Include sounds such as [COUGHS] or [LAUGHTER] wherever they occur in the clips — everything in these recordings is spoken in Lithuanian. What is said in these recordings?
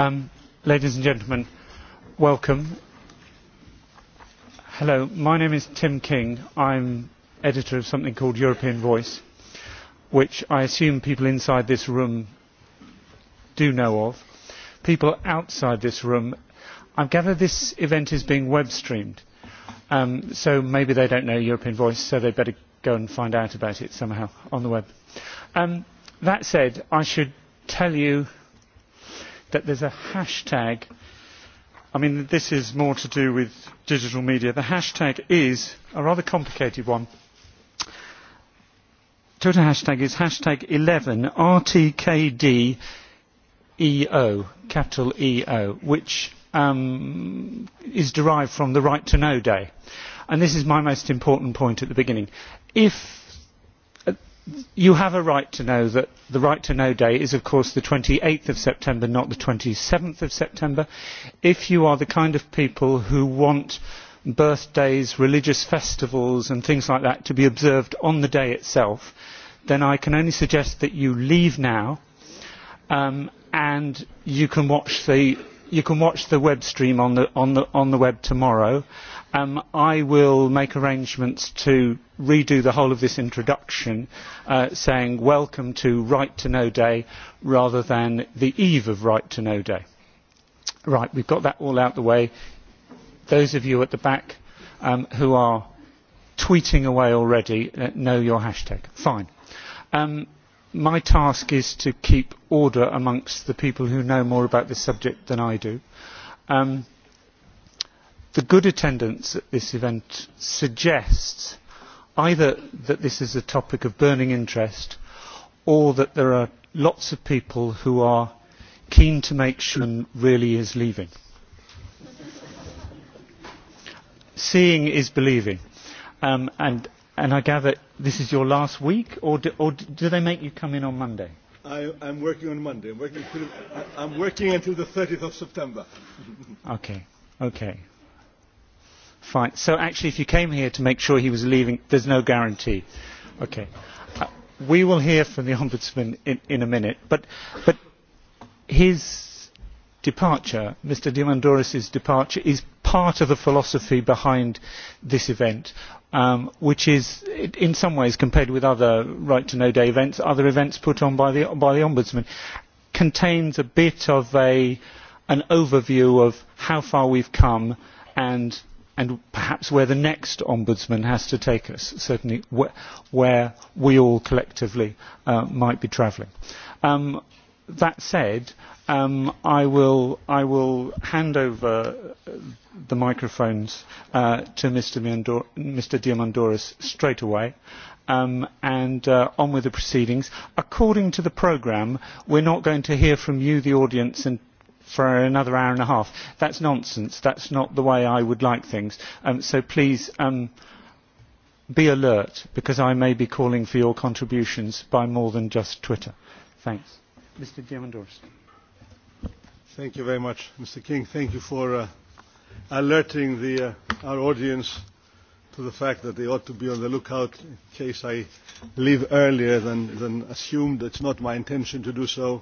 Um, ladies and gentlemen, welcome. Hello, my name is Tim King. I'm editor of something called European Voice, which I assume people inside this room do know of. People outside this room, I've gathered this event is being web streamed, um, so maybe they don't know European Voice, so they better go and find out about it somehow on the web. Um, that said, I should tell you that there's a hashtag. I mean, this is more to do with digital media. The hashtag is a rather complicated one. Twitter hashtag is hashtag 11RTKDEO, capital EO, which um, is derived from the Right to Know Day. And this is my most important point at the beginning. If you have a right to know that the right to know day is of course the 28th of September not the 27th of September if you are the kind of people who want birthdays religious festivals and things like that to be observed on the day itself then I can only suggest that you leave now um, and you can watch the you can watch the web stream on the on the on the web tomorrow Um, I will make arrangements to redo the whole of this introduction uh, saying welcome to Right to Know Day rather than the eve of Right to Know Day. Right, we've got that all out the way. Those of you at the back um, who are tweeting away already uh, know your hashtag. Fine. Um, my task is to keep order amongst the people who know more about this subject than I do. Um, the good attendance at this event suggests either that this is a topic of burning interest or that there are lots of people who are keen to make sure really is leaving. Seeing is believing. Um, and, and I gather this is your last week, or do, or do they make you come in on Monday? I, I'm working on Monday. I'm working, until, I'm working until the 30th of September. okay, okay Fine. So actually, if you came here to make sure he was leaving, there's no guarantee. Okay. Uh, we will hear from the [LAUGHS] Ombudsman in, in a minute. But, but his departure, Mr. Diamandouros' departure, is part of the philosophy behind this event, um, which is, in some ways, compared with other Right to Know Day events, other events put on by the, by the Ombudsman, contains a bit of a, an overview of how far we've come and and perhaps where the next ombudsman has to take us, certainly wh where we all collectively uh, might be travelling. Um, that said, um, I, will, I will hand over uh, the microphones uh, to Mr. Miandor- Mr. Diamandouros straight away. Um, and uh, on with the proceedings. According to the programme, we're not going to hear from you, the audience, and for another hour and a half. That's nonsense. That's not the way I would like things. Um, so please um, be alert because I may be calling for your contributions by more than just Twitter. Thanks. Mr. Diamandouros. Thank you very much, Mr. King. Thank you for uh, alerting the, uh, our audience to the fact that they ought to be on the lookout in case I leave earlier than, than assumed. It's not my intention to do so. Uh,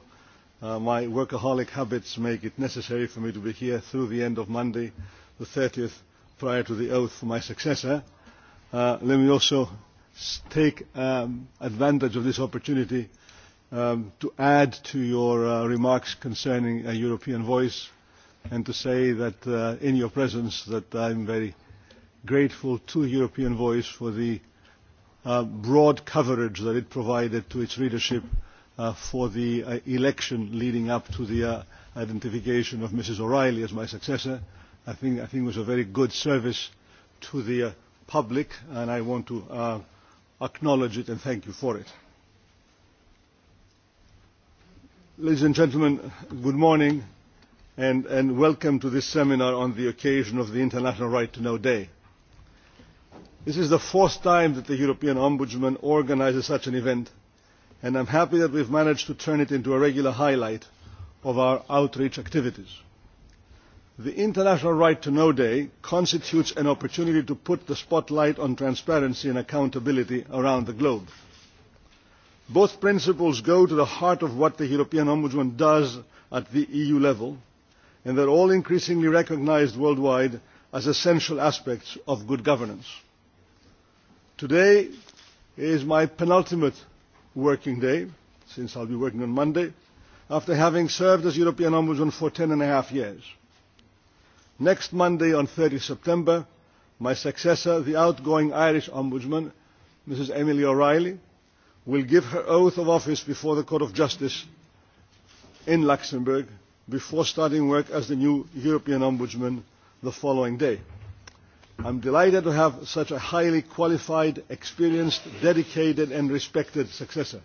Uh, my workaholic habits make it necessary for me to be here through the end of Monday, the 30th, prior to the oath for my successor. Uh, let me also take um, advantage of this opportunity um, to add to your uh, remarks concerning a European voice and to say that uh, in your presence that I'm very grateful to European Voice for the uh, broad coverage that it provided to its readership mm -hmm uh, for the uh, election leading up to the uh, identification of Mrs. O'Reilly as my successor. I think, I think it was a very good service to the uh, public, and I want to uh, acknowledge it and thank you for it. Ladies and gentlemen, good morning and, and welcome to this seminar on the occasion of the International Right to Know Day. This is the fourth time that the European Ombudsman organizes such an event, uh, and i am happy that we have managed to turn it into a regular highlight of our outreach activities. the international right to know day constitutes an opportunity to put the spotlight on transparency and accountability around the globe. both principles go to the heart of what the european ombudsman does at the eu level and they are all increasingly recognised worldwide as essential aspects of good governance. today is my penultimate working day, since I'll be working on Monday, after having served as European Ombudsman for ten and a half years. Next Monday, on 30 September, my successor, the outgoing Irish Ombudsman, Mrs. Emily O'Reilly, will give her oath of office before the Court of Justice in Luxembourg before starting work as the new European Ombudsman the following day. I'm delighted to have such a highly qualified, experienced, dedicated and respected successor.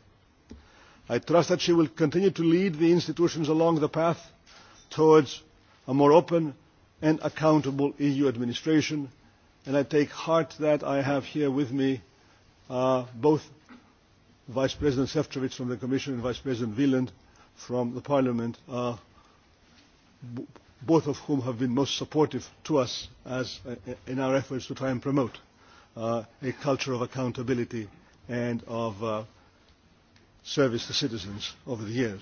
I trust that she will continue to lead the institutions along the path towards a more open and accountable EU administration, and I take heart that I have here with me uh, both Vice President Sefcovic from the Commission and Vice President Wieland from the Parliament, uh, both of whom have been most supportive to us as, uh, uh, in our efforts to try and promote uh, a culture of accountability and of uh, service to citizens over the years.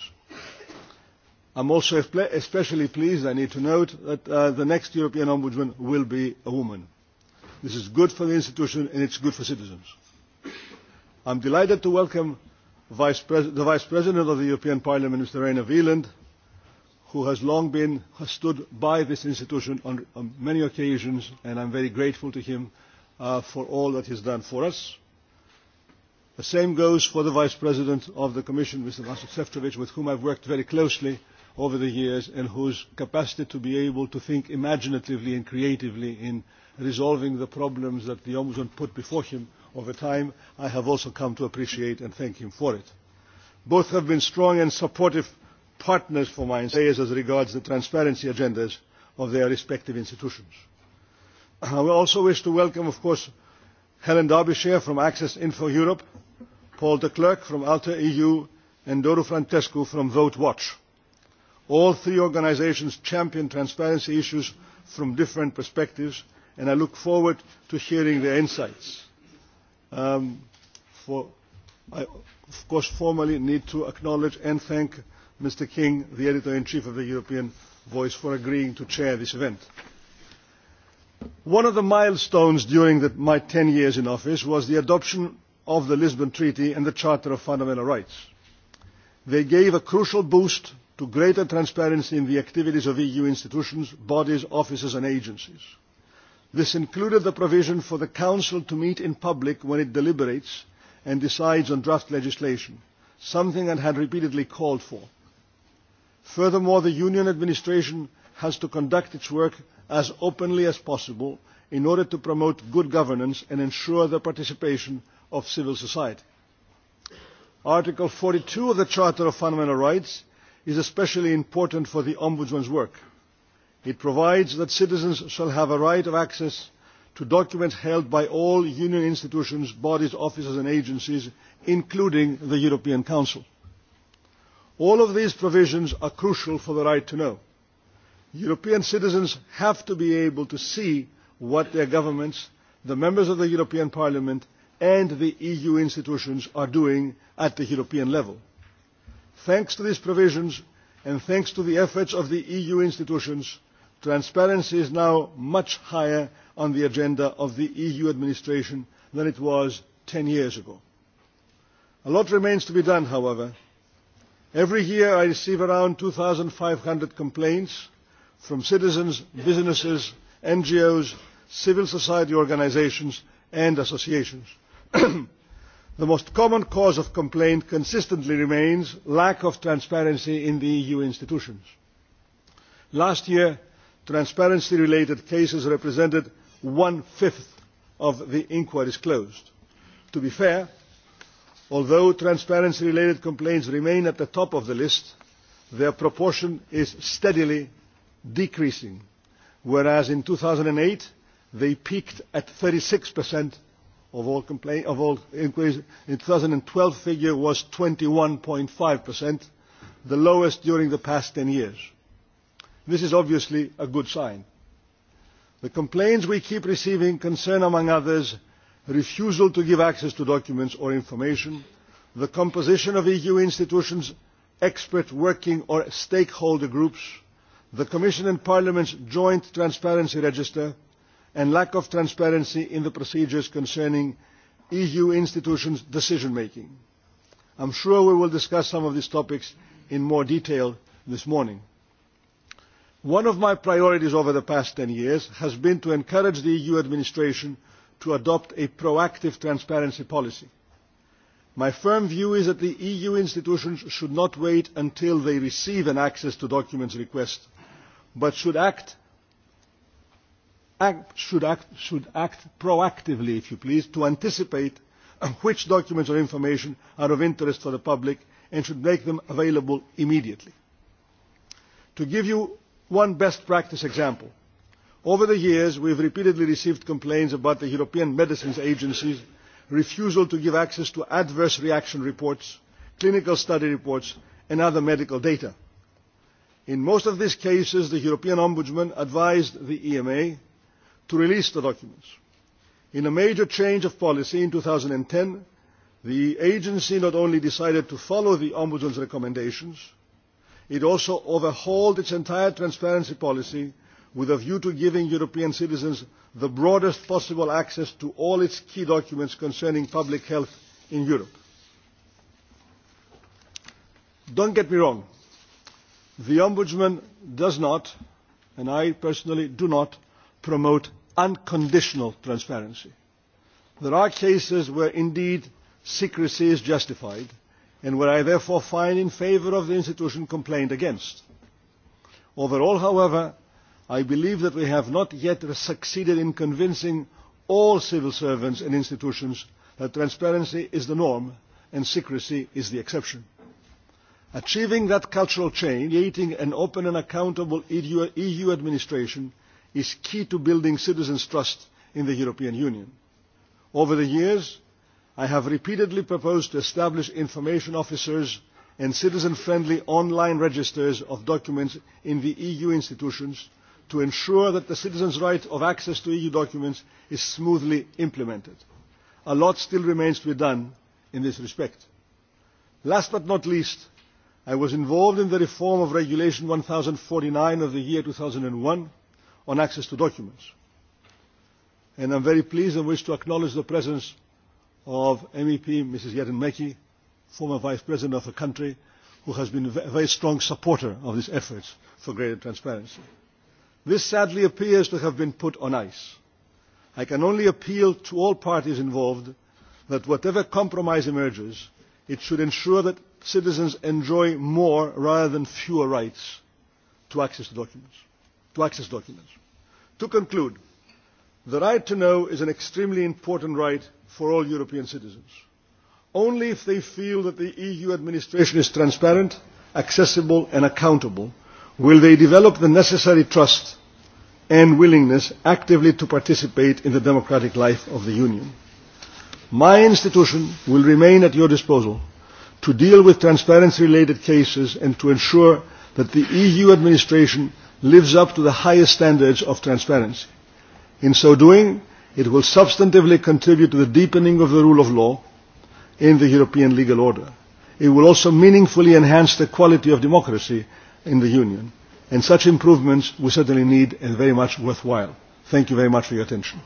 I'm also especially pleased, I need to note, that uh, the next European Ombudsman will be a woman. This is good for the institution and it's good for citizens. I'm delighted to welcome Vice Pres the Vice President of the European Parliament, Mr. Reina Wieland, who has long been, has stood by this institution on, on many occasions, and I'm very grateful to him uh, for all that he's done for us. The same goes for the Vice President of the Commission, Mr. Vasil Sefcovic, with whom I've worked very closely over the years and whose capacity to be able to think imaginatively and creatively in resolving the problems that the Ombudsman put before him over time, I have also come to appreciate and thank him for it. Both have been strong and supportive partners for my essays as regards the transparency agendas of their respective institutions. I uh, also wish to welcome, of course, Helen Derbyshire from Access Info Europe, Paul de Klerk from Alter EU, and Doru Frantescu from Vote Watch. All three organizations champion transparency issues from different perspectives, and I look forward to hearing their insights. Um, for, I, of course, formally need to acknowledge and thank Mr. King, the editor-in-chief of the European Voice, for agreeing to chair this event. One of the milestones during the, my 10 years in office was the adoption of the Lisbon Treaty and the Charter of Fundamental Rights. They gave a crucial boost to greater transparency in the activities of EU institutions, bodies, offices and agencies. This included the provision for the Council to meet in public when it deliberates and decides on draft legislation, something I had repeatedly called for. Furthermore, the Union administration has to conduct its work as openly as possible in order to promote good governance and ensure the participation of civil society. Article 42 of the Charter of Fundamental Rights is especially important for the Ombudsman's work. It provides that citizens shall have a right of access to documents held by all Union institutions, bodies, offices and agencies, including the European Council. All of these provisions are crucial for the right to know. European citizens have to be able to see what their governments, the members of the European Parliament and the EU institutions are doing at the European level. Thanks to these provisions and thanks to the efforts of the EU institutions, transparency is now much higher on the agenda of the EU administration than it was 10 years ago. A lot remains to be done, however, Every year I receive around 2,500 complaints from citizens, businesses, NGOs, civil society organizations and associations. [CLEARS THROAT] the most common cause of complaint consistently remains lack of transparency in the EU institutions. Last year, transparency-related cases represented one-fifth of the inquiries closed. To be fair, although transparency related complaints remain at the top of the list their proportion is steadily decreasing whereas in two thousand and eight they peaked at thirty six of all inquiries the two thousand and twelve figure was twenty one five the lowest during the past ten years. this is obviously a good sign. the complaints we keep receiving concern among others refusal to give access to documents or information the composition of eu institutions expert working or stakeholder groups the commission and parliament's joint transparency register and lack of transparency in the procedures concerning eu institutions' decision making. i am sure we will discuss some of these topics in more detail this morning. one of my priorities over the past ten years has been to encourage the eu administration to adopt a proactive transparency policy. My firm view is that the EU institutions should not wait until they receive an access to documents request, but should act, act, should act, should act proactively, if you please, to anticipate which documents or information are of interest for the public and should make them available immediately. To give you one best practice example, over the years we have repeatedly received complaints about the european medicines agency's refusal to give access to adverse reaction reports clinical study reports and other medical data. in most of these cases the european ombudsman advised the ema to release the documents. in a major change of policy in two thousand and ten the agency not only decided to follow the ombudsman's recommendations it also overhauled its entire transparency policy with a view to giving European citizens the broadest possible access to all its key documents concerning public health in Europe. Don't get me wrong, the Ombudsman does not, and I personally do not, promote unconditional transparency. There are cases where indeed secrecy is justified and where I therefore find in favour of the institution complained against. Overall, however, I believe that we have not yet succeeded in convincing all civil servants and institutions that transparency is the norm and secrecy is the exception. Achieving that cultural change, creating an open and accountable EU, EU administration is key to building citizens' trust in the European Union. Over the years, I have repeatedly proposed to establish information officers and citizen-friendly online registers of documents in the EU institutions to ensure that the citizen's right of access to EU documents is smoothly implemented. A lot still remains to be done in this respect. Last but not least, I was involved in the reform of Regulation 1049 of the year 2001 on access to documents. And I'm very pleased and wish to acknowledge the presence of MEP Mrs. Yatinmeki, former Vice President of the country, who has been a very strong supporter of these efforts for greater transparency. This sadly appears to have been put on ice. I can only appeal to all parties involved that whatever compromise emerges, it should ensure that citizens enjoy more rather than fewer rights to access to documents. To, access documents. to conclude, the right to know is an extremely important right for all European citizens. Only if they feel that the EU administration is transparent, accessible and accountable will they develop the necessary trust and willingness actively to participate in the democratic life of the Union. My institution will remain at your disposal to deal with transparency-related cases and to ensure that the EU administration lives up to the highest standards of transparency. In so doing, it will substantively contribute to the deepening of the rule of law in the European legal order. It will also meaningfully enhance the quality of democracy in the Union. And such improvements we certainly need and very much worthwhile. Thank you very much for your attention.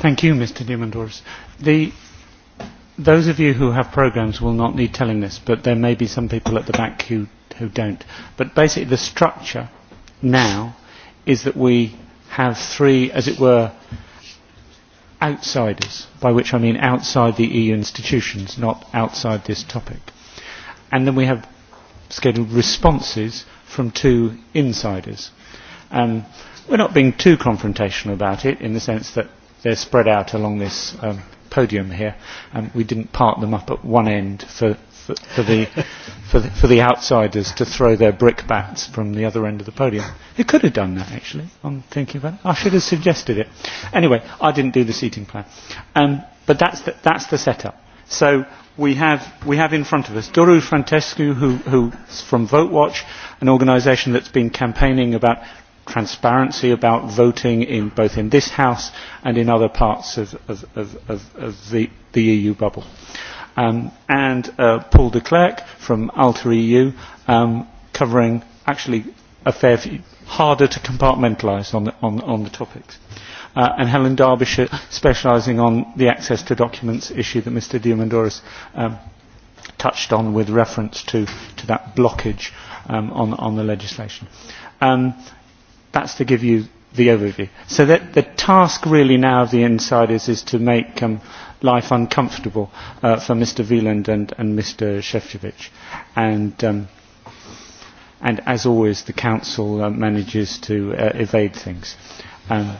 Thank you, Mr. Diamandouros. The, those of you who have programs will not need telling this, but there may be some people at the back who, who don't. But basically the structure now is that we have three, as it were, outsiders, by which I mean outside the EU institutions, not outside this topic. And then we have scheduled responses from two insiders. Um, we're not being too confrontational about it in the sense that they're spread out along this um, podium here. Um, we didn't part them up at one end for for, for, the, for, the, for the outsiders to throw their brickbats from the other end of the podium. It could have done that, actually, I'm thinking about it. I should have suggested it. Anyway, I didn't do the seating plan. Um, but that's the, that's the setup. So we have, we have in front of us Doru Frantescu, who, who's from VoteWatch, an organisation that's been campaigning about transparency about voting in both in this House and in other parts of, of, of, of, of the, the EU bubble um, and uh, Paul de Klerk from Alter EU um, covering actually a fair few, harder to compartmentalise on the, on, on the topics. Uh, and Helen Derbyshire specialising on the access to documents issue that Mr Diamandouros um, touched on with reference to, to that blockage um, on, on the legislation. Um, that's to give you the overview. So that the task really now of the insiders is to make um, life uncomfortable uh, for Mr. Wieland and, and Mr. Shevchevich. And, um, and as always, the Council uh, manages to uh, evade things. Um,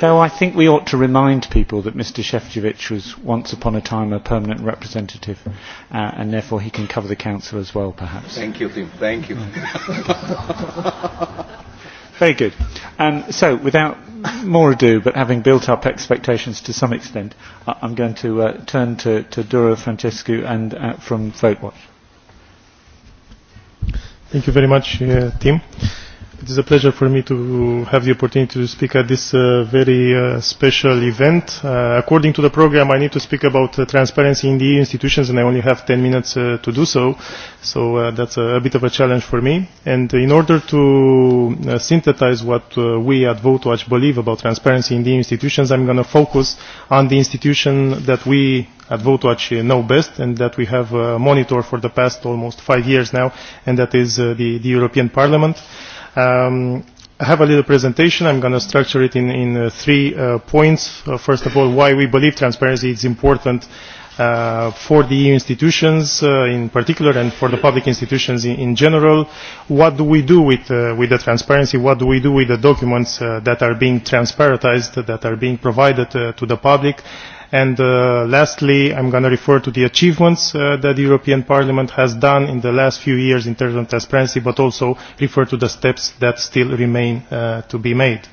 though I think we ought to remind people that Mr. Shevchevich was once upon a time a permanent representative, uh, and therefore he can cover the Council as well, perhaps. Thank you, Tim. Thank you. [LAUGHS] Very good. Um, so, without more ado, but having built up expectations to some extent, I I'm going to uh, turn to, to Dura Francescu and uh, from VoteWatch. Thank you very much, uh, Tim. It is a pleasure for me to have the opportunity to speak at this uh, very uh, special event. Uh, according to the program, I need to speak about uh, transparency in the EU institutions, and I only have 10 minutes uh, to do so. So uh, that's a, a bit of a challenge for me. And in order to uh, synthesize what uh, we at VoteWatch believe about transparency in the EU institutions, I'm going to focus on the institution that we at VoteWatch uh, know best and that we have uh, monitored for the past almost five years now, and that is uh, the, the European Parliament. Uh, Um, I have a little presentation. I'm going to structure it in, in uh, three uh, points. Uh, first of all, why we believe transparency is important uh, for the EU institutions uh, in particular and for the public institutions in, in general. What do we do with, uh, with the transparency? What do we do with the documents uh, that are being transparentized, that are being provided uh, to the public? And uh, lastly, I'm going to refer to the achievements uh, that the European Parliament has done in the last few years in terms of transparency, but also refer to the steps that still remain uh, to be made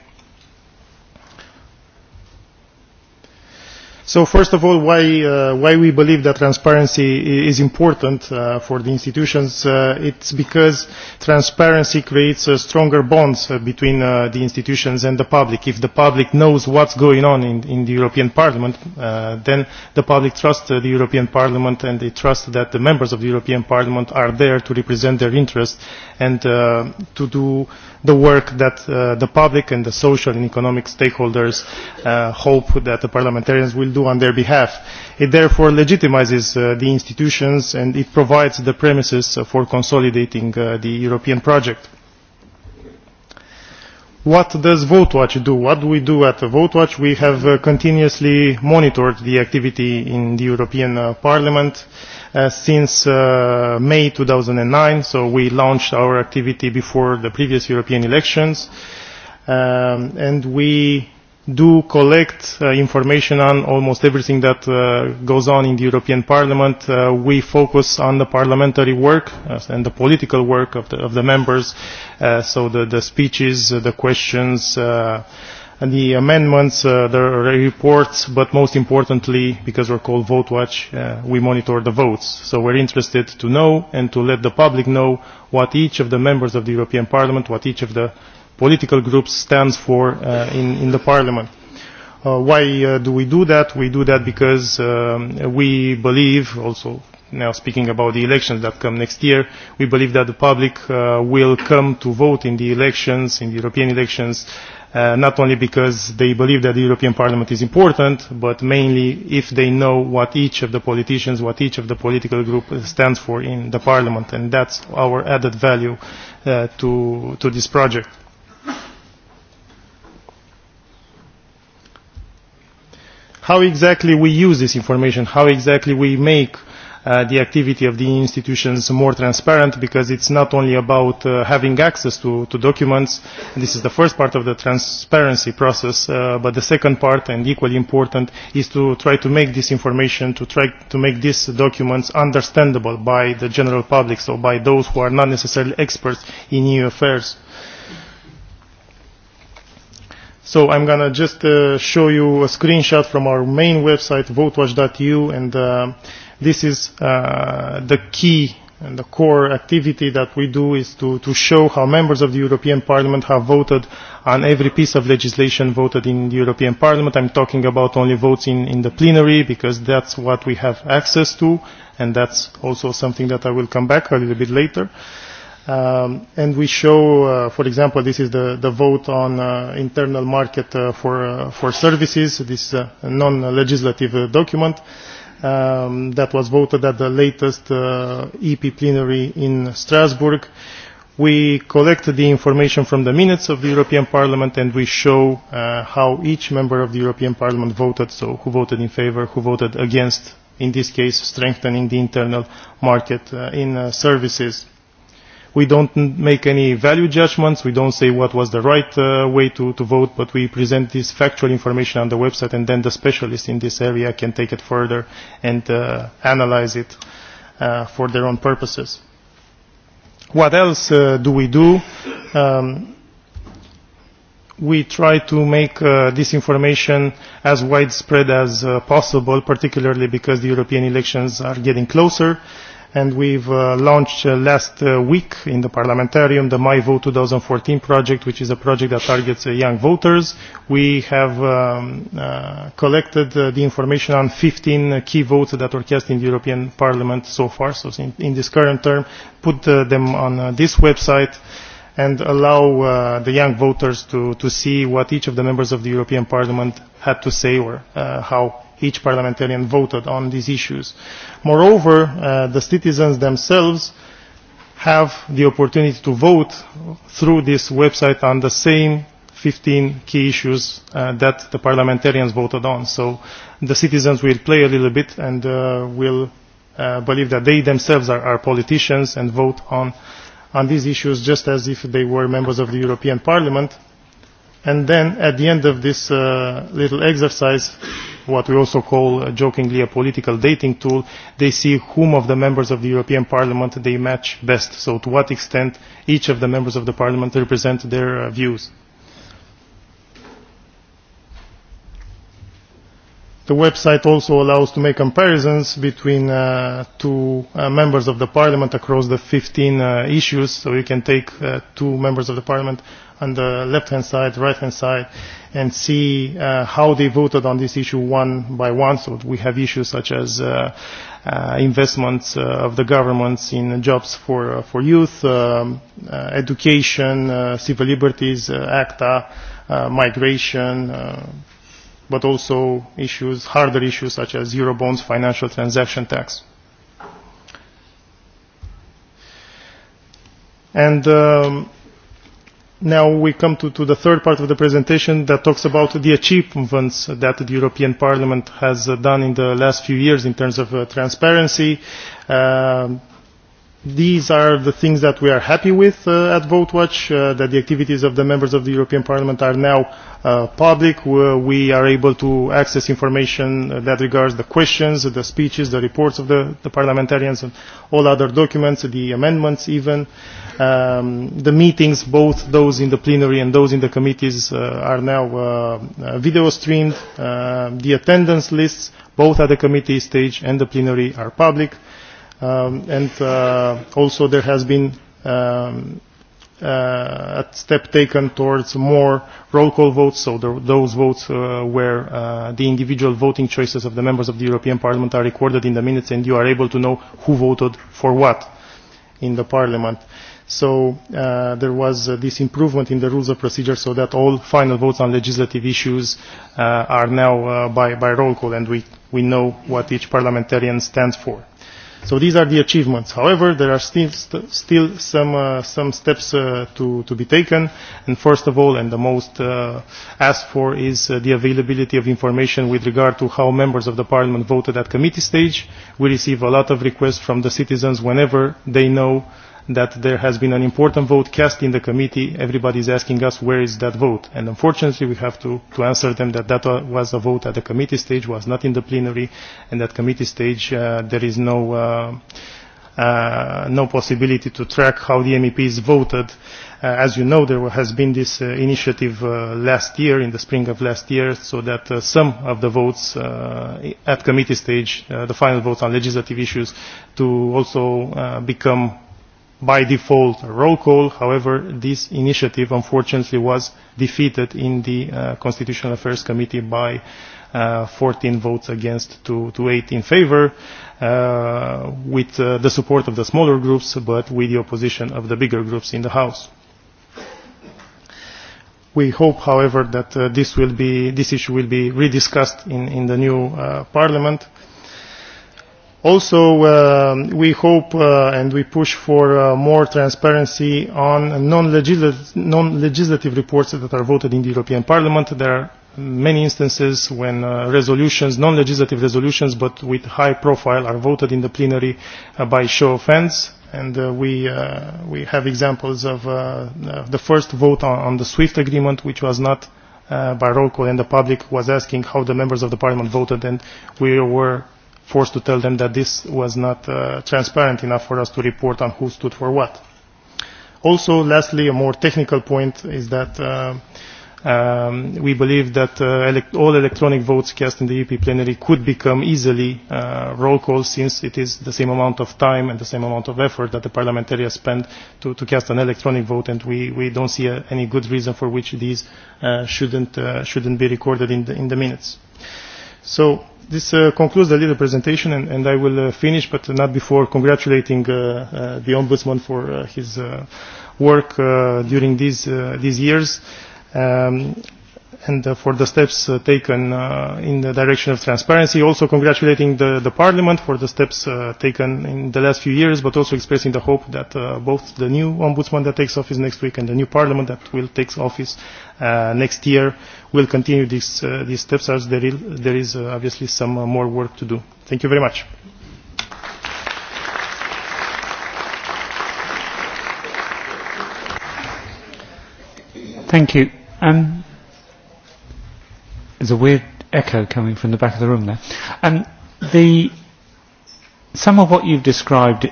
So first of all, why, uh, why we believe that transparency is important uh, for the institutions, uh, it's because transparency creates uh, stronger bonds uh, between uh, the institutions and the public. If the public knows what's going on in, in the European Parliament, uh, then the public trusts uh, the European Parliament and they trust that the members of the European Parliament are there to represent their interests and uh, to do uh, the work that uh, the public and the social and economic stakeholders uh, hope that the parliamentarians will do on their behalf. It therefore legitimizes uh, the institutions and it provides the premises for consolidating uh, the European project. Uh, what does VoteWatch do? What do we do at VoteWatch? We have uh, continuously monitored the activity in the European uh, Parliament uh, since uh, May 2009, so we launched our activity before the previous European elections, um, and we do collect uh, information on almost everything that uh, goes on in the European Parliament. Uh, we focus on the parliamentary work uh, and the political work of the, of the members, uh, so the, the speeches, uh, the questions, uh, and the amendments, uh, the reports, but most importantly, because we're called Vote Watch, uh, we monitor the votes. So we're interested to know and to let the public know what each of the members of the European Parliament, what each of the political groups stands for uh, in, in the parliament. Uh, why uh, do we do that? We do that because um, we believe, also now speaking about the elections that come next year, we believe that the public uh, will come to vote in the elections, in the European elections, uh, not only because they believe that the European Parliament is important, but mainly if they know what each of the politicians, what each of the political group stands for in the Parliament, and that's our added value uh, to, to this project. Uh, how exactly we use this information, how exactly we make uh, the activity of the institutions more transparent because it's not only about uh, having access to, to documents, this is the first part of the transparency process, uh, but the second part and equally important is to try to make this information, to try to make these documents understandable by the general public, so by those who are not necessarily experts in EU affairs. Uh, So I'm going to just uh, show you a screenshot from our main website, votewatch.eu, and uh, this is uh, the key and the core activity that we do is to, to show how members of the European Parliament have voted on every piece of legislation voted in the European Parliament. I'm talking about only votes in, in the plenary because that's what we have access to and that's also something that I will come back a little bit later. Uh, Um, and we show, uh, for example, this is the, the vote on uh, internal market uh, for, uh, for services, this uh, non-legislative uh, document um, that was voted at the latest uh, EP plenary in Strasbourg. We collect the information from the minutes of the European Parliament and we show uh, how each member of the European Parliament voted, so who voted in favour, who voted against, in this case strengthening the internal market uh, in uh, services. Uh, we do not make any value judgments we do not say what was the right uh, way to, to vote but we present this factual information on the website and then the specialists in this area can take it further and uh, analyze it uh, for their own purposes. What else uh, do we do? Um, we try to make uh, this information as widespread as uh, possible, particularly because the European elections are getting closer. Uh, and we've uh, launched uh, last uh, week in the Parliamentarium the My Vote 2014 project, which is a project that targets uh, young voters. We have um, uh, collected uh, the information on 15 uh, key votes that were cast in the European Parliament so far, so in, in this current term, put uh, them on uh, this website and allow uh, the young voters to, to see what each of the members of the European Parliament had to say or uh, how each parliamentarian voted on these issues. Moreover, uh, the citizens themselves have the opportunity to vote through this website on the same 15 key issues uh, that the parliamentarians voted on. So the citizens will play a little bit and uh, will uh, believe that they themselves are, are politicians and vote on, on these issues just as if they were members of the European Parliament. And then at the end of this uh, little exercise, what we also call uh, jokingly a political dating tool, they see whom of the members of the European Parliament they match best, so to what extent each of the members of the Parliament represent their uh, views. The website also allows to make comparisons between uh, two uh, members of the parliament across the 15 uh, issues, so you can take uh, two members of the parliament on the left-hand side, right-hand side, and see uh, how they voted on this issue one by one. So we have issues such as uh, uh, investments uh, of the governments in jobs for, uh, for youth, um, uh, education, uh, civil liberties, uh, ACTA, uh, migration, uh, but also issues, harder issues such as Eurobonds, financial transaction tax. And um, Now we come to, to the third part of the presentation that talks about the achievements that the European Parliament has uh, done in the last few years in terms of uh, transparency, uh, these are the things that we are happy with uh, at VoteWatch, uh, that the activities of the members of the European Parliament are now uh, public. Uh, we are able to access information that regards the questions, the speeches, the reports of the, the parliamentarians, and all other documents, the amendments even. Um, the meetings, both those in the plenary and those in the committees, uh, are now uh, uh, video streamed. Uh, the attendance lists, both at the committee stage and the plenary, are public. Uh, um, and uh, also there has been um, uh, a step taken towards more roll call votes, so the, those votes uh, where uh, the individual voting choices of the members of the European Parliament are recorded in the minutes and you are able to know who voted for what in the Parliament. So uh, there was uh, this improvement in the rules of procedure so that all final votes on legislative issues uh, are now uh, by, by roll call and we, we know what each parliamentarian stands for so these are the achievements. however there are still, st still some, uh, some steps uh, to, to be taken and first of all and the most uh, asked for is uh, the availability of information with regard to how members of the parliament voted at committee stage. we receive a lot of requests from the citizens whenever they know uh, that there has been an important vote cast in the committee. Everybody is asking us where is that vote. And unfortunately, we have to, to answer them that that was a vote at the committee stage, was not in the plenary, and at committee stage uh, there is no, uh, uh, no possibility to track how the MEPs voted. Uh, as you know, there has been this uh, initiative uh, last year, in the spring of last year, so that uh, some of the votes uh, at committee stage, uh, the final votes on legislative issues, to also uh, become by default roll call. However, this initiative unfortunately was defeated in the uh, Constitutional Affairs Committee by uh, 14 votes against to, to 8 in favor, uh, with uh, the support of the smaller groups, but with the opposition of the bigger groups in the House. We hope, however, that uh, this, will be, this issue will be rediscussed in, in the new uh, Parliament. Uh, also uh, we hope uh, and we push for uh, more transparency on non legislative, non -legislative reports that are voted in the european parliament. there are many instances when uh, resolutions non legislative resolutions but with high profile are voted in the plenary uh, by show of hands and uh, we uh, we have examples of uh, uh, the first vote on, on the swift agreement which was not uh, by roll call and the public was asking how the members of the parliament voted and we were forced to tell them that this was not uh, transparent enough for us to report on who stood for what. Also, lastly, a more technical point is that uh, um, we believe that uh, elect all electronic votes cast in the EP plenary could become easily uh, roll call since it is the same amount of time and the same amount of effort that the parliamentarians spend to, to cast an electronic vote and we, we don't see a, uh, any good reason for which these uh, shouldn't, uh, shouldn't be recorded in the, in the minutes. So this uh, concludes the little presentation, and, and I will uh, finish, but not before congratulating uh, uh, the Ombudsman for uh, his uh, work uh, during these, uh, these years um, and uh, for the steps uh, taken uh, in the direction of transparency. Also congratulating the, the Parliament for the steps uh, taken in the last few years, but also expressing the hope that uh, both the new Ombudsman that takes office next week and the new Parliament that will take office uh, next year uh, will continue these, uh, these steps as there is, there is uh, obviously some uh, more work to do. Thank you very much. Thank you. Um, there's a weird echo coming from the back of the room there. Um, the, some of what you've described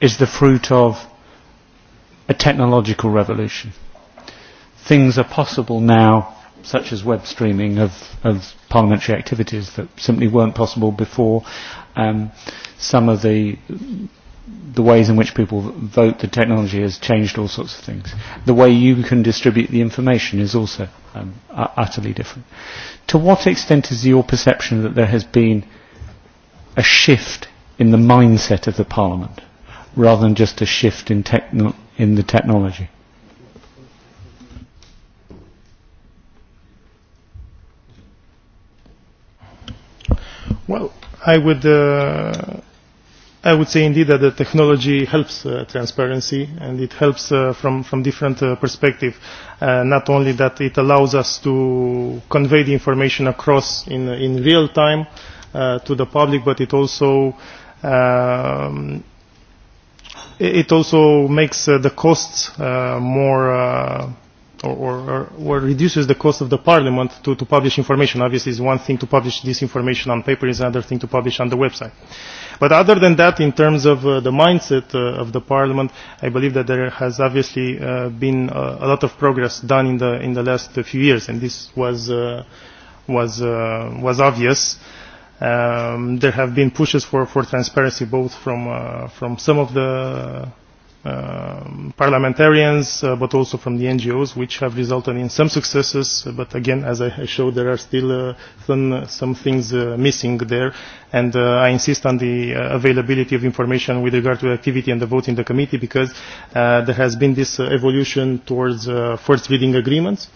is the fruit of a technological revolution. Things are possible now such as web streaming of, of parliamentary activities that simply weren't possible before. Um, some of the the ways in which people vote, the technology has changed all sorts of things. The way you can distribute the information is also um, utterly different. To what extent is your perception that there has been a shift in the mindset of the Parliament rather than just a shift in, techno- in the technology? Well, I would, uh, I would say indeed that the technology helps uh, transparency and it helps uh, from, from different uh, perspectives. Uh, not only that it allows us to convey the information across in, in real time uh, to the public, but it also um, it also makes uh, the costs uh, more uh, or, or, or reduces the cost of the parliament to, to publish information. Obviously, it's one thing to publish this information on paper, it's another thing to publish on the website. But other than that, in terms of uh, the mindset uh, of the parliament, I believe that there has obviously uh, been uh, a lot of progress done in the, in the last few years, and this was, uh, was, uh, was obvious. Um, there have been pushes for, for transparency, both from, uh, from some of the um, parliamentarians, uh, but also from the NGOs, which have resulted in some successes. But again, as I showed, there are still uh, some, some things uh, missing there. And uh, I insist on the uh, availability of information with regard to activity and the vote in the committee, because uh, there has been this uh, evolution towards uh, first reading agreements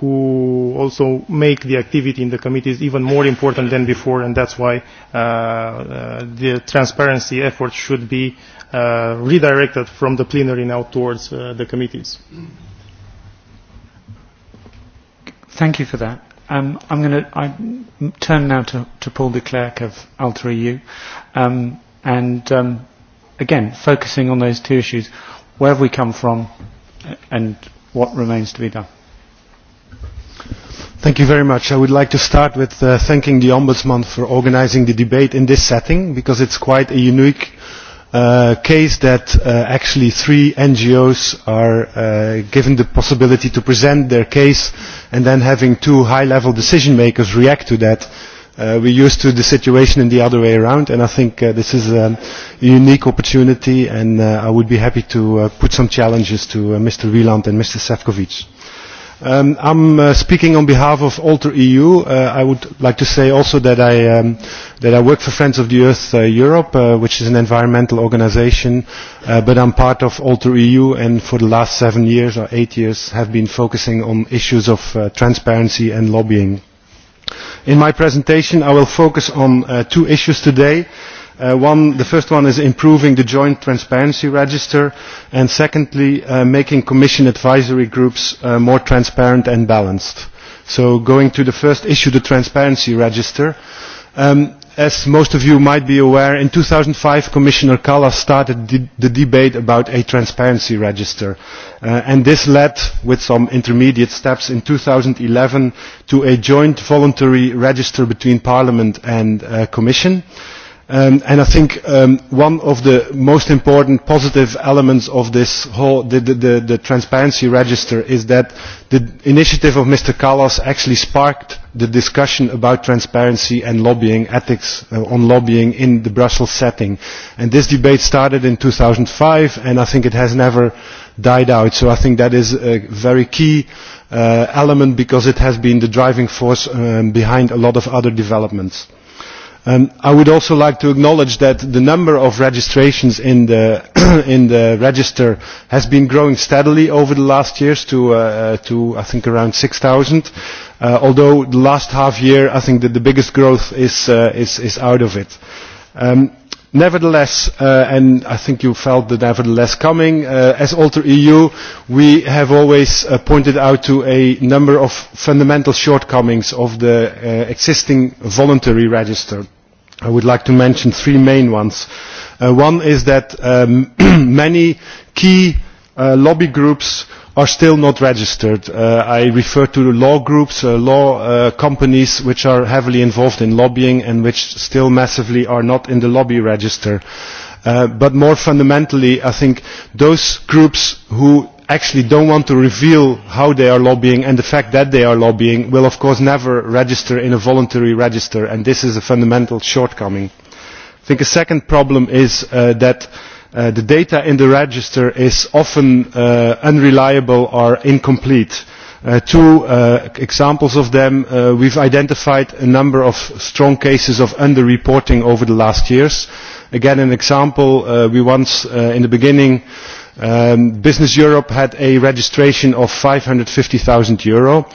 who also make the activity in the committees even more important than before, and that's why uh, uh, the transparency effort should be uh, uh, redirected from the plenary now towards uh, the committees. Thank you for that. Um, I'm going to turn now to, to Paul de Klerk of Alter EU, um, and um, again focusing on those two issues: where have we come from, uh, and what remains to be done. Thank you very much. I would like to start with uh, thanking the Ombudsman for organizing the debate in this setting because it's quite a unique uh, case that uh, actually three NGOs are uh, given the possibility to present their case and then having two high-level decision makers react to that. Uh, we're used to the situation in the other way around and I think uh, this is um, a unique opportunity and uh, I would be happy to uh, put some challenges to uh, Mr. Wieland and Mr. Sefcovic. Um, I'm uh, speaking on behalf of Alter EU. Uh, I would like to say also that I, um, that I work for Friends of the Earth uh, Europe, uh, which is an environmental organization, uh, but I'm part of Alter EU and for the last seven years or eight years have been focusing on issues of uh, transparency and lobbying. In my presentation, I will focus on uh, two issues today. Uh, Uh, one, the first one is improving the joint transparency register, and secondly, uh, making commission advisory groups uh, more transparent and balanced. So going to the first issue, the transparency register. Um, as most of you might be aware, in 2005 Commissioner Callas started de the debate about a transparency register. Uh, and this led, with some intermediate steps in 2011, to a joint voluntary register between Parliament and uh, Commission. Uh, Um, and I think um, one of the most important positive elements of this whole the, the, the, the transparency register is that the initiative of Mr. Callas actually sparked the discussion about transparency and lobbying ethics uh, on lobbying in the Brussels setting. And this debate started in 2005, and I think it has never died out. So I think that is a very key uh, element because it has been the driving force um, behind a lot of other developments. Uh, Um, I would also like to acknowledge that the number of registrations in the, [COUGHS] in the register has been growing steadily over the last years to, uh, uh to I think, around 6,000. Uh, although the last half year, I think that the biggest growth is, uh, is, is out of it. Um, Nevertheless, uh, and I think you felt the nevertheless coming, uh, as Alter EU, we have always uh, pointed out to a number of fundamental shortcomings of the uh, existing voluntary register. I would like to mention three main ones. Uh, one is that um, [CLEARS THROAT] many key uh, lobby groups uh, are still not registered. Uh, I refer to the law groups, uh, law uh, companies which are heavily involved in lobbying and which still massively are not in the lobby register. Uh, but more fundamentally, I think those groups who actually don't want to reveal how they are lobbying and the fact that they are lobbying will of course never register in a voluntary register and this is a fundamental shortcoming. I think a second problem is uh, that uh, uh, the data in the register is often uh, unreliable or incomplete. Uh, two uh, examples of them, uh, we've identified a number of strong cases of underreporting over the last years. Again, an example, uh, we once, uh, in the beginning, uh, Um, Business Europe had a registration of 550,000 euro.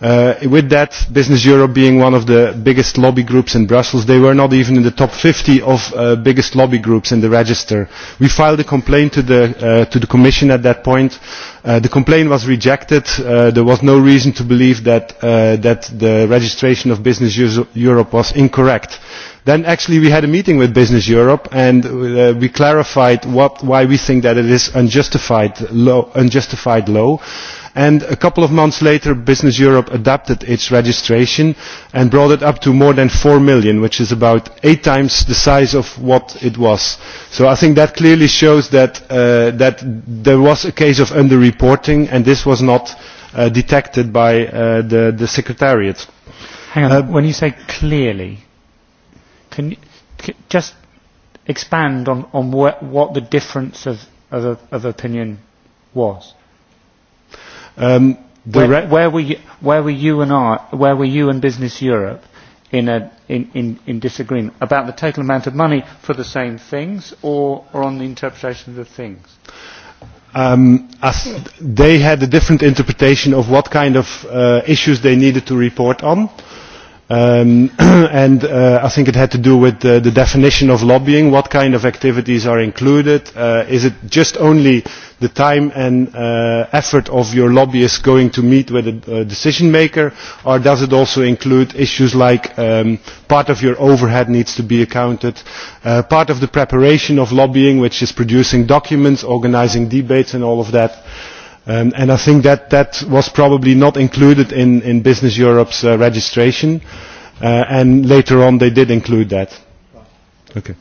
Uh, with that, Business Europe being one of the biggest lobby groups in Brussels, they were not even in the top 50 of uh, biggest lobby groups in the register. We filed a complaint to the, uh, to the Commission at that point. Uh, the complaint was rejected. Uh, there was no reason to believe that, uh, that the registration of Business Europe was incorrect Then actually we had a meeting with Business Europe and uh, we clarified what, why we think that it is unjustified low, unjustified low. And a couple of months later, Business Europe adapted its registration and brought it up to more than 4 million, which is about eight times the size of what it was. So I think that clearly shows that, uh, that there was a case of underreporting and this was not uh, detected by uh, the, the Secretariat. Hang on, uh, when you say clearly, can, can just expand on, on what, what the difference of, of, of opinion was? Um, the where, where, were you, where were you and I, where were you and Business Europe in, a, in, in, in disagreement about the total amount of money for the same things, or, or on the interpretation of the things? Um, as they had a different interpretation of what kind of uh, issues they needed to report on. Uh, Um, [CLEARS THROAT] and uh, I think it had to do with uh, the definition of lobbying, what kind of activities are included, uh, is it just only the time and uh, effort of your lobbyist going to meet with a, a decision maker, or does it also include issues like um, part of your overhead needs to be accounted, uh, part of the preparation of lobbying, which is producing documents, organizing debates and all of that, Um, and I think that that was probably not included in, in Business Europe's uh, registration, uh, and later on they did include that. Okay.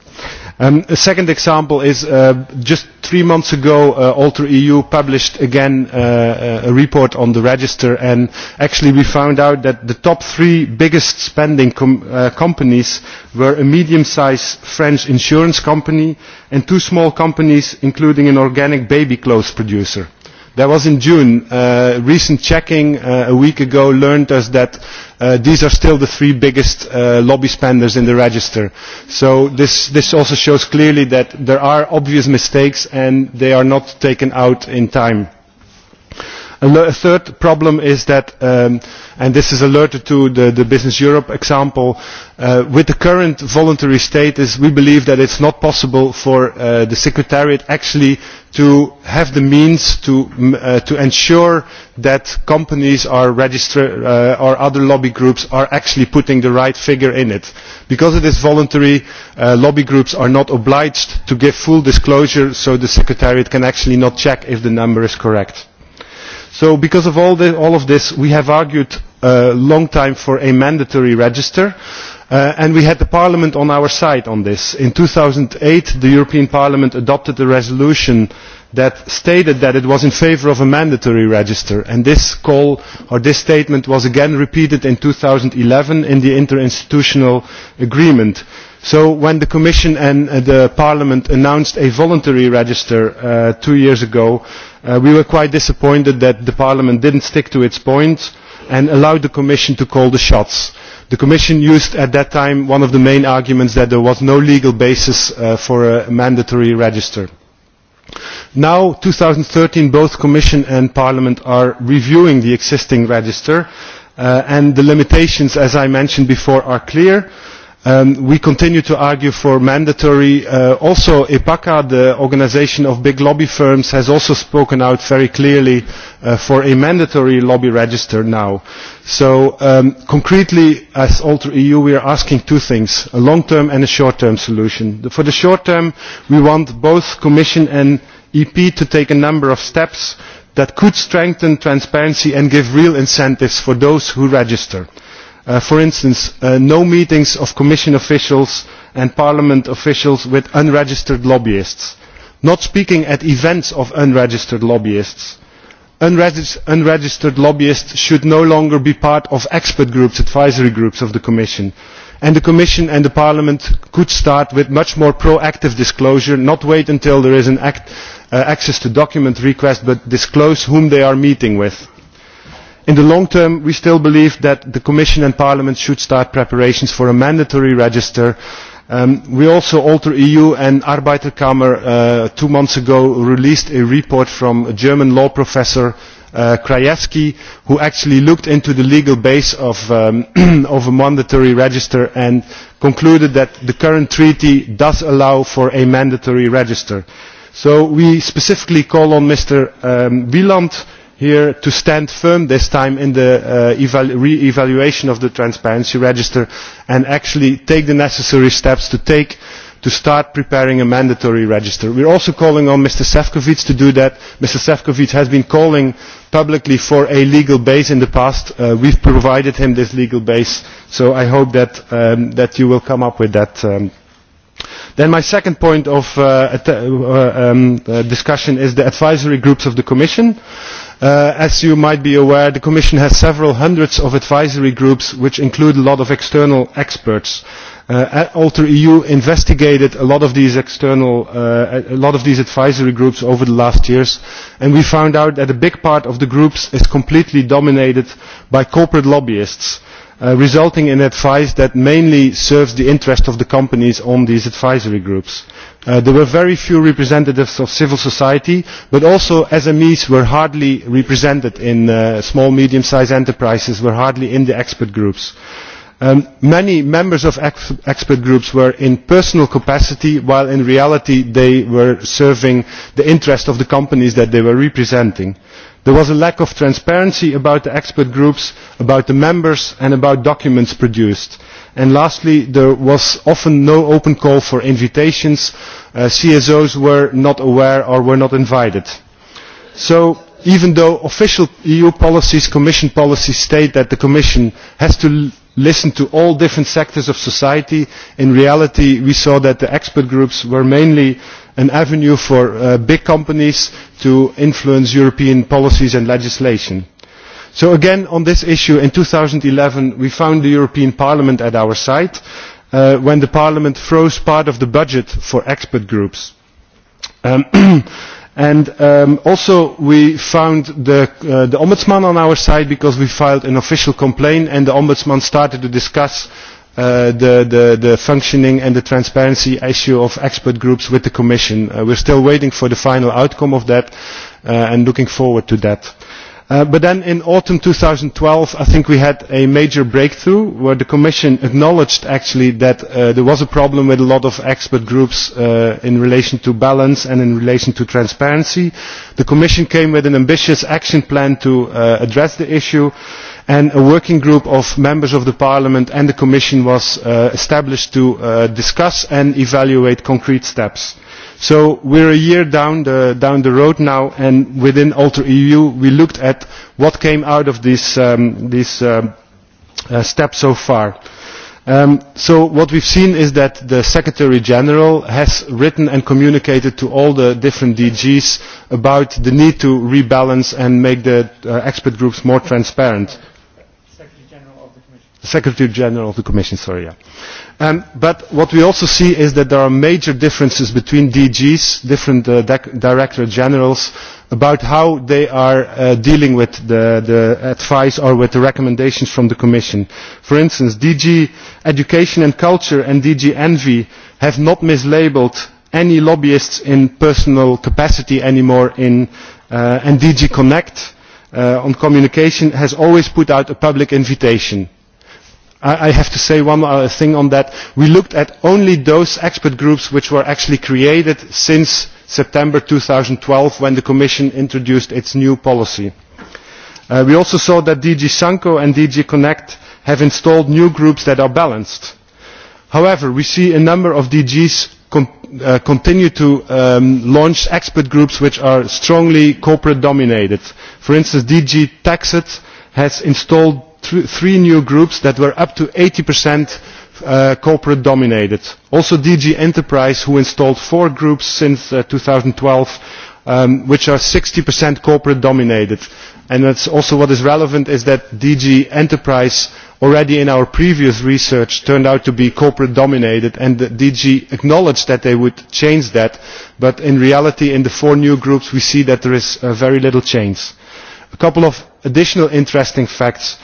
Um, a second example is uh, just three months ago, uh, Alter EU published again uh, uh, a report on the register, and actually we found out that the top three biggest spending com uh, companies were a medium-sized French insurance company and two small companies, including an organic baby clothes producer There was in June. Uh, recent checking uh, a week ago learned us that uh, these are still the three biggest uh, lobby spenders in the register. So this, this also shows clearly that there are obvious mistakes and they are not taken out in time. A third problem is that, um, and this is alerted to the, the Business Europe example, uh, with the current voluntary status, we believe that it's not possible for uh, the Secretariat actually to have the means to, uh, to ensure that companies are register, uh, or other lobby groups are actually putting the right figure in it. Because it is voluntary, uh, lobby groups are not obliged to give full disclosure so the Secretariat can actually not check if the number is correct. So because of all, the, all of this, we have argued a uh, long time for a mandatory register. Uh, and we had the Parliament on our side on this. In 2008, the European Parliament adopted a resolution that stated that it was in favour of a mandatory register and this call or this statement was again repeated in 2011 in the interinstitutional agreement so when the commission and uh, the parliament announced a voluntary register uh, two years ago uh, we were quite disappointed that the parliament didn't stick to its point and allowed the commission to call the shots. the commission used at that time one of the main arguments that there was no legal basis uh, for a mandatory register. now two thousand and thirteen both commission and parliament are reviewing the existing register uh, and the limitations as i mentioned before are clear. Um, we continue to argue for mandatory. Uh, also, EPACA, the organization of big lobby firms, has also spoken out very clearly uh, for a mandatory lobby register now. So, um, concretely, as Alter EU, we are asking two things, a long-term and a short-term solution. For the short term, we want both Commission and EP to take a number of steps that could strengthen transparency and give real incentives for those who register. Uh, Uh, for instance, uh, no meetings of Commission officials and Parliament officials with unregistered lobbyists. Not speaking at events of unregistered lobbyists. Unregis unregistered lobbyists should no longer be part of expert groups, advisory groups of the Commission. And the Commission and the Parliament could start with much more proactive disclosure, not wait until there is an act, uh, access to document request, but disclose whom they are meeting with in the long term we still believe that the commission and parliament should start preparations for a mandatory register. Um, we also alter eu and arbeiterkammer uh, two months ago released a report from a german law professor uh, krajewski who actually looked into the legal base of, um, [CLEARS THROAT] of a mandatory register and concluded that the current treaty does allow for a mandatory register. so we specifically call on mr um, wieland here to stand firm this time in the uh, re-evaluation of the transparency register and actually take the necessary steps to take to start preparing a mandatory register. We are also calling on Mr. Sefcovic to do that. Mr. Sefcovic has been calling publicly for a legal base in the past. Uh, we've provided him this legal base, so I hope that, um, that you will come up with that. Um, Then my second point of uh, uh, um, uh, discussion is the advisory groups of the Commission. Uh, Uh, as you might be aware, the Commission has several hundreds of advisory groups, which include a lot of external experts. Uh, Alter EU investigated a lot of these external, uh, a lot of these advisory groups over the last years, and we found out that a big part of the groups is completely dominated by corporate lobbyists, uh, resulting in advice that mainly serves the interest of the companies on these advisory groups Uh, there were very few representatives of civil society, but also SMEs were hardly represented in uh, small, medium-sized enterprises, were hardly in the expert groups. Um, many members of ex expert groups were in personal capacity, while in reality they were serving the interest of the companies that they were representing. Uh, there was a lack of transparency about the expert groups about the members and about documents produced and lastly there was often no open call for invitations uh, CSOs were not aware or were not invited so even though official EU policies, Commission policies state that the Commission has to listen to all different sectors of society. In reality, we saw that the expert groups were mainly an avenue for uh, big companies to influence European policies and legislation. So again, on this issue, in 2011, we found the European Parliament at our side uh, when the Parliament froze part of the budget for expert groups. Um, [CLEARS THROAT] And um, also we found the, uh, the Ombudsman on our side because we filed an official complaint and the Ombudsman started to discuss uh, the, the, the functioning and the transparency issue of expert groups with the Commission. Uh, we're still waiting for the final outcome of that uh, and looking forward to that. Uh, Uh, but then in autumn 2012, I think we had a major breakthrough where the Commission acknowledged actually that uh, there was a problem with a lot of expert groups uh, in relation to balance and in relation to transparency. The Commission came with an ambitious action plan to uh, address the issue and a working group of members of the Parliament and the Commission was uh, established to uh, discuss and evaluate concrete steps. Uh, So we're a year down the, down the road now, and within Alter EU, we looked at what came out of this, um, this um, uh, step so far. Um, so what we've seen is that the Secretary General has written and communicated to all the different DGs about the need to rebalance and make the uh, expert groups more transparent. Secretary General of the Commission. Secretary General of the Commission, sorry, yeah. Um, but what we also see is that there are major differences between DGs, different uh, director generals, about how they are uh, dealing with the, the advice or with the recommendations from the Commission. For instance, DG Education and Culture and DG Envy have not mislabeled any lobbyists in personal capacity anymore in, uh, and DG Connect uh, on communication has always put out a public invitation I, I have to say one other uh, thing on that. We looked at only those expert groups which were actually created since September 2012 when the Commission introduced its new policy. Uh, we also saw that DG Sanko and DG Connect have installed new groups that are balanced. However, we see a number of DGs com uh, continue to um, launch expert groups which are strongly corporate dominated. For instance, DG Taxit has installed th three new groups that were up to 80% uh, corporate dominated. Also DG Enterprise, who installed four groups since uh, 2012, um, which are 60% corporate dominated. And that's also what is relevant is that DG Enterprise already in our previous research turned out to be corporate dominated and the DG acknowledged that they would change that but in reality in the four new groups we see that there is uh, very little change a couple of additional interesting facts.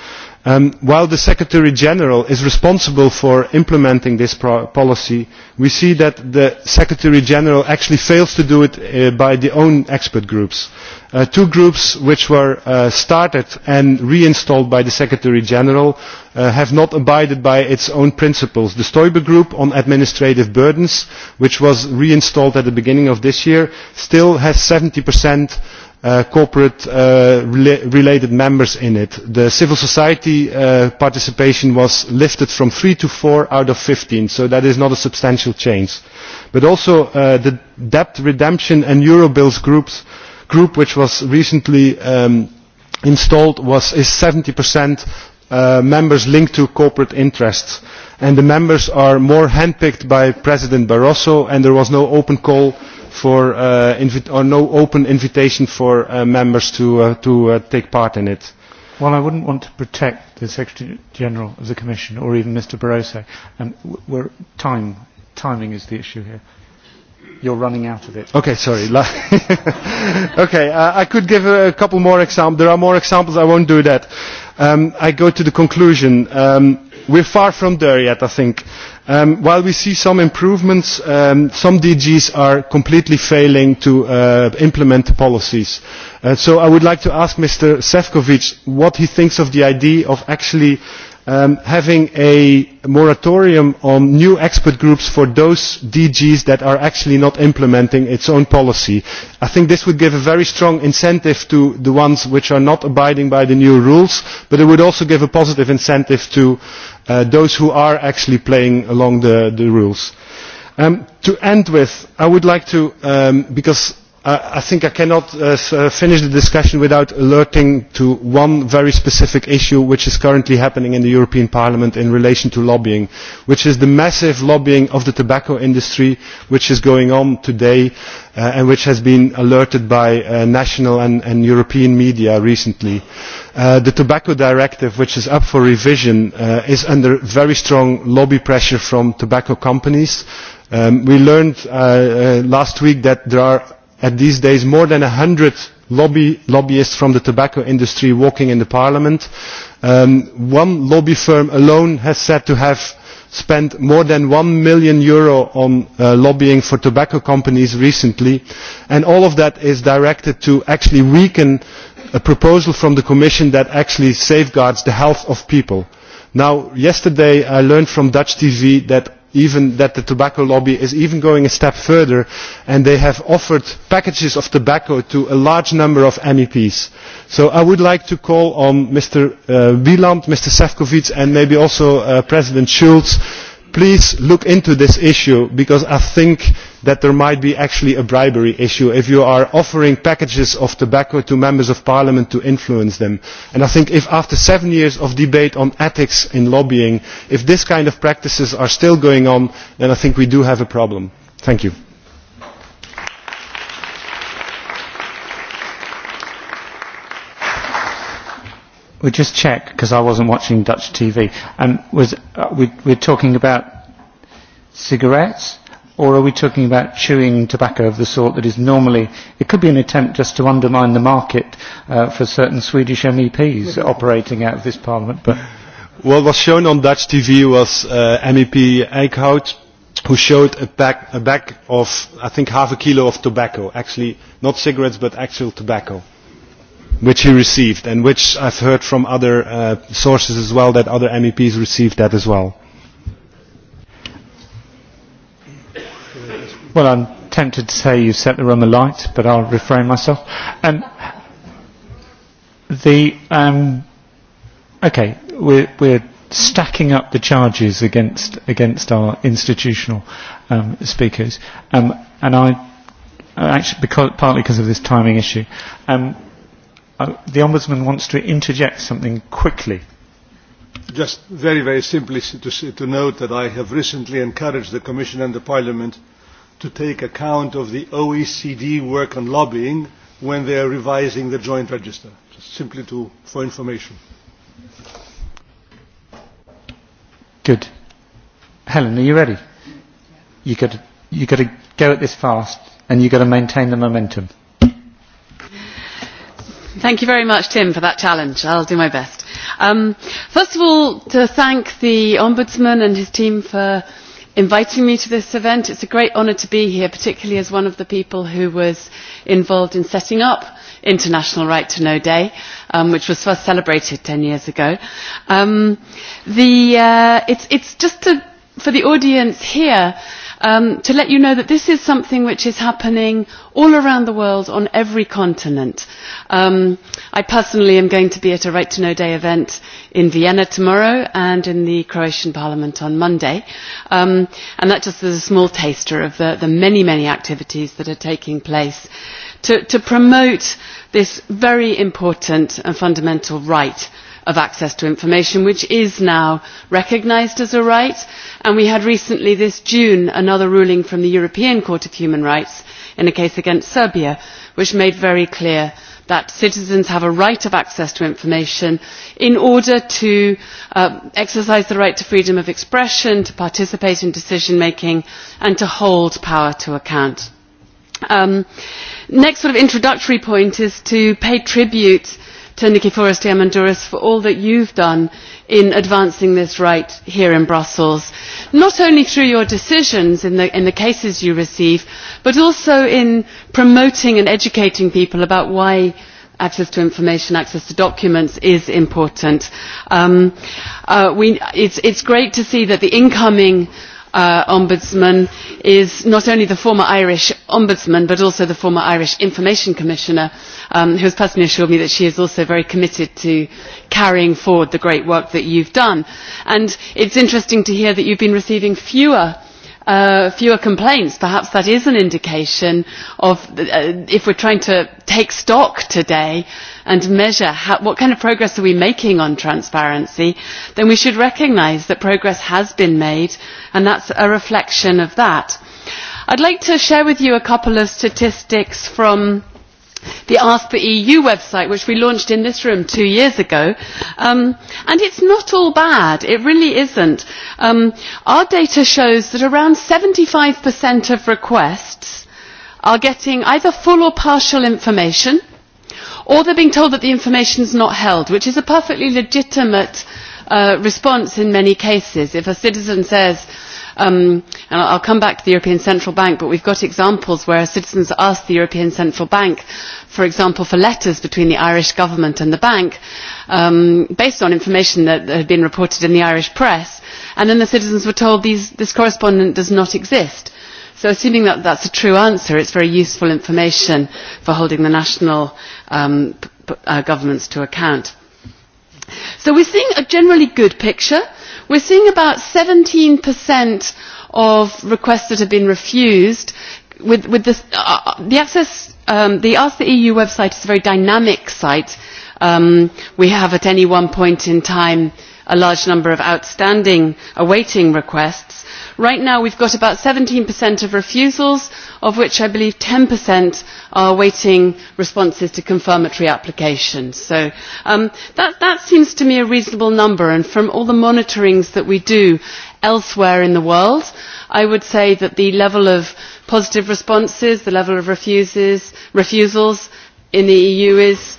Um, while the Secretary General is responsible for implementing this pro policy, we see that the Secretary General actually fails to do it uh, by the own expert groups. Uh, two groups which were uh, started and reinstalled by the Secretary General uh, have not abided by its own principles. The Stoiber Group on administrative burdens, which was reinstalled at the beginning of this year, still has 70 percent uh, uh, corporate uh, rela related members in it. The civil society uh, participation was lifted from 3 to 4 out of 15, so that is not a substantial change. But also uh, the debt redemption and Eurobills groups, group which was recently um, installed was, is 70% uh, members linked to corporate interests. And the members are more handpicked by President Barroso and there was no open call uh, for uh, invi or no open invitation for uh, members to uh, to uh, take part in it. Well, I wouldn't want to protect the Secretary General of the Commission or even Mr. Barroso. Um, we're time timing is the issue here. You're running out of it. Okay, sorry. [LAUGHS] okay, uh, I could give a, a couple more examples. There are more examples. I won't do that. Um, I go to the conclusion. Um, we are far from there yet i think. Um, while we see some improvements um, some dgs are completely failing to uh, implement the policies. Uh, so i would like to ask mr efovi what he thinks of the idea of actually um, having a moratorium on new expert groups for those DGs that are actually not implementing its own policy. I think this would give a very strong incentive to the ones which are not abiding by the new rules, but it would also give a positive incentive to uh, those who are actually playing along the, the rules. Um, to end with, I would like to, um, because Uh, I think I cannot uh, uh, finish the discussion without alerting to one very specific issue which is currently happening in the European Parliament in relation to lobbying, which is the massive lobbying of the tobacco industry which is going on today uh, and which has been alerted by uh, national and, and European media recently. Uh, the tobacco directive, which is up for revision, uh, is under very strong lobby pressure from tobacco companies. Um, we learned uh, uh, last week that there are and these days more than 100 lobby, lobbyists from the tobacco industry walking in the parliament. Um, one lobby firm alone has said to have spent more than 1 million euro on uh, lobbying for tobacco companies recently and all of that is directed to actually weaken a proposal from the commission that actually safeguards the health of people. Now, yesterday I learned from Dutch TV that even that the tobacco lobby is even going a step further and they have offered packages of tobacco to a large number of MEPs. So I would like to call on Mr. Uh, Wieland, Mr. Sefcovic and maybe also uh, President Schulz please look into this issue because I think that there might be actually a bribery issue if you are offering packages of tobacco to members of parliament to influence them. And I think if after seven years of debate on ethics in lobbying, if this kind of practices are still going on, then I think we do have a problem. Thank you. we just check because I wasn't watching Dutch TV. Um, was uh, we, we're talking about cigarettes, or are we talking about chewing tobacco of the sort that is normally? It could be an attempt just to undermine the market uh, for certain Swedish MEPs operating out of this Parliament. But what was shown on Dutch TV was uh, MEP Eickhout who showed a, pack, a bag of, I think, half a kilo of tobacco. Actually, not cigarettes, but actual tobacco which he received and which I've heard from other uh, sources as well that other MEPs received that as well. Well, I'm tempted to say you set the room alight, but I'll refrain myself. Um, the um, okay, we're, we're stacking up the charges against against our institutional um, speakers, um, and I actually because, partly because of this timing issue. Um, Uh, the Ombudsman wants to interject something quickly. Just very, very simply to, to note that I have recently encouraged the Commission and the Parliament to take account of the OECD work on lobbying when they are revising the joint register, just simply to, for information. Good. Helen, are you ready? You've got, you got to go at this fast and you've got to maintain the momentum. Thank you very much, Tim, for that challenge. I'll do my best. Um, first of all, to thank the Ombudsman and his team for inviting me to this event. It's a great honour to be here, particularly as one of the people who was involved in setting up International Right to Know Day, um, which was first celebrated 10 years ago. Um, the, uh, it's, it's just to, for the audience here, um, to let you know that this is something which is happening all around the world on every continent. Um, I personally am going to be at a Right to Know Day event in Vienna tomorrow and in the Croatian Parliament on Monday. Um, and that just is a small taster of the, the many, many activities that are taking place to, to promote this very important and fundamental right of access to information which is now recognised as a right and we had recently this june another ruling from the european court of human rights in a case against serbia which made very clear that citizens have a right of access to information in order to uh, exercise the right to freedom of expression to participate in decision making and to hold power to account. Um, next sort of introductory point is to pay tribute to Nikki Forestier Manduris for all that you've done in advancing this right here in Brussels, not only through your decisions in the, in the cases you receive, but also in promoting and educating people about why access to information, access to documents is important. Um, uh, we, it's, it's great to see that the incoming uh, ombudsman is not only the former irish ombudsman but also the former irish information commissioner um, who has personally assured me that she is also very committed to carrying forward the great work that you have done. it is interesting to hear that you have been receiving fewer uh, fewer complaints. Perhaps that is an indication of uh, if we're trying to take stock today, and measure how, what kind of progress are we making on transparency, then we should recognise that progress has been made and that's a reflection of that. I'd like to share with you a couple of statistics from the Ask the EU website, which we launched in this room two years ago. Um, and it's not all bad. It really isn't. Um, our data shows that around 75% of requests are getting either full or partial information – or they are being told that the information is not held which is a perfectly legitimate uh, response in many cases. if a citizen says um, and i will come back to the european central bank but we have got examples where citizens ask the european central bank for example for letters between the irish government and the bank um, based on information that had been reported in the irish press and then the citizens were told these, this correspondence does not exist So assuming that that's a true answer, it's very useful information for holding the national um, p- p- uh, governments to account. So we're seeing a generally good picture. We're seeing about 17% of requests that have been refused. With, with this, uh, uh the access, um, the Ask the EU website is a very dynamic site. Um, we have at any one point in time a large number of outstanding awaiting requests right now we have about seventeen of refusals of which i believe ten are awaiting responses to confirmatory applications so um, that, that seems to me a reasonable number and from all the monitoring that we do elsewhere in the world i would say that the level of positive responses the level of refuses, refusals in the eu is,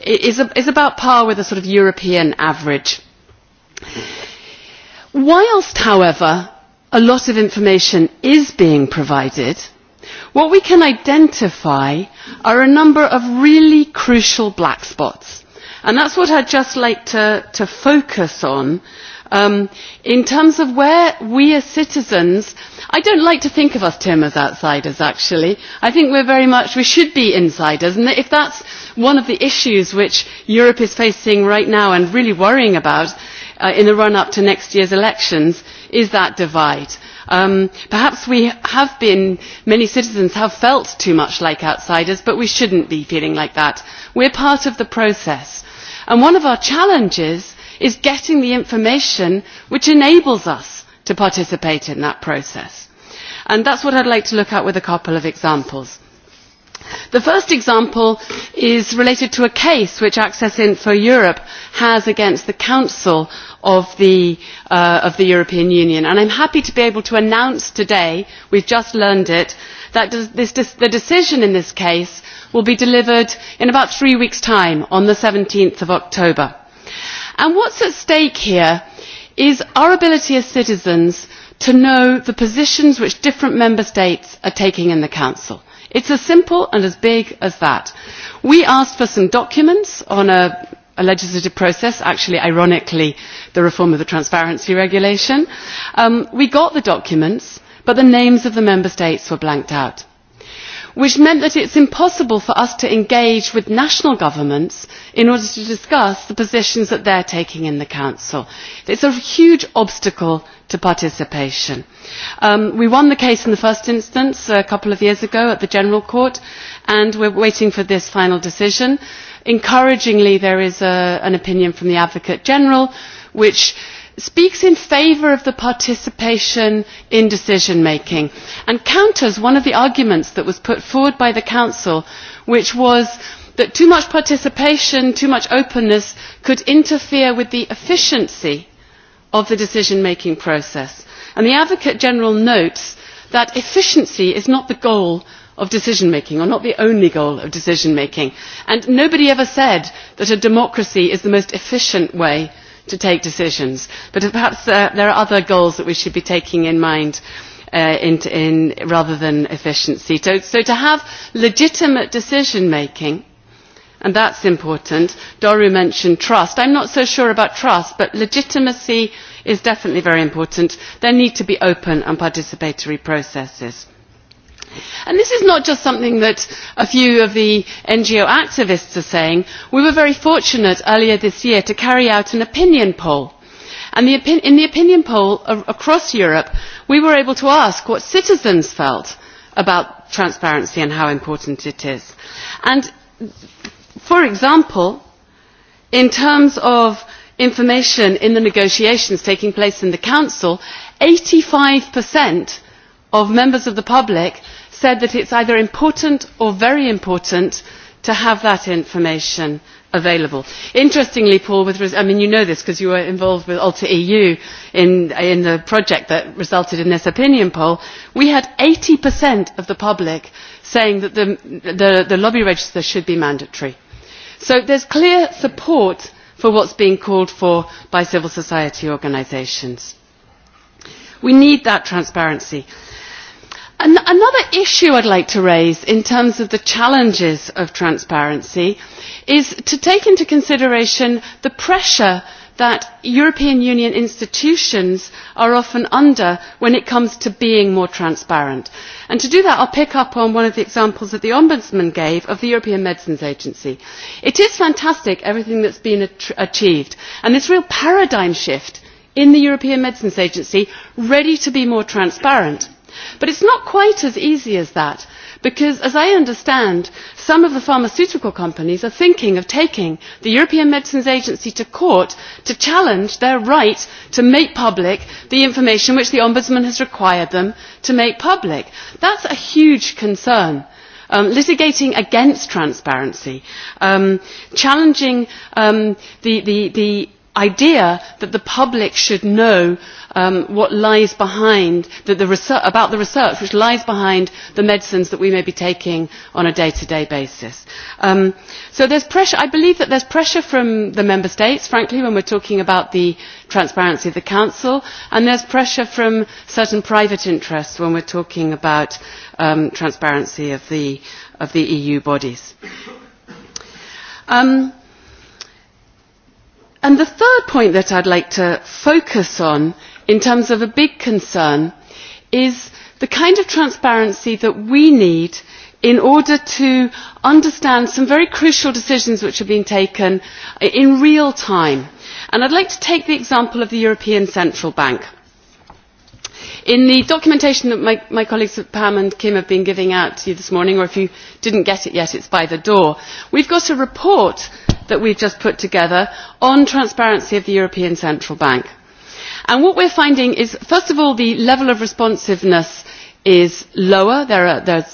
is, is about par with a sort of european average. whilst however a lot of information is being provided, what we can identify are a number of really crucial black spots. And that's what I'd just like to, to focus on um, in terms of where we as citizens, I don't like to think of us, Tim, as outsiders, actually. I think we're very much, we should be insiders. And if that's one of the issues which Europe is facing right now and really worrying about uh, in the run-up to next year's elections, is that divide. Um, perhaps we have been, many citizens have felt too much like outsiders, but we shouldn't be feeling like that. We're part of the process. And one of our challenges is getting the information which enables us to participate in that process. And that's what I'd like to look at with a couple of examples the first example is related to a case which access info europe has against the council of the, uh, of the european union and i am happy to be able to announce today we have just learned it that this, this, the decision in this case will be delivered in about three weeks' time on seventeen october. what is at stake here is our ability as citizens to know the positions which different member states are taking in the council it is as simple and as big as that. we asked for some documents on a, a legislative process actually ironically the reform of the transparency regulation. Um, we got the documents but the names of the member states were blanked out which meant that it is impossible for us to engage with national governments in order to discuss the positions that they are taking in the council. it is a huge obstacle to participation. Um, we won the case in the first instance a couple of years ago at the General Court and we're waiting for this final decision. Encouragingly, there is a, an opinion from the Advocate General which speaks in favour of the participation in decision making and counters one of the arguments that was put forward by the Council, which was that too much participation, too much openness could interfere with the efficiency of the decision making process and the advocate general notes that efficiency is not the goal of decision making or not the only goal of decision making and nobody ever said that a democracy is the most efficient way to take decisions but perhaps uh, there are other goals that we should be taking in mind uh, in, in, rather than efficiency. So, so to have legitimate decision making and that is important. doru mentioned trust. i am not so sure about trust but legitimacy is definitely very important. there need to be open and participatory processes. And this is not just something that a few of the ngo activists are saying. we were very fortunate earlier this year to carry out an opinion poll and the opin in the opinion poll across europe we were able to ask what citizens felt about transparency and how important it is. And for example in terms of information in the negotiations taking place in the council eighty five of members of the public said that it is either important or very important to have that information available. interestingly paul I mean, you know this because you were involved with alter eu in, in the project that resulted in this opinion poll we had 80% of the public saying that the, the, the lobby register should be mandatory so there is clear support for what is being called for by civil society organisations. we need that transparency. An another issue i would like to raise in terms of the challenges of transparency is to take into consideration the pressure that european union institutions are often under when it comes to being more transparent. And to do that i will pick up on one of the examples that the ombudsman gave of the european medicines agency. it is fantastic everything that has been achieved and this real paradigm shift in the european medicines agency ready to be more transparent but it is not quite as easy as that because as i understand some of the pharmaceutical companies are thinking of taking the european medicines agency to court to challenge their right to make public the information which the ombudsman has required them to make public. that is a huge concern. Um, litigating against transparency um, challenging um, the idea that the public should know um, what lies behind the, the research, about the research which lies behind the medicines that we may be taking on a day-to-day -day basis. Um, so there's pressure, I believe that there's pressure from the member states, frankly, when we're talking about the transparency of the council, and there's pressure from certain private interests when we're talking about um, transparency of the, of the EU bodies. Um, And the third point that I'd like to focus on in terms of a big concern is the kind of transparency that we need in order to understand some very crucial decisions which are being taken in real time. And I'd like to take the example of the European Central Bank in the documentation that my, my colleagues pam and kim have been giving out to you this morning or if you did not get it yet it is by the door we have got a report that we have just put together on transparency of the european central bank and what we are finding is first of all the level of responsiveness is lower there are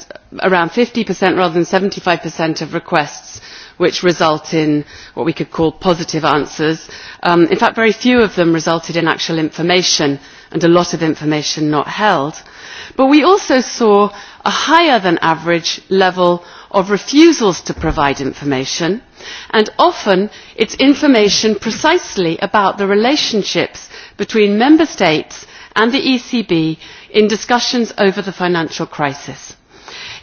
around fifty rather than seventy five of requests which result in what we could call positive answers. Um, in fact very few of them resulted in actual information and a lot of information not held. But we also saw a higher than average level of refusals to provide information and often it is information precisely about the relationships between member states and the ecb in discussions over the financial crisis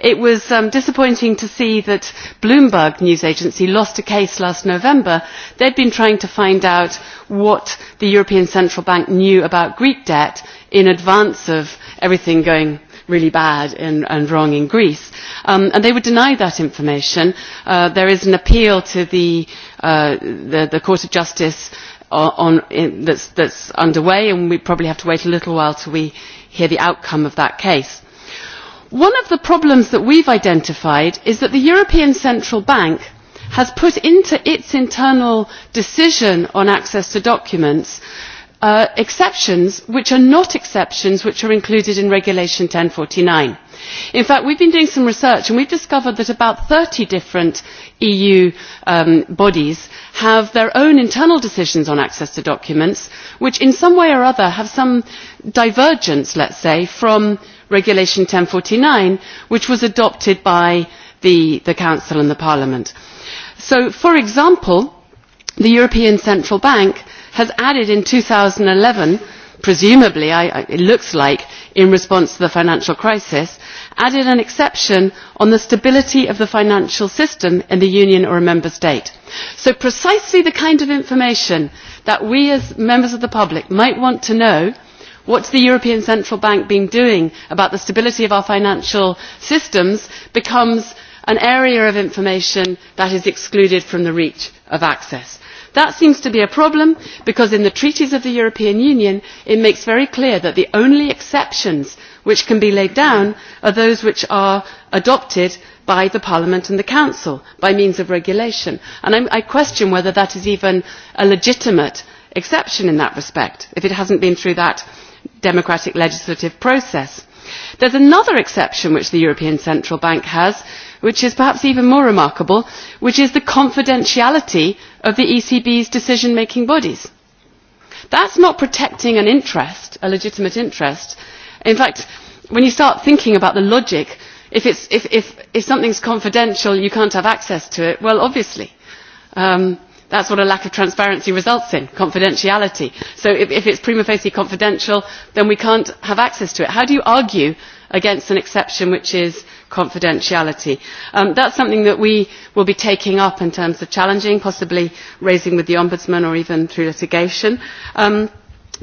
it was um, disappointing to see that bloomberg news agency lost a case last november. they had been trying to find out what the european central bank knew about greek debt in advance of everything going really bad and, and wrong in Greece. Um, and they were denied that information. Uh, there is an appeal to the, uh, the, the Court of Justice on, on, in, that's, that's underway, and we probably have to wait a little while till we hear the outcome of that case one of the problems that we have identified is that the european central bank has put into its internal decision on access to documents uh, exceptions which are not exceptions which are included in regulation no one thousand and forty nine in fact we have been doing some research and we have discovered that about thirty different eu um, bodies have their own internal decisions on access to documents which in some way or other have some divergence let us say from regulation no one thousand and forty nine which was adopted by the, the council and the parliament. so for example the european central bank has added in two thousand and eleven presumably I, it looks like in response to the financial crisis added an exception on the stability of the financial system in the union or a member state. so precisely the kind of information that we as members of the public might want to know what is the european central bank been doing about the stability of our financial systems becomes an area of information that is excluded from the reach of access. that seems to be a problem because in the treaties of the european union it makes very clear that the only exceptions which can be laid down are those which are adopted by parliament and the council by means of regulation and i question whether that is even a legitimate exception in that respect if it has not been through that democratic legislative process. there is another exception which the european central bank has which is perhaps even more remarkable which is the confidentiality of the ecb's decision making bodies. that is not protecting an interest a legitimate interest. in fact when you start thinking about the logic if, if, if something is confidential you cannot have access to it well obviously um, that is what a lack of transparency results in confidentiality. so if, if it is prima facie confidential then we cannot have access to it. how do you argue against an exception which is confidentiality? Um, that is something that we will be taking up in terms of challenging possibly raising with the ombudsman or even through litigation. Um,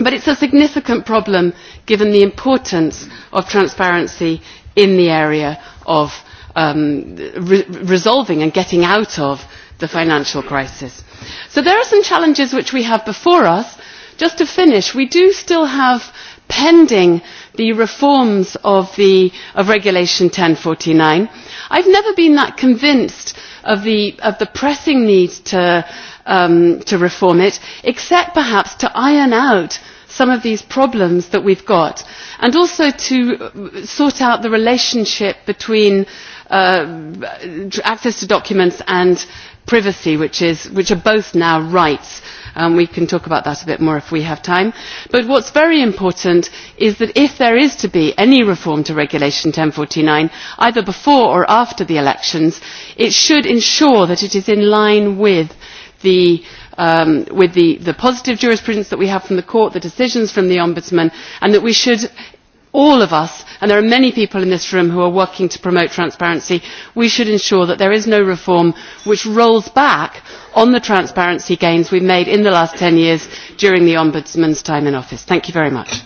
but it is a significant problem given the importance of transparency in the area of um, re resolving and getting out of the financial crisis. So there are some challenges which we have before us. Just to finish, we do still have pending the reforms of, the, of Regulation 1049. I've never been that convinced of the, of the pressing need to, um, to reform it, except perhaps to iron out some of these problems that we've got, and also to uh, sort out the relationship between uh, access to documents and privacy which, is, which are both now rights and um, we can talk about that a bit more if we have time. but what is very important is that if there is to be any reform to regulation no one thousand and forty nine either before or after the elections it should ensure that it is in line with the um, with the, the positive jurisprudence that we have from the court, the decisions from the ombudsman, and that we should all of us and there are many people in this room who are working to promote transparency we should ensure that there is no reform which rolls back on the transparency gains we have made in the last ten years during the ombudsman's time in office. thank you very much.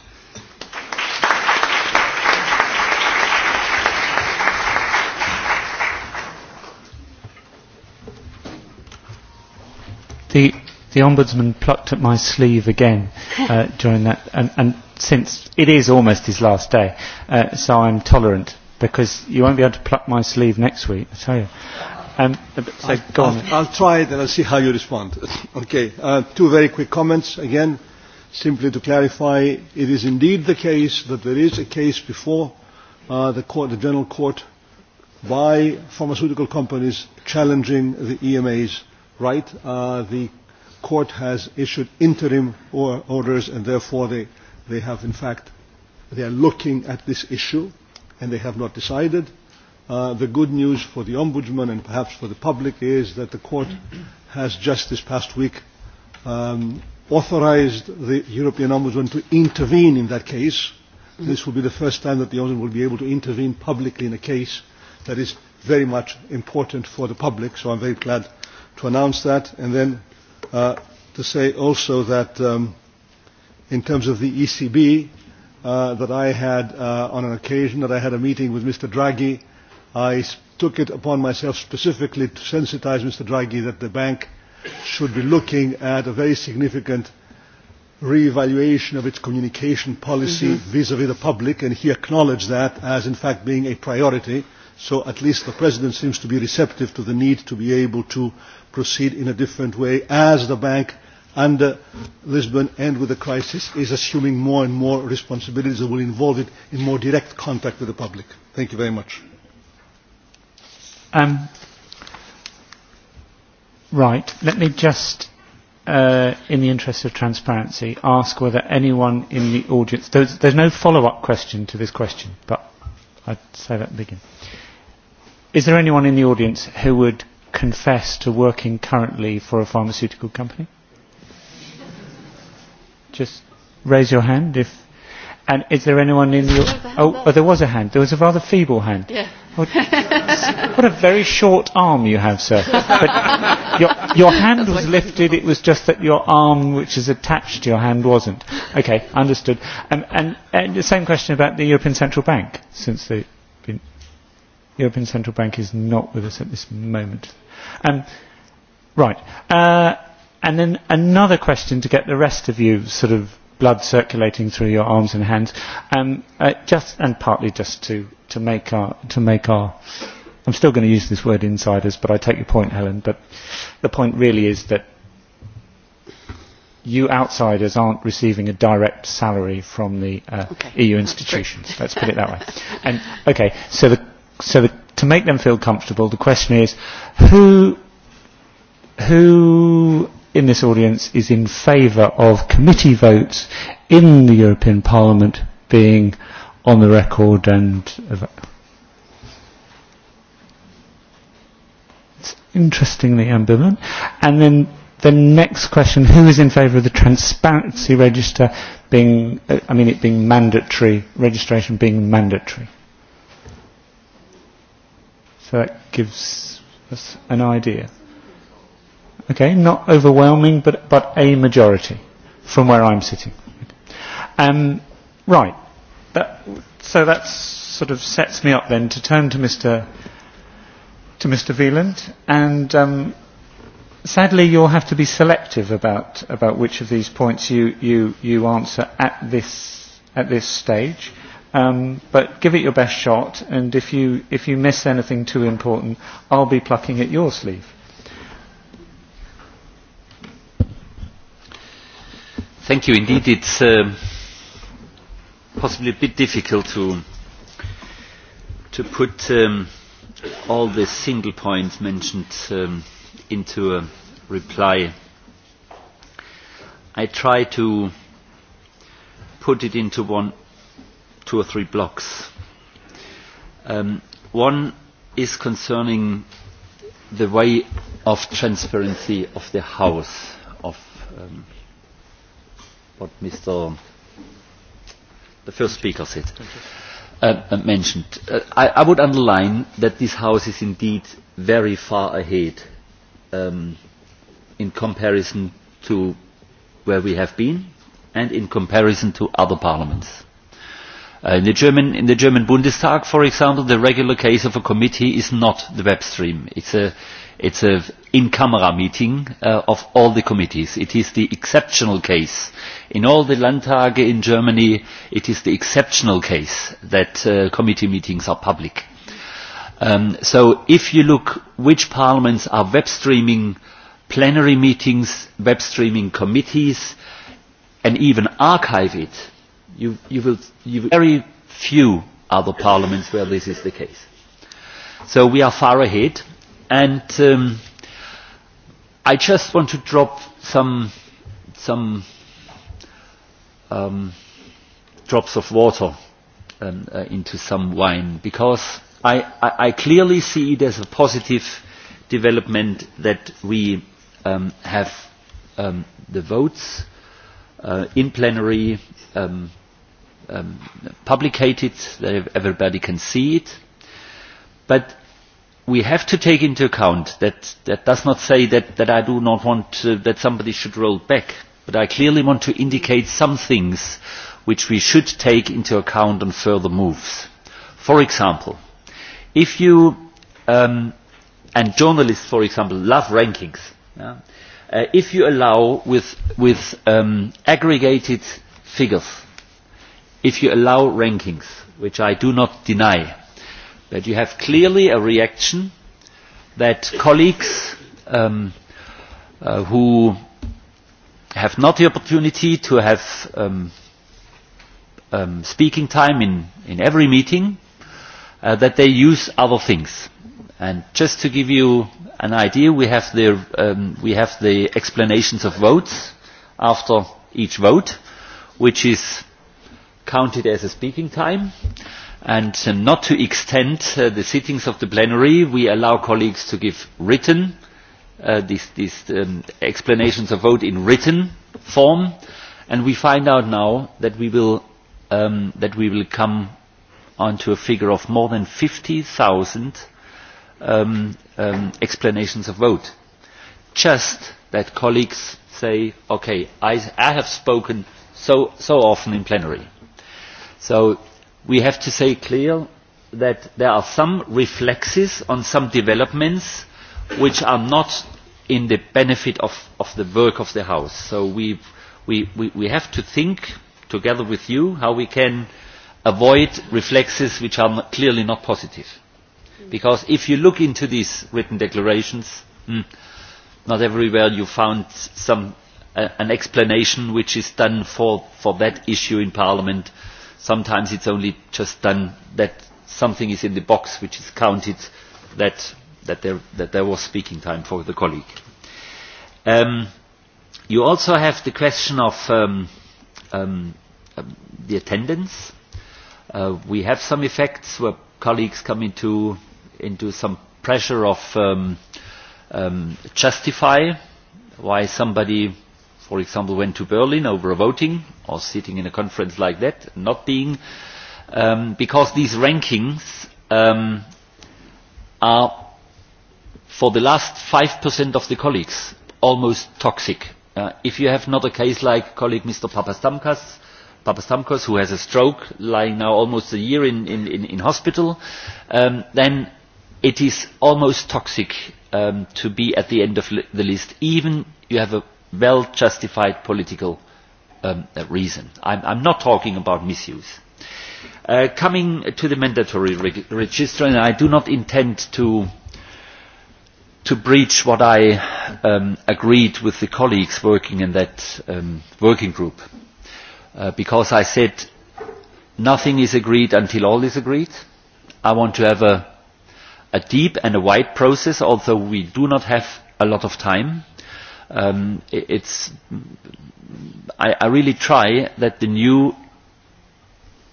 the, the ombudsman plucked at my sleeve again uh, during that and, and since it is almost his last day, uh, so I'm tolerant because you won't be able to pluck my sleeve next week, I tell you. Um, so I'll, go on. I'll, I'll try it and I'll see how you respond. [LAUGHS] okay, uh, two very quick comments. Again, simply to clarify, it is indeed the case that there is a case before uh, the, court, the General Court by pharmaceutical companies challenging the EMA's right. Uh, the court has issued interim or orders and therefore the They have, in fact, they are looking at this issue and they have not decided. Uh, the good news for the Ombudsman and perhaps for the public is that the Court has just this past week um, authorized the European Ombudsman to intervene in that case. Mm-hmm. This will be the first time that the Ombudsman will be able to intervene publicly in a case that is very much important for the public, so I'm very glad to announce that. And then uh, to say also that um, in terms of the ECB uh, that I had uh, on an occasion that I had a meeting with Mr. Draghi. I took it upon myself specifically to sensitize Mr. Draghi that the bank should be looking at a very significant reevaluation of its communication policy mm-hmm. vis-à-vis mm -hmm. -vis the public, and he acknowledged that as in fact being a priority. So at least the President seems to be receptive to the need to be able to proceed in a different way as the bank under Lisbon and with the crisis is assuming more and more responsibilities that will involve it in more direct contact with the public. Thank you very much. Um, right. Let me just, uh, in the interest of transparency, ask whether anyone in the audience... There's, there's no follow-up question to this question, but I'd say that begin. Is there anyone in the audience who would confess to working currently for a pharmaceutical company? Just raise your hand if. And is there anyone in your? Oh, oh, there was a hand. There was a rather feeble hand. Yeah. What, what a very short arm you have, sir. But your, your hand was lifted. It was just that your arm, which is attached to your hand, wasn't. Okay, understood. Um, and, and the same question about the European Central Bank, since the European Central Bank is not with us at this moment. Um, right. Uh, And then another question to get the rest of you sort of blood circulating through your arms and hands, um, uh, just and partly just to to make our to make our. I'm still going to use this word insiders, but I take your point, Helen. But the point really is that you outsiders aren't receiving a direct salary from the uh, okay. EU institutions. Let's put it that way. [LAUGHS] And okay, so the so the, to make them feel comfortable, the question is, who who in this audience is in favour of committee votes in the European Parliament being on the record and it's interestingly ambivalent. And then the next question, who is in favour of the transparency register being, uh, I mean it being mandatory, registration being mandatory? So that gives us an idea okay, not overwhelming, but, but a majority from where I'm sitting. Um, right, that, so that sort of sets me up then to turn to Mr. to Mr. Veland, and um, sadly you'll have to be selective about about which of these points you you you answer at this at this stage. Um, but give it your best shot, and if you if you miss anything too important, I'll be plucking at your sleeve. Thank you. Indeed, it's uh, possibly a bit difficult to to put um, all the single points mentioned um, into a reply. I try to put it into one, two or three blocks. Um, one is concerning the way of transparency of the House, of um, what Mr. the first speaker said. Uh, uh, mentioned. Uh, I, I would underline that this House is indeed very far ahead um, in comparison to where we have been and in comparison to other parliaments Uh, in, the German, in the German Bundestag, for example, the regular case of a committee is not the web stream. It's a, it's an in camera meeting uh, of all the committees. It is the exceptional case. In all the Landtage in Germany, it is the exceptional case that uh, committee meetings are public. Um, so if you look which parliaments are web streaming plenary meetings, web streaming committees, and even archive it, You, you will, you will, very few other parliaments where this is the case. So we are far ahead. And um, I just want to drop some, some um, drops of water um, uh, into some wine because I, I, I clearly see it as a positive development that we um, have um, the votes uh, in plenary um, um, publicated, that everybody can see it. But we have to take into account that that does not say that, that I do not want to, that somebody should roll back, but I clearly want to indicate some things which we should take into account on further moves. For example, if you, um, and journalists, for example, love rankings, yeah? uh, if you allow with, with um, aggregated figures, if you allow rankings, which I do not deny, that you have clearly a reaction that colleagues um, uh, who have not the opportunity to have um, um, speaking time in, in every meeting, uh, that they use other things. And just to give you an idea, we have the, um, we have the explanations of votes after each vote, which is counted as a speaking time and uh, not to extend uh, the sittings of the plenary. We allow colleagues to give written uh, these, these um, explanations of vote in written form, and we find out now that we will um, that we will come onto a figure of more than 50,000 um, um, explanations of vote. Just that colleagues say, okay, I, I have spoken so so often in plenary So we have to say clear that there are some reflexes on some developments which are not in the benefit of, of the work of the House. So we, we, we, we have to think together with you how we can avoid reflexes which are clearly not positive. Because if you look into these written declarations, mm, not everywhere you found some, uh, an explanation which is done for, for that issue in Parliament uh, sometimes it's only just done that something is in the box which is counted that, that, there, that there was speaking time for the colleague. Um, you also have the question of um, um, um the attendance. Uh, we have some effects where colleagues come into, into some pressure of um, um, justify why somebody for example, went to Berlin over voting or sitting in a conference like that, not being, um, because these rankings um, are for the last 5% of the colleagues almost toxic. Uh, if you have not a case like colleague Mr. Papastamkas, Papastamkos, who has a stroke, lying now almost a year in, in, in, in hospital, um, then it is almost toxic um, to be at the end of li the list, even you have a well justified political um, uh, reason. I'm, I'm not talking about misuse. Uh, coming to the mandatory re register, and I do not intend to, to breach what I um, agreed with the colleagues working in that um, working group, uh, because I said nothing is agreed until all is agreed. I want to have a, a deep and a wide process, although we do not have a lot of time um, it, it's I, I really try that the new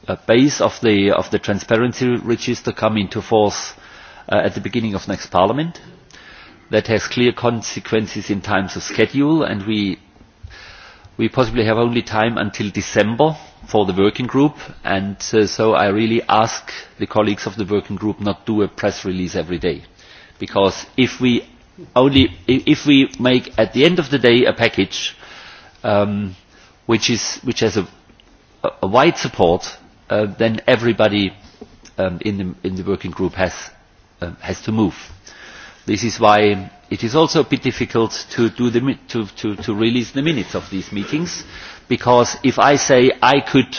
uh, base of the of the transparency register come into force uh, at the beginning of next parliament. That has clear consequences in terms of schedule, and we we possibly have only time until December for the working group, and uh, so I really ask the colleagues of the working group not do a press release every day, because if we only if we make at the end of the day a package um, which is which has a, a wide support, uh, then everybody um, in the in the working group has um, has to move. This is why it is also a bit difficult to do the to, to, to release the minutes of these meetings, because if I say I could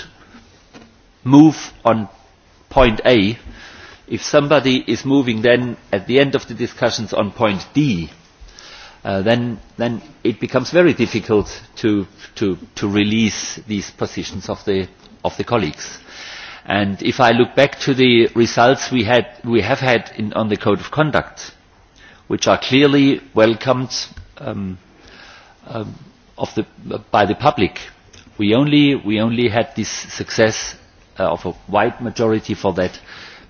move on point A, if somebody is moving then at the end of the discussions on point D, uh, then, then it becomes very difficult to, to, to release these positions of the, of the colleagues. And if I look back to the results we, had, we have had in, on the Code of Conduct, which are clearly welcomed um, um, of the, by the public, we only, we only had this success uh, of a wide majority for that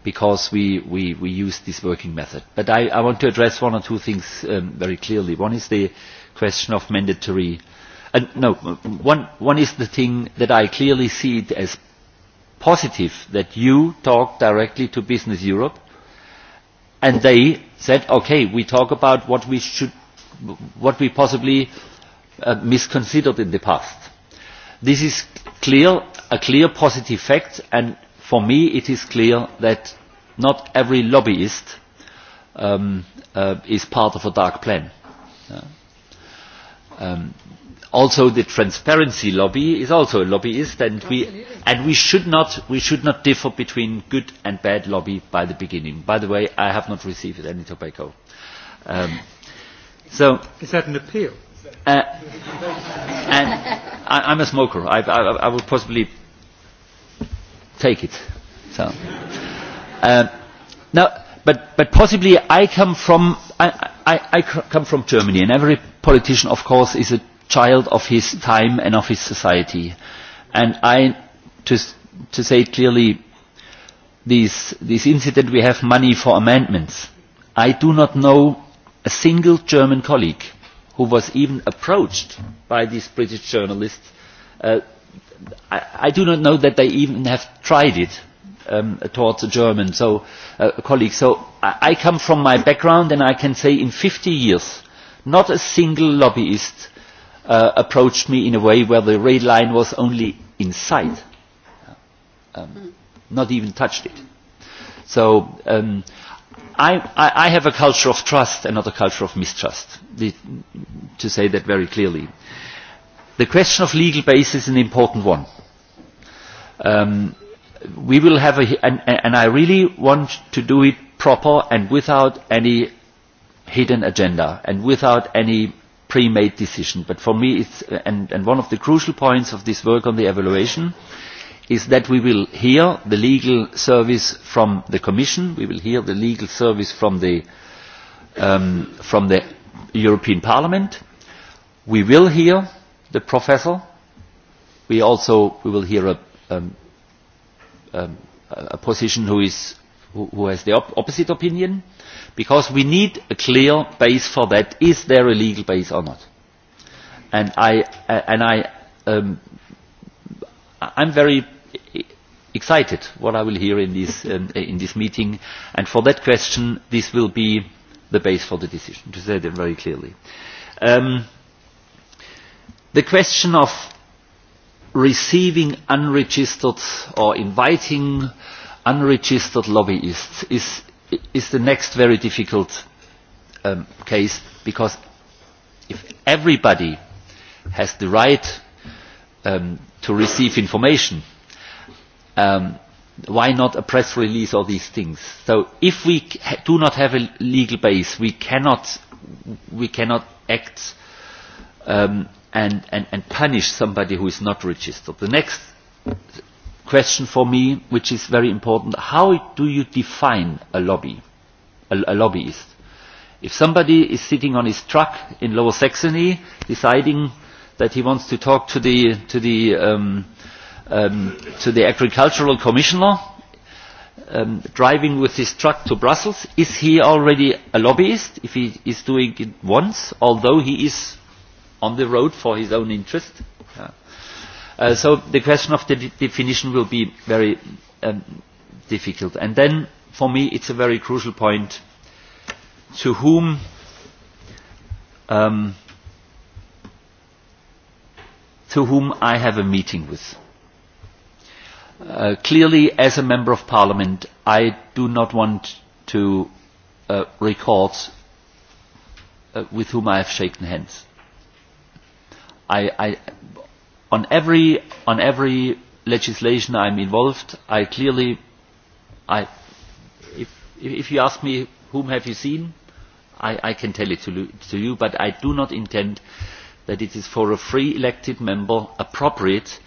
because we, we, we use this working method. But I, I want to address one or two things um, very clearly. One is the question of mandatory. Uh, no, one, one is the thing that I clearly see it as positive that you talk directly to Business Europe and they said, okay, we talk about what we should, what we possibly uh, misconsidered in the past. This is clear, a clear positive fact and for me it is clear that not every lobbyist um, uh, is part of a dark plan. Uh, um, also the transparency lobby is also a lobbyist and we, and we, should, not, we should not differ between good and bad lobby by the beginning. By the way, I have not received any tobacco. Um, so, is that an appeal? Uh, and I, I'm a smoker. I, I, I would possibly take it. So, uh, now, but, but possibly I come from I, I, I come from Germany, and every politician, of course, is a child of his time and of his society. And I, to, to say clearly, these, this incident, we have money for amendments. I do not know a single German colleague who was even approached by these British journalists uh, I, I do not know that they even have tried it um, towards a German so, uh, colleague. So I, I come from my background and I can say in 50 years, not a single lobbyist uh, approached me in a way where the rail line was only inside. Uh, um, hmm. not even touched it. So um, I, I, I have a culture of trust and not a culture of mistrust, the, to say that very clearly. Uh, The question of legal base is an important one. Um, we will have a, and, and I really want to do it proper and without any hidden agenda and without any pre-made decision. But for me, it's, and, and one of the crucial points of this work on the evaluation is that we will hear the legal service from the Commission, we will hear the legal service from the, um, from the European Parliament, we will hear the professor. We also we will hear a, um, um, a position who, is, who, who has the op opposite opinion, because we need a clear base for that. Is there a legal base or not? And I and I um, I'm very excited what I will hear in this um, in this meeting, and for that question, this will be the base for the decision. To say that very clearly. Um, The question of receiving unregistered or inviting unregistered lobbyists is, is the next very difficult um, case because if everybody has the right um, to receive information, um, why not a press release or these things? So if we do not have a legal base, we cannot, we cannot act um, and, and, and punish somebody who is not registered. The next question for me, which is very important, how do you define a lobby, a, a lobbyist? If somebody is sitting on his truck in Lower Saxony deciding that he wants to talk to the, to the, um, um, to the agricultural commissioner, um, driving with his truck to Brussels, is he already a lobbyist if he is doing it once, although he is on the road for his own interest. Yeah. Uh, so the question of the de definition will be very um, difficult. And then, for me, it's a very crucial point to whom um, to whom I have a meeting with. Uh, clearly, as a member of parliament, I do not want to uh, record uh, with whom I have shaken hands I, I, on every on every legislation I'm involved, I clearly, I, if if you ask me whom have you seen, I, I can tell it to, to you, but I do not intend that it is for a free elected member appropriate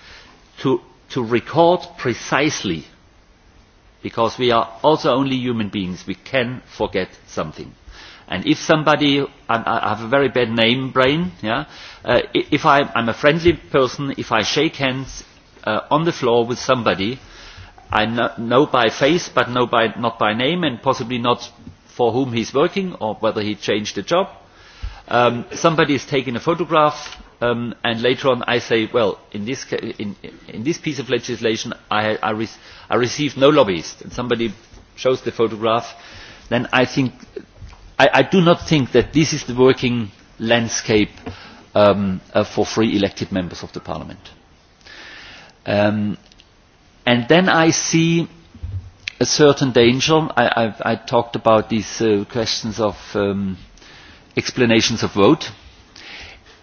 to to record precisely because we are also only human beings we can forget something And if somebody, I, I have a very bad name brain, yeah, uh, if I, I'm a friendly person, if I shake hands uh, on the floor with somebody, I know, know by face but know by, not by name and possibly not for whom he's working or whether he changed a job. Um, somebody is taking a photograph um, and later on I say, well, in this, in, in this piece of legislation I, I, re I received no lobbyist. And somebody shows the photograph, then I think I, I do not think that this is the working landscape um, uh, for free elected members of the parliament. Um, and then I see a certain danger. I, I, I talked about these uh, questions of um, explanations of vote.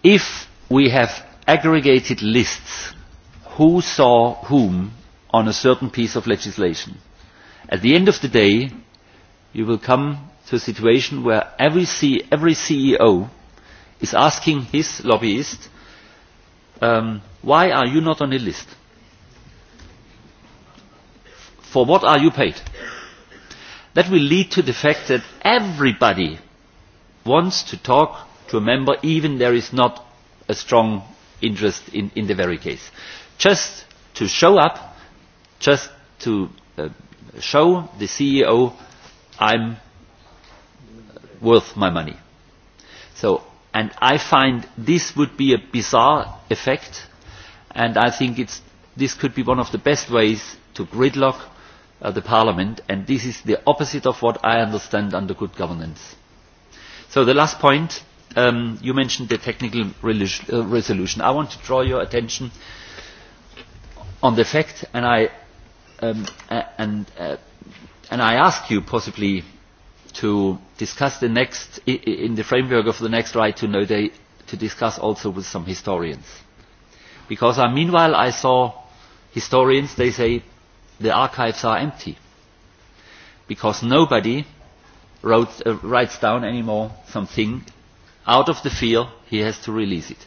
If we have aggregated lists, who saw whom on a certain piece of legislation, at the end of the day, you will come to a situation where every, C, every CEO is asking his lobbyist, um, why are you not on the list? For what are you paid? That will lead to the fact that everybody wants to talk to a member even there is not a strong interest in, in the very case. Just to show up, just to uh, show the CEO I'm worth my money. So, and I find this would be a bizarre effect, and I think it's, this could be one of the best ways to gridlock uh, the parliament, and this is the opposite of what I understand under good governance. So the last point, um, you mentioned the technical uh, resolution. I want to draw your attention on the fact, and I, um, uh, and, uh, and I ask you possibly to discuss the next, in the framework of the next right to know day, to discuss also with some historians. Because uh, meanwhile I saw historians, they say the archives are empty. Because nobody wrote, uh, writes down anymore something out of the fear he has to release it.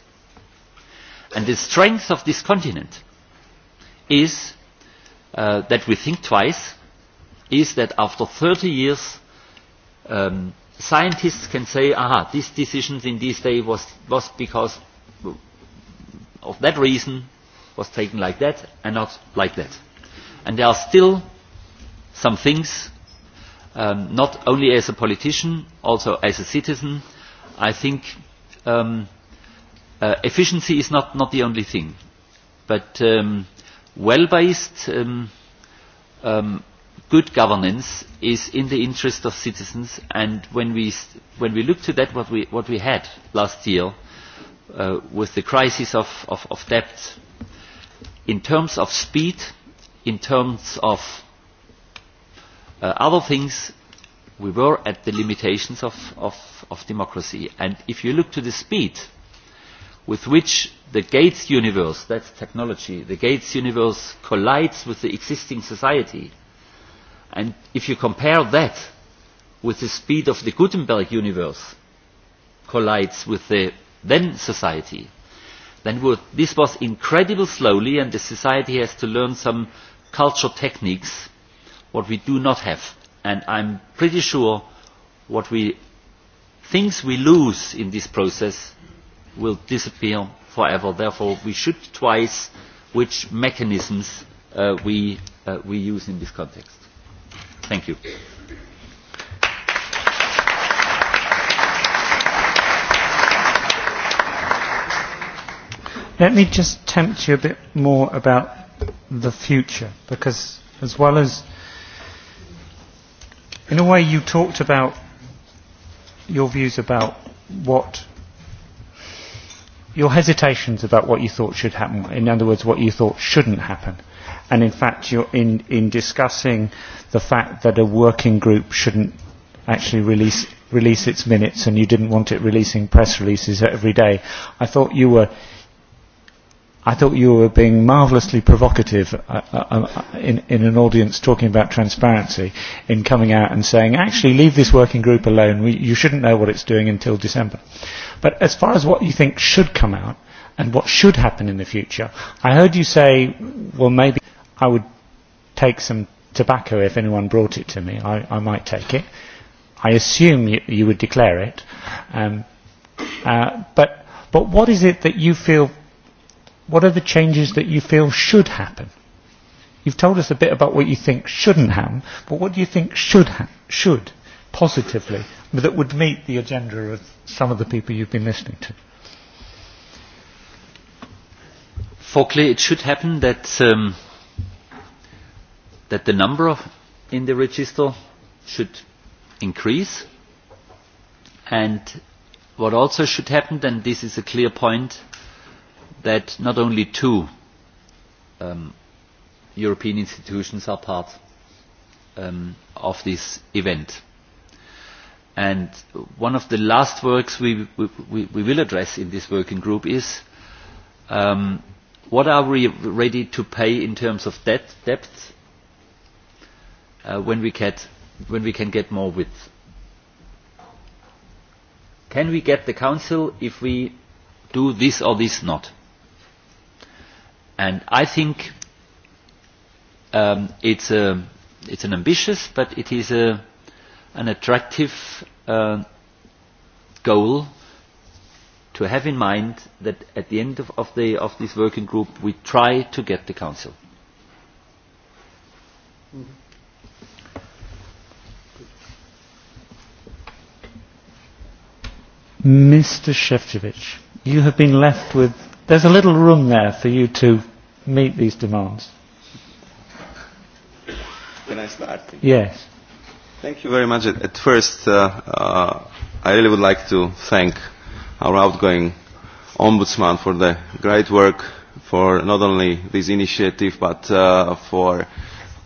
And the strength of this continent is uh, that we think twice, is that after 30 years um, scientists can say, aha, this decision in this day was, was because of that reason was taken like that and not like that. And there are still some things, um, not only as a politician, also as a citizen, I think um, uh, efficiency is not, not the only thing. But um, well-based um, um, good governance is in the interest of citizens and when we, when we look to that what we, what we had last year uh, with the crisis of, of, of debt in terms of speed, in terms of uh, other things, we were at the limitations of, of, of democracy. And if you look to the speed with which the Gates universe, that's technology, the Gates universe collides with the existing society, uh, And if you compare that with the speed of the Gutenberg universe collides with the then society, then would, this was incredible slowly and the society has to learn some culture techniques what we do not have. And I'm pretty sure what we things we lose in this process will disappear forever. Therefore, we should twice which mechanisms uh, we, uh, we use in this context. Thank you. Let me just tempt you a bit more about the future, because as well as, in a way, you talked about your views about what, your hesitations about what you thought should happen, in other words, what you thought shouldn't happen and in fact you're in, in discussing the fact that a working group shouldn't actually release release its minutes and you didn't want it releasing press releases every day. I thought you were I thought you were being marvellously provocative uh, uh, uh, in, in an audience talking about transparency in coming out and saying, actually, leave this working group alone. We, you shouldn't know what it's doing until December. But as far as what you think should come out and what should happen in the future, I heard you say, well, maybe I would take some tobacco if anyone brought it to me. I, I might take it. I assume you, you would declare it. Um, uh, but, but what is it that you feel, what are the changes that you feel should happen? You've told us a bit about what you think shouldn't happen, but what do you think should, ha- should positively that would meet the agenda of some of the people you've been listening to? For clear, it should happen that um, that the number of in the register should increase and what also should happen and this is a clear point that not only two um, European institutions are part um, of this event. And one of the last works we, we, we will address in this working group is um, what are we ready to pay in terms of debt, depth uh, when, we get, when we can get more width. Can we get the Council if we do this or this not? And I think um, it's, a, it's an ambitious, but it is a, an attractive uh, goal to have in mind that at the end of, of, the, of this working group we try to get the council. Mm-hmm. Mr. Shevchevich, you have been left with. There's a little room there for you to meet these demands. Can I start? Yes. Thank you very much. At first, uh, uh, I really would like to thank our outgoing ombudsman for the great work for not only this initiative but uh, for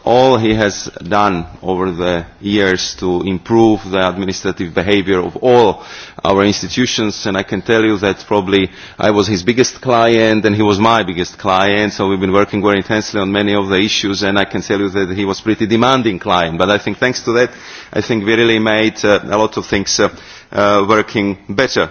all he has done over the years to improve the administrative behavior of all our institutions and I can tell you that probably I was his biggest client and he was my biggest client so we've been working very intensely on many of the issues and I can tell you that he was pretty demanding client but I think thanks to that I think we really made uh, a lot of things uh, uh, working better.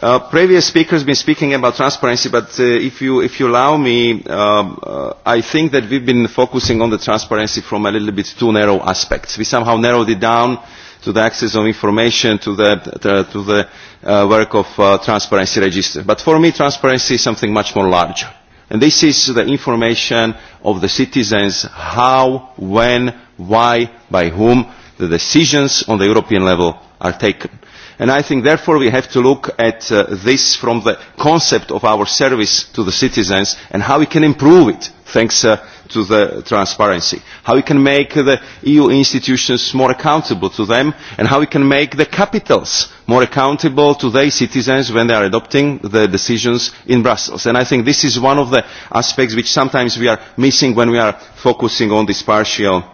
Uh, previous speakers have been speaking about transparency, but uh, if, you, if you allow me, um, uh, I think that we've been focusing on the transparency from a little bit too narrow aspects. We somehow narrowed it down to the access of information, to the, to, to the uh, work of uh, transparency register. But for me, transparency is something much more larger. And this is the information of the citizens, how, when, why, by whom the decisions on the European level are taken And I think therefore we have to look at uh, this from the concept of our service to the citizens and how we can improve it thanks uh, to the transparency, how we can make the EU institutions more accountable to them, and how we can make the capitals more accountable to their citizens when they are adopting the decisions in Brussels. And I think this is one of the aspects which sometimes we are missing when we are focusing on these partial,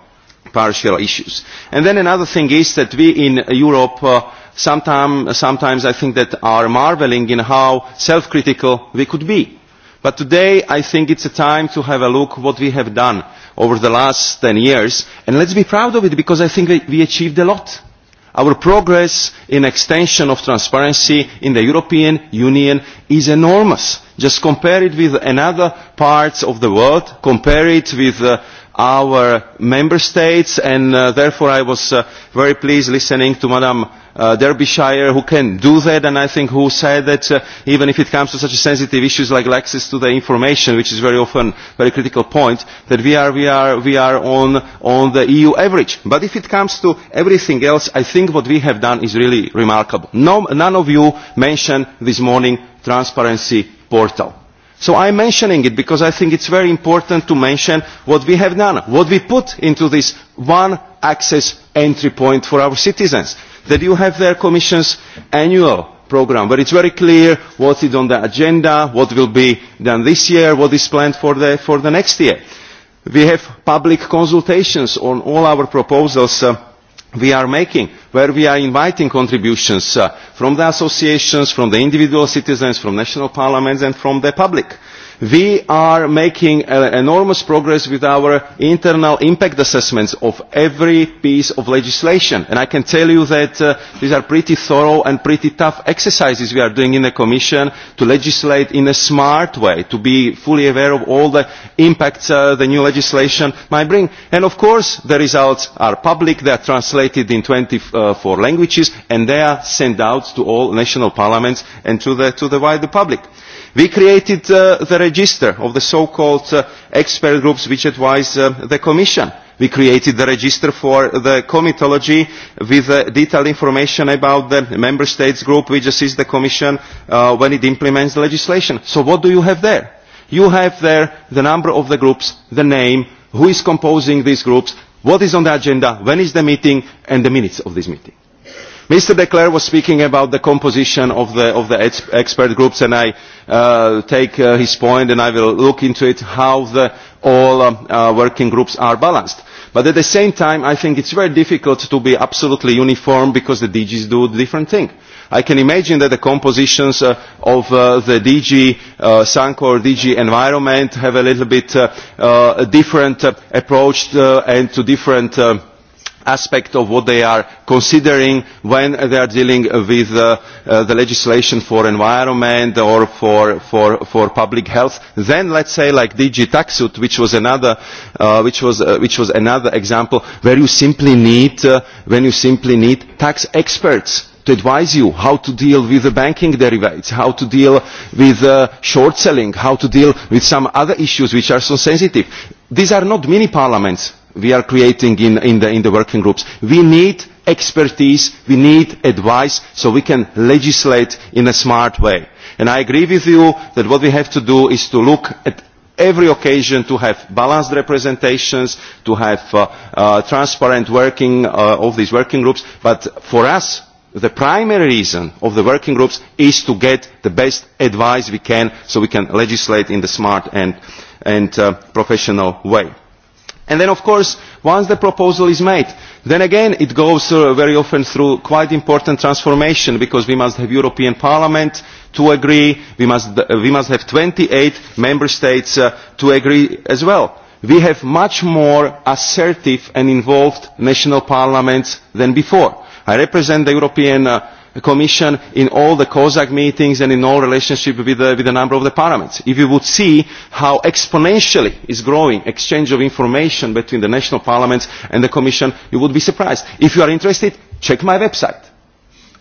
partial issues. And then another thing is that we in Europe uh, sometime, sometimes I think that are marveling in how self-critical we could be. But today I think it's a time to have a look what we have done over the last 10 years and let's be proud of it because I think we, we achieved a lot. Our progress in extension of transparency in the European Union is enormous. Just compare it with another parts of the world, compare it with uh, our member states and uh, therefore I was uh, very pleased listening to Madam uh, Derbyshire who can do that and I think who said that uh, even if it comes to such sensitive issues like access to the information which is very often a very critical point that we are, we are, we are on, on the EU average. But if it comes to everything else I think what we have done is really remarkable. No, none of you mentioned this morning transparency portal So I'm mentioning it because I think it's very important to mention what we have done, what we put into this one access entry point for our citizens. That you have their Commission's annual programme where it's very clear what is on the agenda, what will be done this year, what is planned for the, for the next year. We have public consultations on all our proposals uh, we are making where we are inviting contributions uh, from the associations, from the individual citizens, from national parliaments and from the public. We are making uh, enormous progress with our internal impact assessments of every piece of legislation. And I can tell you that uh, these are pretty thorough and pretty tough exercises we are doing in the Commission to legislate in a smart way, to be fully aware of all the impacts uh, the new legislation might bring. And of course, the results are public. They are translated in 20, uh, uh, for languages, and they are sent out to all national parliaments and to the, to the wider public. We created uh, the register of the so-called uh, expert groups which advise uh, the Commission. We created the register for the comitology with uh, detailed information about the member states group which assists the Commission uh, when it implements the legislation. So what do you have there? You have there the number of the groups, the name, who is composing these groups, what is on the agenda when is the meeting and the minutes of this meeting. mr de clerck was speaking about the composition of the, of the ex expert groups and i uh, take uh, his point and i will look into it how the, all um, uh, working groups are balanced. but at the same time i think it's very difficult to be absolutely uniform because the dgs do a different thing I can imagine that the compositions uh, of uh, the DG uh, Sancor, DG Environment have a little bit uh, uh, a different uh, approach uh, and to different uh, aspect of what they are considering when they are dealing with uh, uh, the legislation for environment or for, for, for public health. Then let's say like DG Taxut, which was another, uh, which was, uh, which was another example where you simply need, uh, when you simply need tax experts to advise you how to deal with the banking derivatives, how to deal with uh, short selling, how to deal with some other issues which are so sensitive. These are not mini parliaments we are creating in, in, the, in the working groups. We need expertise, we need advice so we can legislate in a smart way. And I agree with you that what we have to do is to look at every occasion to have balanced representations, to have uh, uh, transparent working uh, of these working groups. But for us, the primary reason of the working groups is to get the best advice we can so we can legislate in a smart and, and uh, professional way. And then of course once the proposal is made then again it goes uh, very often through quite important transformation because we must have European Parliament to agree, we must, uh, we must have 28 member states uh, to agree as well we have much more assertive and involved national parliaments than before i represent the european uh, commission in all the cosac meetings and in all relationships with, uh, with a number of the parliaments. if you would see how exponentially is growing exchange of information between the national parliaments and the commission you would be surprised. if you are interested check my website.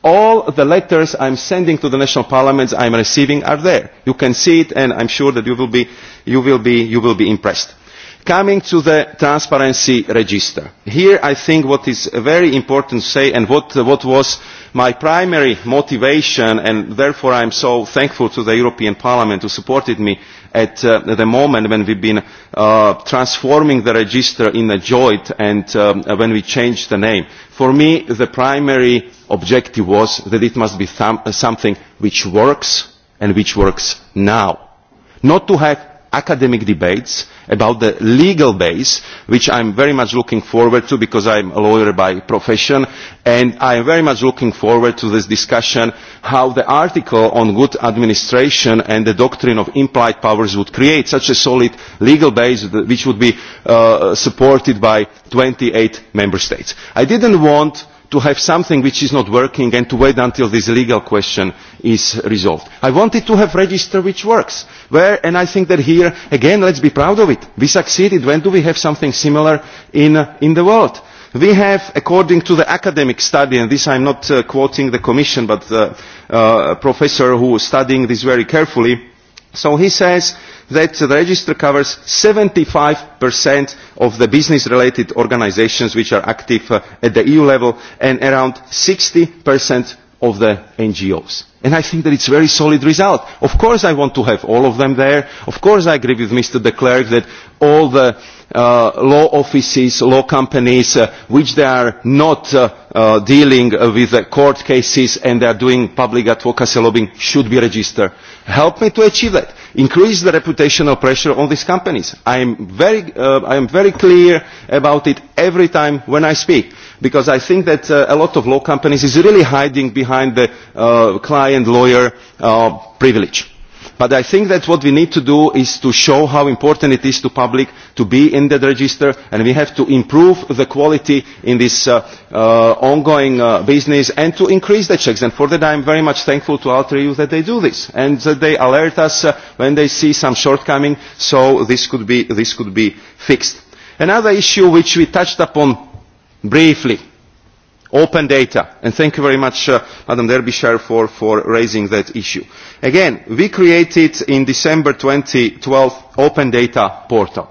all the letters i am sending to the national parliaments i am receiving are there. you can see it and i am sure that you will be, you will be, you will be impressed Coming to the transparency register, here I think what is very important to say and what, what was my primary motivation and therefore I am so thankful to the European Parliament who supported me at uh, the moment when we've been uh, transforming the register in a joint and um, uh, when we changed the name. For me, the primary objective was that it must be th uh, something which works and which works now. Not to have academic debates, about the legal base, which I'm very much looking forward to because I'm a lawyer by profession, and I'm very much looking forward to this discussion how the article on good administration and the doctrine of implied powers would create such a solid legal base which would be uh, supported by 28 member states. I didn't want to have something which is not working and to wait until this legal question is resolved. I wanted to have a register which works, where, and I think that here, again, let's be proud of it. We succeeded. When do we have something similar in, uh, in the world? We have, according to the academic study, and this I'm not uh, quoting the Commission, but uh, uh, a professor who was studying this very carefully, So he says that the register covers 75% of the business-related organizations which are active uh, at the EU level and around 60% of the NGOs. And I think that it's a very solid result. Of course I want to have all of them there. Of course I agree with Mr. de Klerk that all the uh, law offices, law companies, uh, which they are not uh, uh, dealing uh, with the court cases and they are doing public advocacy lobbying should be registered. Help me to achieve that. Increase the reputational pressure on these companies. I am very, uh, I am very clear about it every time when I speak because I think that uh, a lot of law companies is really hiding behind the uh, client-lawyer uh, privilege. But I think that what we need to do is to show how important it is to public to be in that register and we have to improve the quality in this uh, uh, ongoing uh, business and to increase the checks. And for that I am very much thankful to AlterEU that they do this and that they alert us uh, when they see some shortcoming so this could be, this could be fixed. Another issue which we touched upon briefly open data and thank you very much uh, madam derbyshire for, for raising that issue again we created in december 2012 open data portal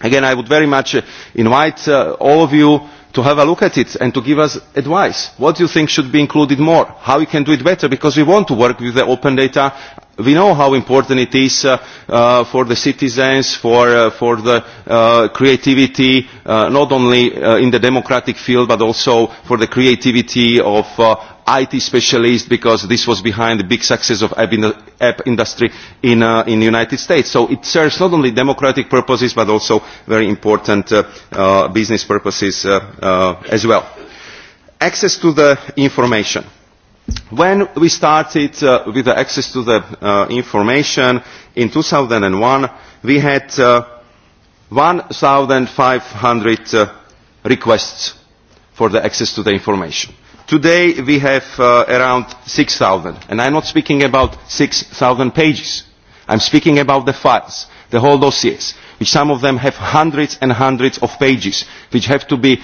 again i would very much uh, invite uh, all of you to have a look at it and to give us advice. What do you think should be included more? How we can do it better? Because we want to work with the open data. We know how important it is uh, uh, for the citizens, for, uh, for the uh, creativity, uh, not only uh, in the democratic field, but also for the creativity of, uh, IT specialist because this was behind the big success of app, in the, app industry in, uh, in the United States. So it serves not only democratic purposes but also very important uh, uh, business purposes uh, uh, as well. Access to the information. When we started uh, with the access to the uh, information in 2001, we had uh, 1,500 uh, requests for the access to the information today we have uh, around 6,000. And I'm not speaking about 6,000 pages. I'm speaking about the files, the whole dossiers, which some of them have hundreds and hundreds of pages, which have to be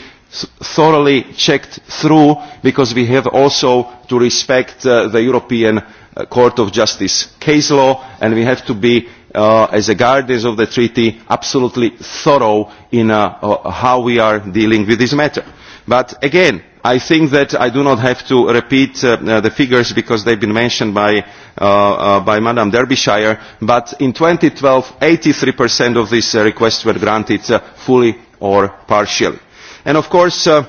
thoroughly checked through because we have also to respect uh, the European uh, Court of Justice case law and we have to be, uh, as a guardians of the treaty, absolutely thorough in uh, uh, how we are dealing with this matter. But again, I think that I do not have to repeat uh, uh, the figures because they've been mentioned by, uh, uh, by Madam Derbyshire, but in 2012, 83% of these uh, requests were granted uh, fully or partially. And of course, uh,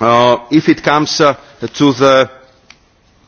uh, if it comes uh, to the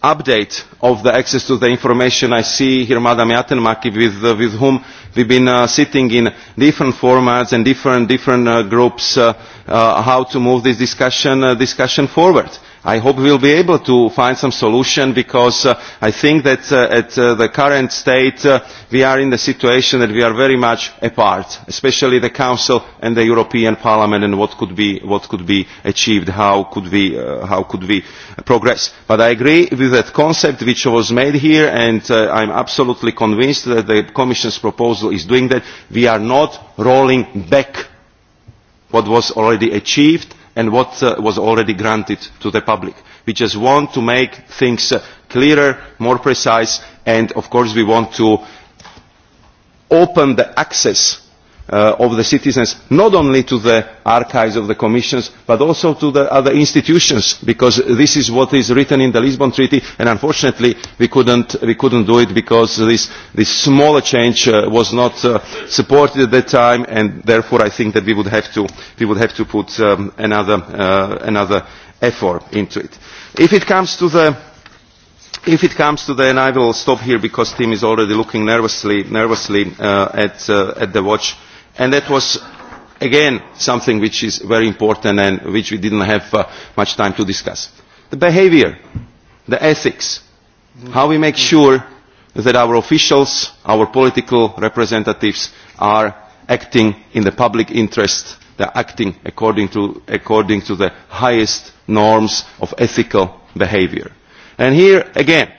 update of the access to the information. I see here Madam Yatenmaki with, uh, with whom we've been uh, sitting in different formats and different, different uh, groups uh, uh, how to move this discussion, uh, discussion forward. Uh, I hope we will be able to find some solution because uh, I think that uh, at uh, the current state uh, we are in the situation that we are very much apart, especially the Council and the European Parliament and what could be, what could be achieved, how could, we, uh, how could we progress. But I agree with that concept which was made here and uh, I'm absolutely convinced that the Commission's proposal is doing that. We are not rolling back what was already achieved and what uh, was already granted to the public. We just want to make things uh, clearer, more precise, and of course we want to open the access uh, of the citizens, not only to the archives of the commissions, but also to the other institutions, because this is what is written in the Lisbon Treaty, and unfortunately we couldn't, we couldn't do it because this, this smaller change uh, was not uh, supported at that time, and therefore I think that we would have to, we would have to put um, another, uh, another effort into it. If it comes to the if it comes to the and i will stop here because tim is already looking nervously, nervously uh, at, uh, at the watch and that was again something which is very important and which we didn't have uh, much time to discuss. The behavior, the ethics, how we make sure that our officials, our political representatives are acting in the public interest, they're acting according to, according to the highest norms of ethical behavior. And here again,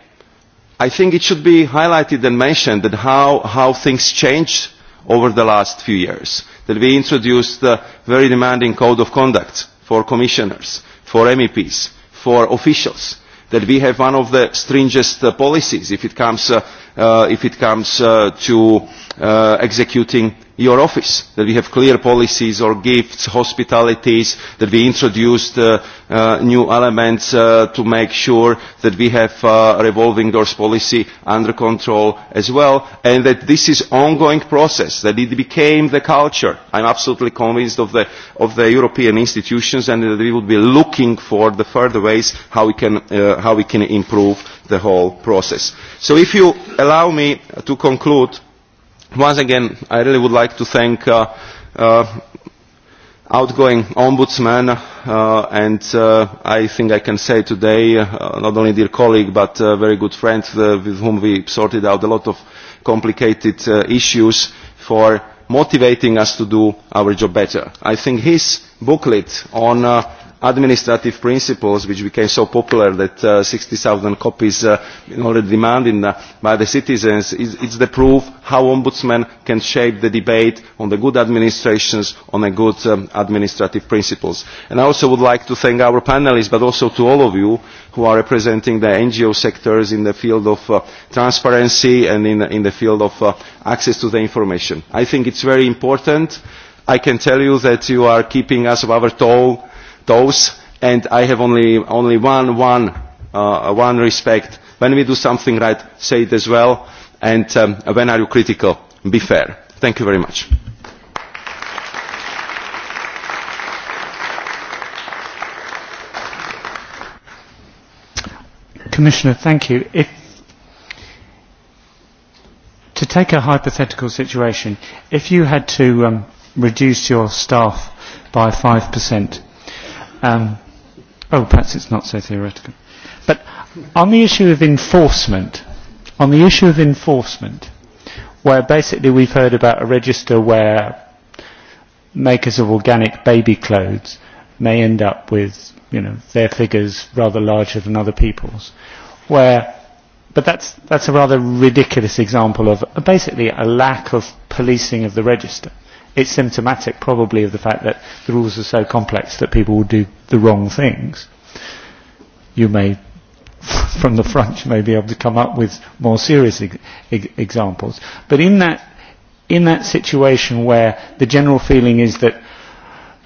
I think it should be highlighted and mentioned that how, how things changed over the last few years. That we introduced a very demanding code of conduct for commissioners, for MEPs, for officials. That we have one of the stringest uh, policies if it comes, uh, uh, if it comes uh, to uh, executing your office, that we have clear policies or gifts, hospitalities, that we introduced uh, uh, new elements uh, to make sure that we have uh, revolving doors policy under control as well, and that this is ongoing process, that it became the culture. I'm absolutely convinced of the, of the European institutions and that we will be looking for the further ways how we can, uh, how we can improve the whole process. So if you allow me to conclude, Once again, I really would like to thank uh, uh, outgoing ombudsman uh, and uh, I think I can say today uh, not only dear colleague but uh, very good friend uh, with whom we sorted out a lot of complicated uh, issues for motivating us to do our job better. I think his booklet on uh, administrative principles which became so popular that uh, 60,000 copies uh, already demanded uh, by the citizens is it's the proof how ombudsmen can shape the debate on the good administrations on the good um, administrative principles and i also would like to thank our panelists but also to all of you who are representing the ngo sectors in the field of uh, transparency and in, in the field of uh, access to the information i think it's very important i can tell you that you are keeping us above our toll toes. And I have only, only one, one, uh, one respect. When we do something right, say it as well. And um, when are you critical? Be fair. Thank you very much. Commissioner, thank you. If, to take a hypothetical situation, if you had to um, reduce your staff by 5%, Um, oh, perhaps it's not so theoretical. But on the issue of enforcement, on the issue of enforcement, where basically we've heard about a register where makers of organic baby clothes may end up with you know their figures rather larger than other people's where but that's that's a rather ridiculous example of basically a lack of policing of the register it's symptomatic probably of the fact that the rules are so complex that people will do the wrong things. You may, [LAUGHS] from the front, you may be able to come up with more serious e e examples. But in that, in that situation where the general feeling is that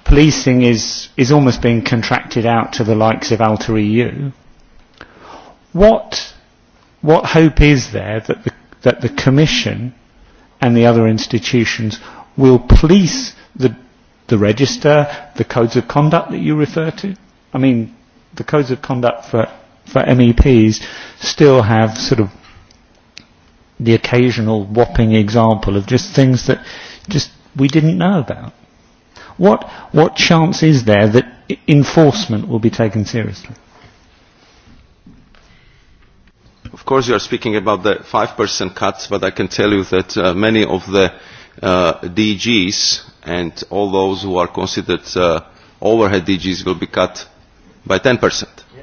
policing is, is almost being contracted out to the likes of Alter EU, what, what hope is there that the, that the Commission and the other institutions will police the, the register, the codes of conduct that you refer to? I mean, the codes of conduct for, for MEPs still have sort of the occasional whopping example of just things that just we didn't know about. What, what chance is there that e, enforcement will be taken seriously? Of course, you are speaking about the 5% cuts, but I can tell you that uh, many of the uh, uh, DGs and all those who are considered uh, overhead DGs will be cut by 10%. Yeah.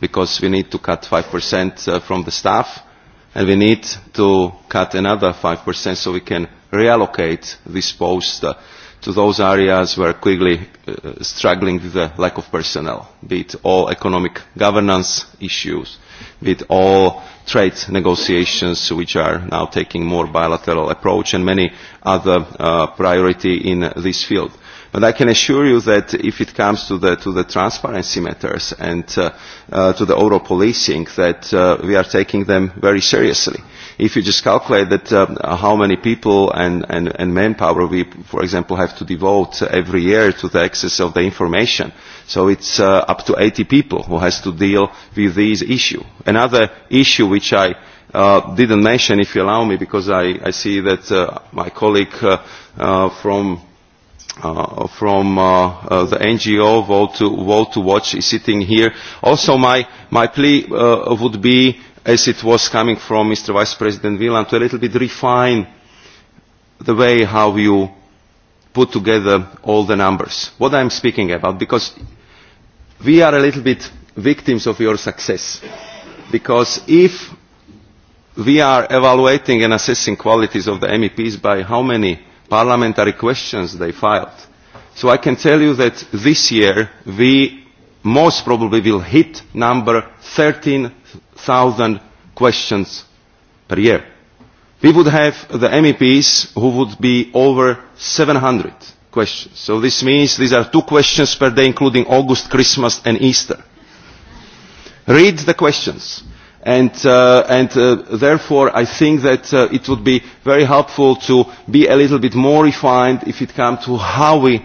Because we need to cut 5% uh, from the staff and we need to cut another 5% so we can reallocate this post uh, to those areas where quickly uh, struggling with the lack of personnel, be it all economic governance issues, with all trade negotiations which are now taking more bilateral approach and many other uh, priority in this field. But I can assure you that if it comes to the, to the transparency matters and uh, uh, to the overall policing, that uh, we are taking them very seriously. If you just calculate that uh, how many people and, and, and manpower we, for example, have to devote every year to the access of the information, uh, So it's uh, up to 80 people who has to deal with these issues. Another issue which I uh, didn't mention, if you allow me, because I, I see that uh, my colleague uh, uh, from uh, from uh, uh, the NGO Vote to, Vote to Watch is sitting here. Also, my, my plea uh, would be, as it was coming from Mr. Vice President Wieland, to a little bit refine the way how you put together all the numbers. What I'm speaking about, because we are a little bit victims of your success because if we are evaluating and assessing qualities of the meps by how many parliamentary questions they filed so i can tell you that this year we most probably will hit number 13000 questions per year we would have the meps who would be over 700 questions. So this means these are two questions per day, including August, Christmas, and Easter. Read the questions. And, uh, and uh, therefore, I think that uh, it would be very helpful to be a little bit more refined if it comes to how we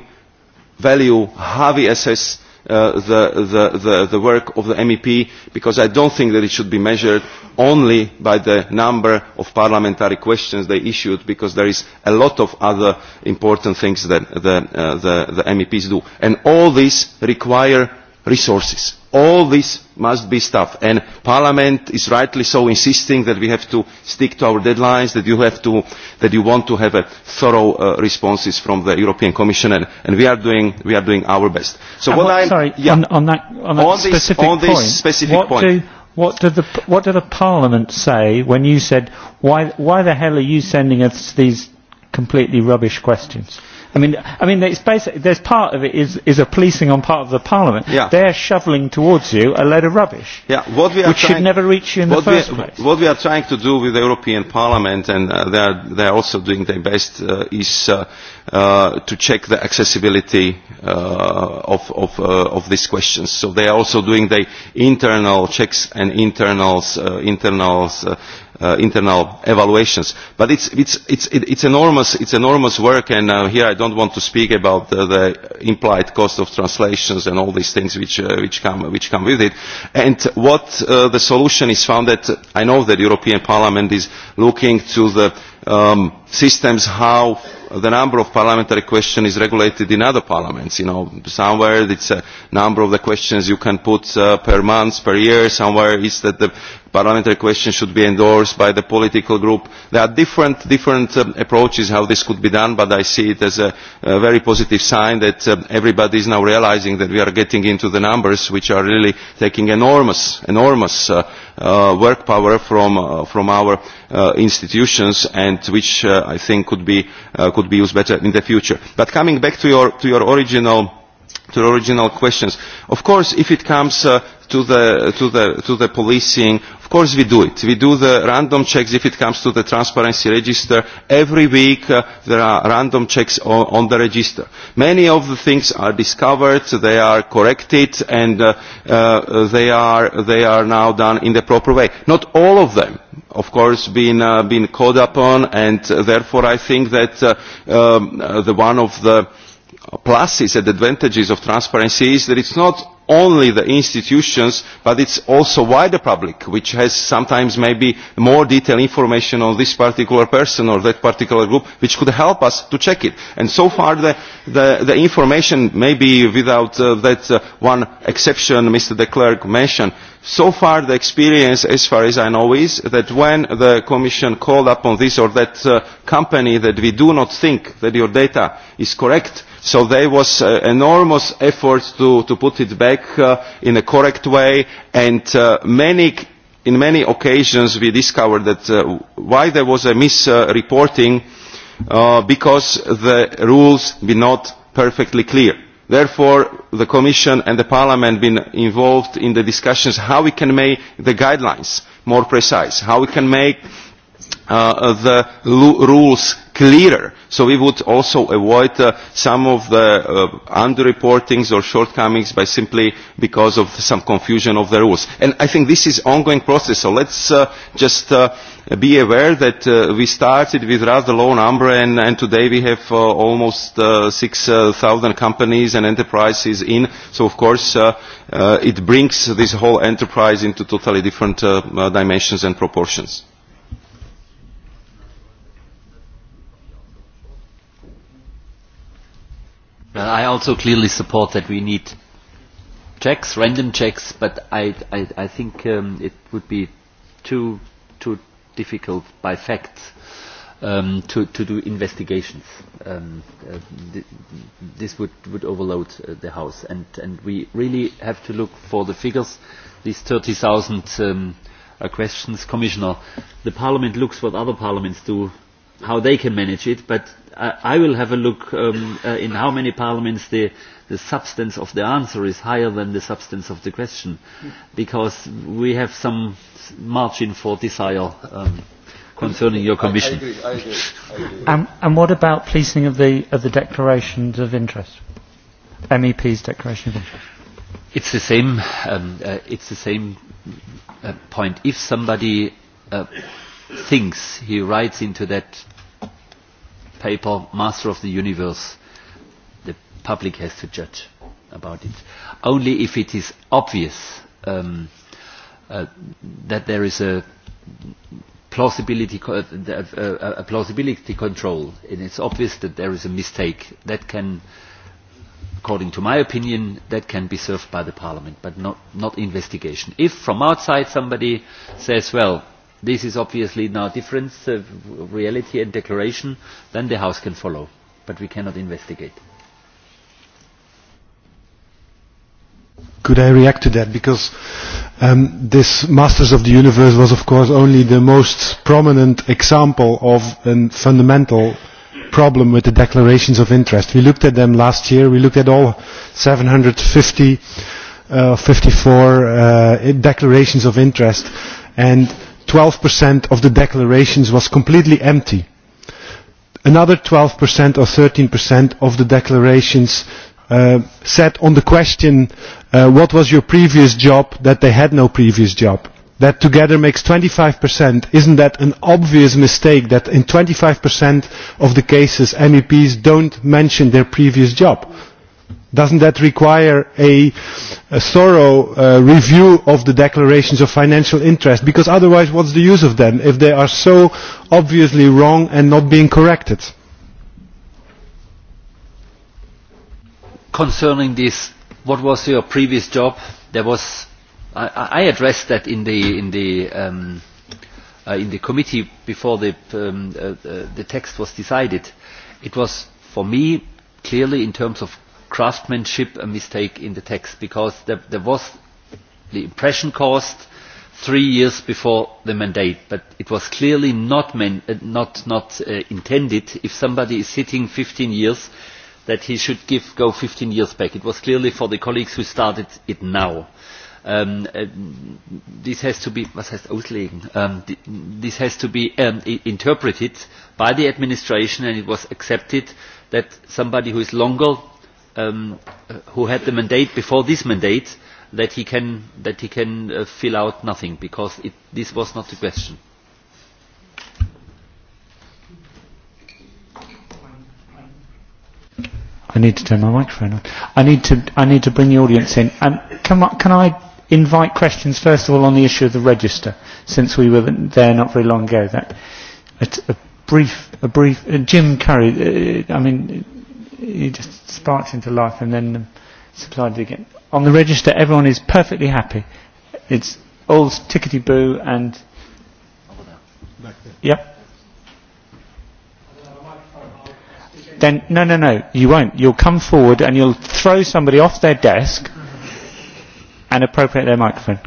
value, how we assess uh, the, the, the, the work of the MEP because I don't think that it should be measured only by the number of parliamentary questions they issued because there is a lot of other important things that the, uh, the, the MEPs do. And all these require resources all this must be stuff and parliament is rightly so insisting that we have to stick to our deadlines that you have to that you want to have a thorough uh, responses from the european commission and, and we are doing we are doing our best so and uh, what well, i'm sorry yeah, on, on that on that on specific this, on this point, specific what point do, what did the what did the parliament say when you said why why the hell are you sending us these completely rubbish questions I mean, I mean, it's basic, there's part of it is, is a policing on part of the Parliament. Yeah. They're shoveling towards you a load of rubbish, yeah, what we are which trying, should never reach you in the first we are, place. What we are trying to do with the European Parliament, and uh, they, are, they are also doing their best, uh, is uh, uh, to check the accessibility uh, of, of, uh, of these questions. So they are also doing the internal checks and internals, uh, internals uh, uh, internal evaluations. But it's, it's, it's, it's, enormous, it's enormous work, and uh, here I don't want to speak about uh, the implied cost of translations and all these things which, uh, which, come, which come with it. And what uh, the solution is found that I know that European Parliament is looking to the um, systems how the number of parliamentary questions is regulated in other parliaments. You know, somewhere it's a number of the questions you can put uh, per month, per year. Somewhere it's that the parliamentary question should be endorsed by the political group. There are different, different um, approaches how this could be done, but I see it as a, a very positive sign that um, everybody is now realizing that we are getting into the numbers which are really taking enormous, enormous uh, uh, work power from, uh, from our uh, institutions and which uh, I think could be, uh, could be used better in the future. But coming back to your, to your original to the original questions. Of course, if it comes uh, to, the, to, the, to the policing, of course we do it. We do the random checks if it comes to the transparency register. Every week uh, there are random checks on, on the register. Many of the things are discovered, they are corrected, and uh, uh, they, are, they are now done in the proper way. Not all of them, of course, been, uh, been called upon, and uh, therefore I think that uh, um, uh, the one of the uh, pluses and advantages of transparency is that it's not only the institutions but it's also wider public which has sometimes maybe more detailed information on this particular person or that particular group which could help us to check it and so far the, the, the information maybe without uh, that uh, one exception Mr de Klerk mentioned so far the experience as far as i know is that when the commission called upon this or that uh, company that we do not think that your data is correct so there was an uh, enormous effort to, to put it back uh, in a correct way and uh, many in many occasions we discovered that uh, why there was a misreporting uh, uh, because the rules were not perfectly clear therefore the commission and the parliament have been involved in the discussions on how we can make the guidelines more precise how we can make uh, the rules clearer. So we would also avoid uh, some of the uh, underreportings or shortcomings by simply because of some confusion of the rules. And I think this is ongoing process. So let's uh, just uh, be aware that uh, we started with rather low number and, and today we have uh, almost uh, 6,000 companies and enterprises in. So of course uh, uh, it brings this whole enterprise into totally different uh, uh dimensions and proportions. Well, I also clearly support that we need checks, random checks, but I, I, I think um, it would be too, too difficult by facts um, to, to do investigations. Um, uh, th this would, would overload uh, the House. And, and we really have to look for the figures, these 30,000 um, uh, questions. Commissioner, the Parliament looks what other parliaments do, how they can manage it, but I, I will have a look um, uh, in how many parliaments the, the substance of the answer is higher than the substance of the question, because we have some margin for desire um, concerning your commission. I, I agree, I agree, I agree. Um, and what about policing of the, of the declarations of interest, MEP's declaration of interest? It's the same. Um, uh, it's the same uh, point. If somebody uh, thinks he writes into that paper, Master of the Universe, the public has to judge about it. Only if it is obvious um, uh, that there is a plausibility, uh, uh a plausibility control, and it's obvious that there is a mistake that can, according to my opinion, that can be served by the Parliament, but not, not investigation. If from outside somebody says, well, this is obviously now a difference of uh, reality and declaration then the house can follow but we cannot investigate. Could I react to that? Because um, this Masters of the Universe was, of course, only the most prominent example of a fundamental problem with the declarations of interest. We looked at them last year. We looked at all 750, uh, 54 uh, declarations of interest. And 12% of the declarations was completely empty. Another 12% or 13% of the declarations uh, said on the question, uh, what was your previous job, that they had no previous job. That together makes 25%. Isn't that an obvious mistake that in 25% of the cases MEPs don't mention their previous job? Doesn't that require a, a thorough uh, review of the declarations of financial interest? Because otherwise, what's the use of them if they are so obviously wrong and not being corrected? Concerning this, what was your previous job? There was, I, I addressed that in the in the um, uh, in the committee before the um, uh, uh, the text was decided. It was for me clearly in terms of craftsmanship a mistake in the text because there, there was the impression caused three years before the mandate, but it was clearly not, meant, uh, not, not uh, intended if somebody is sitting 15 years that he should give, go 15 years back. It was clearly for the colleagues who started it now. Um, uh, this has to be, was heißt auslegen? Um, this has to be um, interpreted by the administration and it was accepted that somebody who is longer um, who had the mandate before this mandate that he can, that he can uh, fill out nothing because it, this was not the question. I need to turn my microphone on. I need to, I need to bring the audience in. Um, can, I, can I invite questions first of all on the issue of the register, since we were there not very long ago? That, a, a brief, a brief. Uh, Jim Curry. Uh, I mean, it just sparks into life and then um, supplied it again. On the register, everyone is perfectly happy. It's all tickety boo and. Over there. Back there. Yep. Then no, no, no, you won't. You'll come forward and you'll throw somebody off their desk and appropriate their microphone.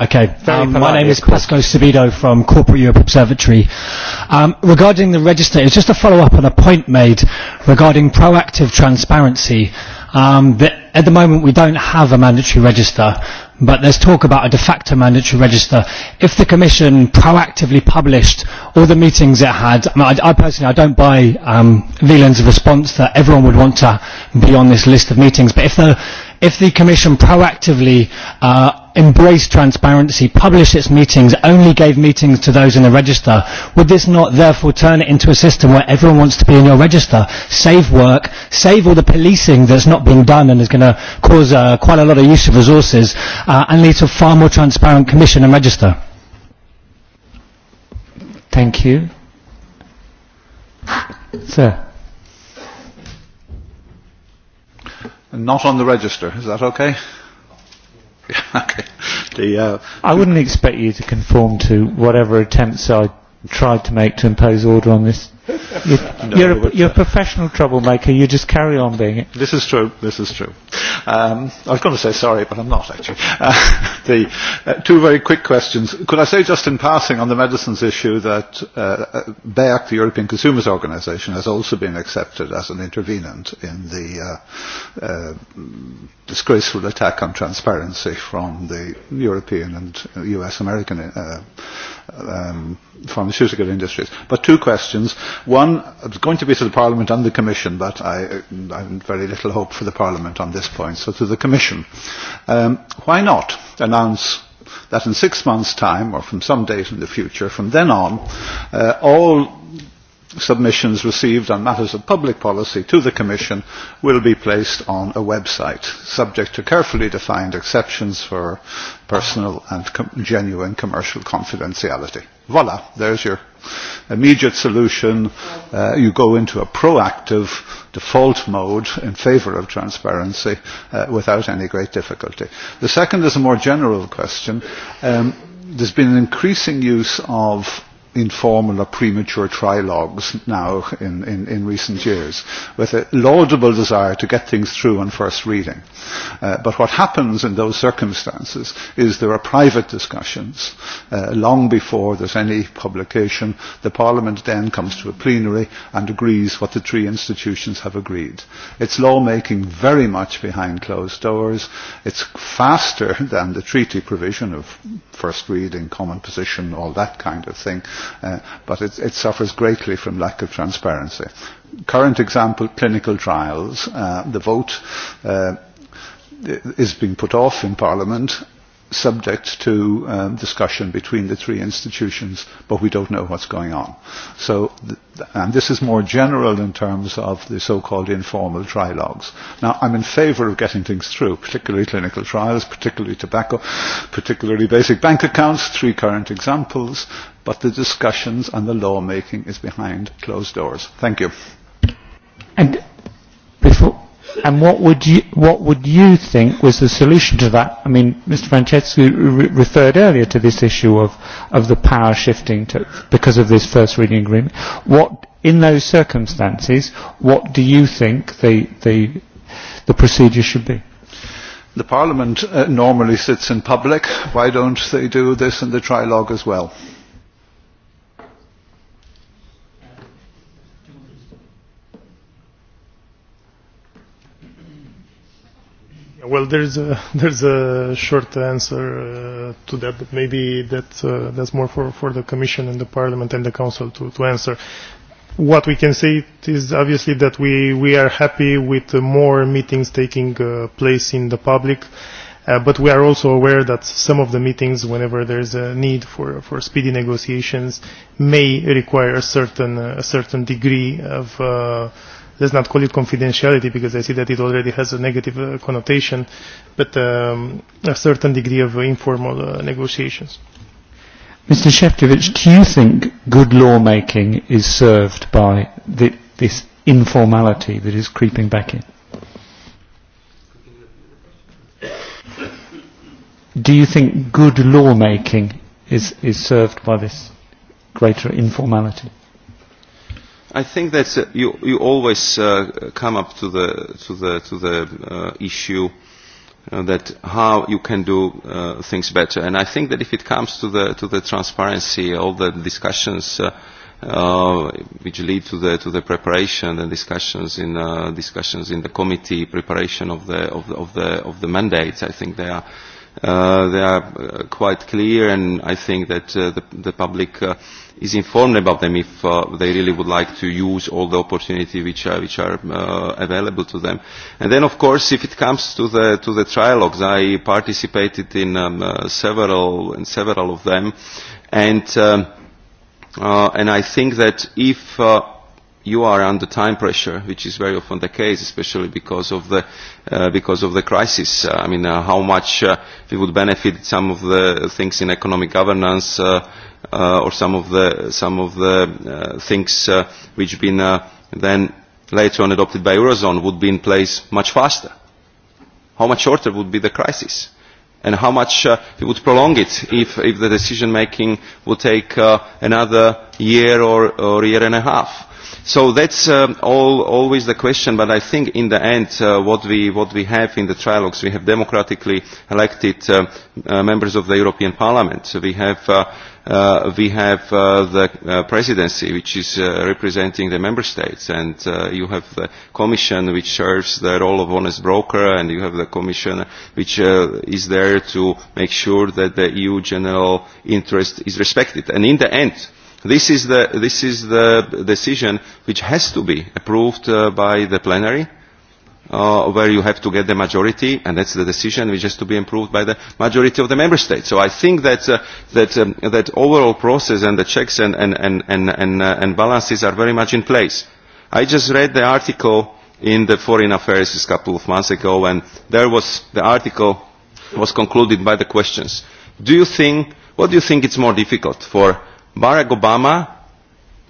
Okay. Very um, polite, my name is Pasco Savido from Corporate Europe Observatory. Um, regarding the register, it's just a follow-up on a point made regarding proactive transparency. Um, the, at the moment, we don't have a mandatory register, but there's talk about a de facto mandatory register. If the Commission proactively published all the meetings it had, I, mean, I, I personally I don't buy um, Veland's response that everyone would want to be on this list of meetings, but if the if the Commission proactively uh, embraced transparency, published its meetings, only gave meetings to those in the register, would this not therefore turn it into a system where everyone wants to be in your register? Save work, save all the policing that's not being done and is going to cause uh, quite a lot of use of resources uh, and lead to a far more transparent Commission and register. Thank you. Sir. not on the register. Is that okay? [LAUGHS] Yeah, okay. The, uh, I wouldn't expect you to conform to whatever attempts I tried to make to impose order on this You're, no, you're, but, a, you're a uh, professional troublemaker. You just carry on being it. This is true. This is true. Um, I was going to say sorry, but I'm not actually. Uh, [LAUGHS] the, uh, two very quick questions. Could I say just in passing on the medicines issue that uh, uh BEAC, the European Consumers Organization, has also been accepted as an intervenant in the uh, uh, disgraceful attack on transparency from the European and US American uh, um, pharmaceutical industries. But two questions. One, it's going to be to the Parliament and the Commission, but I, I have very little hope for the Parliament on this point. So to the Commission. Um, why not announce that in six months' time, or from some date in the future, from then on, uh, all submissions received on matters of public policy to the Commission will be placed on a website, subject to carefully defined exceptions for personal and com genuine commercial confidentiality. Voila, there's your immediate solution. Uh, you go into a proactive default mode in favour of transparency uh, without any great difficulty. The second is a more general question. Um, there's been an increasing use of informal or premature trilogues now in, in, in recent years with a laudable desire to get things through on first reading. Uh, but what happens in those circumstances is there are private discussions uh, long before there's any publication. The Parliament then comes to a plenary and agrees what the three institutions have agreed. It's lawmaking very much behind closed doors. It's faster than the treaty provision of first reading, common position, all that kind of thing. Uh, uh, but it, it suffers greatly from lack of transparency. Current example, clinical trials, uh, the vote uh, is being put off in Parliament subject to um, discussion between the three institutions, but we don't know what's going on. So, th and this is more general in terms of the so-called informal trilogues. Now, I'm in favour of getting things through, particularly clinical trials, particularly tobacco, particularly basic bank accounts, three current examples, but the discussions and the lawmaking is behind closed doors. Thank you. And before And what would you what would you think was the solution to that? I mean, Mr. Francescu re- referred earlier to this issue of of the power shifting to, because of this first reading agreement. What in those circumstances, what do you think the the the procedure should be? The Parliament uh, normally sits in public. Why don't they do this in the trilogue as well? Well, there's a, [LAUGHS] there's a short answer uh, to that, but maybe that, uh, that's more for, for the Commission and the Parliament and the Council to, to answer. What we can say is obviously that we, we are happy with more meetings taking uh, place in the public, uh, but we are also aware that some of the meetings, whenever there's a need for, for speedy negotiations, may require a certain, a certain degree of uh, let's not call it confidentiality because I see that it already has a negative uh, connotation, but um, a certain degree of uh, informal uh, negotiations. Mr. Shevchevich, do you think good lawmaking is served by the, this informality that is creeping back in? Do you think good lawmaking is, is served by this greater informality? I think that uh, you, you always uh, come up to the, to the, to the uh, issue uh, that how you can do uh, things better. And I think that if it comes to the, to the transparency, all the discussions uh, uh, which lead to the, to the preparation and discussions in, uh, discussions in the committee, preparation of the, of the, of the, of the mandates, I think they are, uh, they are uh, quite clear and I think that uh, the, the public uh, is informed about them if uh, they really would like to use all the opportunity which are, uh, which are uh, available to them. And then, of course, if it comes to the, to the trialogues, I participated in um, uh, several, in several of them, and, um, uh, and I think that if uh, you are under time pressure, which is very often the case, especially because of the uh, because of the crisis. Uh, I mean, uh, how much uh, we would benefit some of the things in economic governance. Uh, uh, or some of the, some of the uh, things uh, which have been uh, then later on adopted by Eurozone would be in place much faster? How much shorter would be the crisis? And how much uh, it would prolong it if, if the decision making would take uh, another year or, or year and a half? So that's um, all, always the question, but I think in the end uh, what, we, what we have in the trilogues, we have democratically elected uh, uh, members of the European Parliament. We have uh, uh, we have uh, the uh, presidency, which is uh, representing the member states, and uh, you have the commission, which serves the role of honest broker, and you have the commission, which uh, is there to make sure that the EU general interest is respected. And in the end, this is the, this is the decision which has to be approved uh, by the plenary, uh, uh, where you have to get the majority, and that's the decision which has to be improved by the majority of the member states. So I think that uh, that um, that overall process and the checks and and and and and, uh, and balances are very much in place. I just read the article in the Foreign Affairs a couple of months ago, and there was the article was concluded by the questions. Do you think what do you think it's more difficult for Barack Obama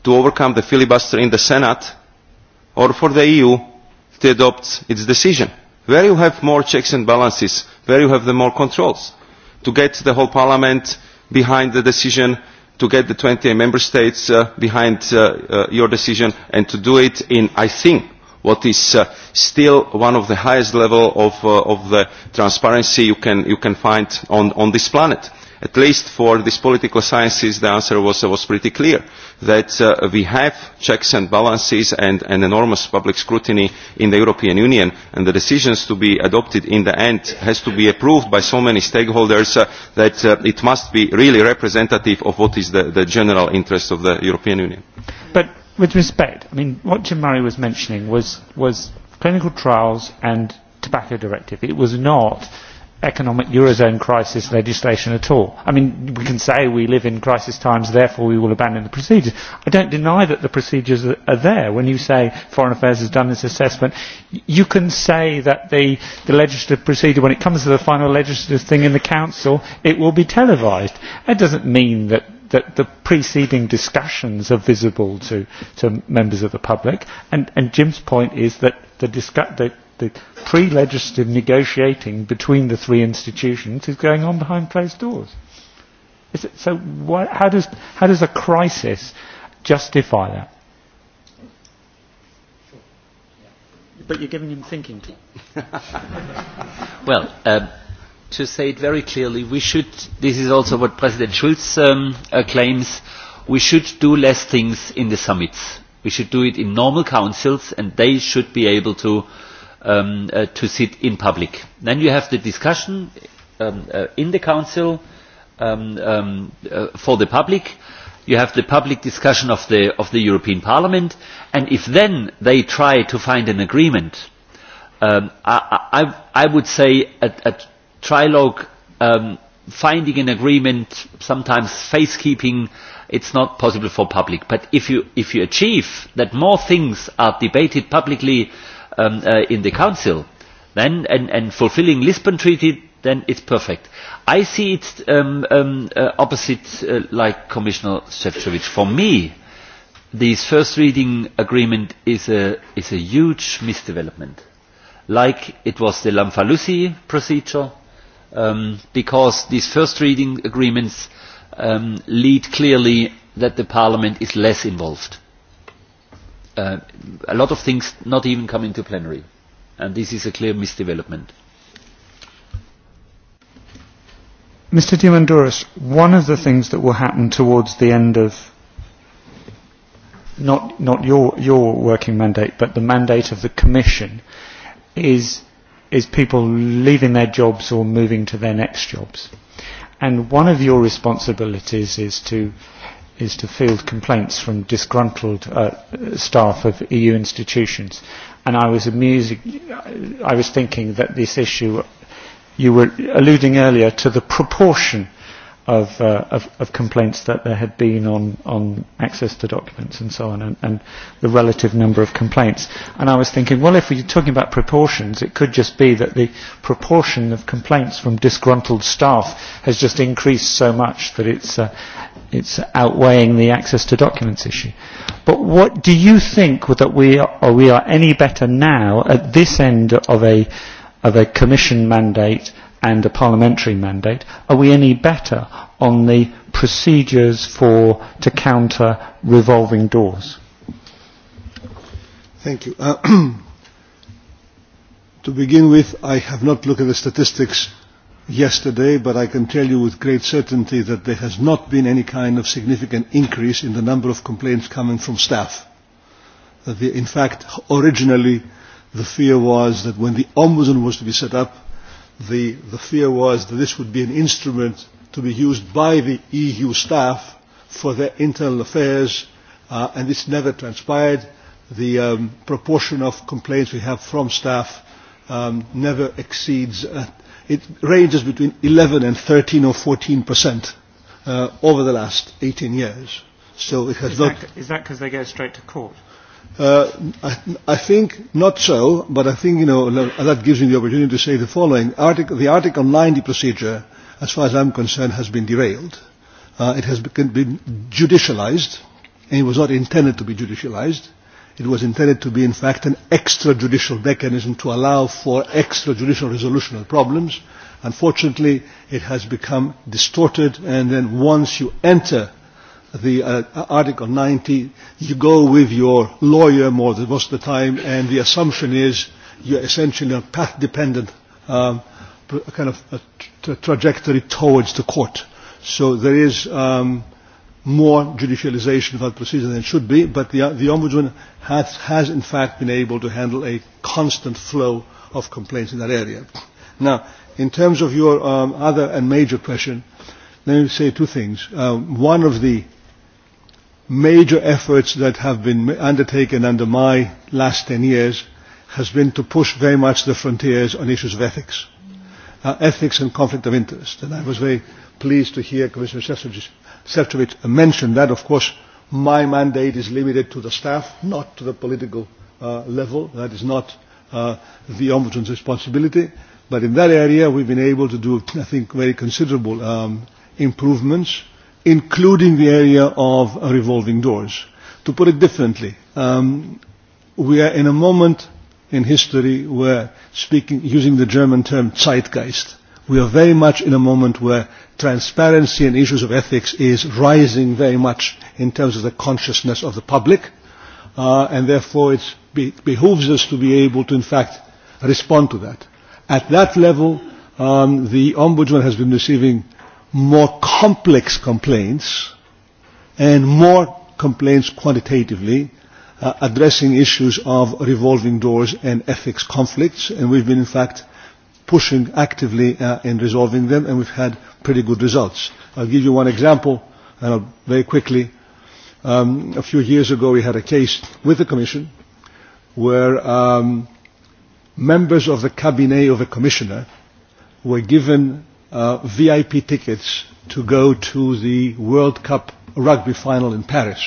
to overcome the filibuster in the Senate, or for the EU it adopts its decision. Where you have more checks and balances, where you have the more controls, to get the whole parliament behind the decision, to get the 28 member states uh, behind uh, uh, your decision, and to do it in, I think, what is uh, still one of the highest level of, uh, of the transparency you can, you can find on, on this planet. Uh, at least for these political sciences, the answer was, was pretty clear, that uh, we have checks and balances and, and enormous public scrutiny in the European Union, and the decisions to be adopted in the end has to be approved by so many stakeholders uh, that uh, it must be really representative of what is the, the general interest of the European Union. But with respect, I mean, what Jim Murray was mentioning was, was clinical trials and tobacco directive. It was not economic eurozone crisis legislation at all. I mean, we can say we live in crisis times, therefore we will abandon the procedures. I don't deny that the procedures are, are there. When you say Foreign Affairs has done this assessment, you can say that the, the legislative procedure, when it comes to the final legislative thing in the Council, it will be televised. That doesn't mean that that the preceding discussions are visible to, to members of the public. And, and Jim's point is that the, discu- the the pre-legislative negotiating between the three institutions is going on behind closed doors. Is it, so why, how, does, how does a crisis justify that? But you're giving him thinking time. [LAUGHS] well, um, to say it very clearly, we should, this is also what President Schulz um, uh, claims, we should do less things in the summits. We should do it in normal councils and they should be able to uh, um, uh, to sit in public. Then you have the discussion um, uh, in the Council um, um, uh, for the public. You have the public discussion of the, of the European Parliament. And if then they try to find an agreement, um, I, I, I would say a, a trilogue um, finding an agreement, sometimes facekeeping, it's not possible for public. But if you, if you achieve that more things are debated publicly um, uh, in the Council, then and, and fulfilling Lisbon Treaty, then it's perfect. I see it um, um, uh, opposite, uh, like Commissioner Shevchevich. For me, this first reading agreement is a, is a huge misdevelopment, like it was the Lamfalussy procedure, um, because these first reading agreements um, lead clearly that the Parliament is less involved uh, a lot of things not even come into plenary. And this is a clear misdevelopment. Mr. Diamandouros, one of the things that will happen towards the end of not not your your working mandate, but the mandate of the Commission, is is people leaving their jobs or moving to their next jobs, and one of your responsibilities is to is to field complaints from disgruntled uh, staff of EU institutions. And I was amusing, I was thinking that this issue, you were alluding earlier to the proportion uh, of, uh, of, of complaints that there had been on, on access to documents and so on, and, and the relative number of complaints. And I was thinking, well, if we're talking about proportions, it could just be that the proportion of complaints from disgruntled staff has just increased so much that it's, uh, it's outweighing the access to documents issue. But what do you think that we are, or we are any better now at this end of a, of a commission mandate and a parliamentary mandate, are we any better on the procedures for to counter revolving doors? Thank you. Uh, [CLEARS THROAT] to begin with, I have not looked at the statistics yesterday, but I can tell you with great certainty that there has not been any kind of significant increase in the number of complaints coming from staff. That the, in fact, originally the fear was that when the ombudsman was to be set up, the, the fear was that this would be an instrument to be used by the EU staff for their internal affairs, uh, and this never transpired. The um, proportion of complaints we have from staff um, never exceeds, uh, it ranges between 11 and 13 or 14 percent uh, over the last 18 years. So it has is not. That, is that because they go straight to court? Uh, I, I think not so, but I think you know that gives me the opportunity to say the following: Article, the Article 90 procedure, as far as I'm concerned, has been derailed. Uh, it has been, been judicialized, and it was not intended to be judicialized. It was intended to be, in fact, an extrajudicial mechanism to allow for extrajudicial resolution of problems. Unfortunately, it has become distorted, and then once you enter the uh, Article 90, you go with your lawyer more than most of the time, and the assumption is you're essentially on path-dependent um, kind of a tra trajectory towards the court. So there is um, more judicialization of that procedure than should be, but the, the Ombudsman has, has in fact been able to handle a constant flow of complaints in that area. Now, in terms of your um, other and major question, let me say two things. Um, one of the major efforts that have been undertaken under my last 10 years has been to push very much the frontiers on issues of ethics, uh, ethics and conflict of interest. And I was very pleased to hear Commissioner Sefcovic mention that. Of course, my mandate is limited to the staff, not to the political uh, level. That is not uh, the Ombudsman's responsibility. But in that area, we've been able to do, I think, very considerable um, improvements including the area of revolving doors. To put it differently, um, we are in a moment in history where, speaking, using the German term zeitgeist, we are very much in a moment where transparency and issues of ethics is rising very much in terms of the consciousness of the public, uh, and therefore it be, behooves us to be able to, in fact, respond to that. At that level, um, the Ombudsman has been receiving more complex complaints and more complaints quantitatively uh, addressing issues of revolving doors and ethics conflicts and we've been in fact pushing actively uh, in resolving them and we've had pretty good results. I'll give you one example and I'll, very quickly. Um, a few years ago we had a case with the Commission where um, members of the cabinet of a commissioner were given uh, VIP tickets to go to the World Cup rugby final in Paris.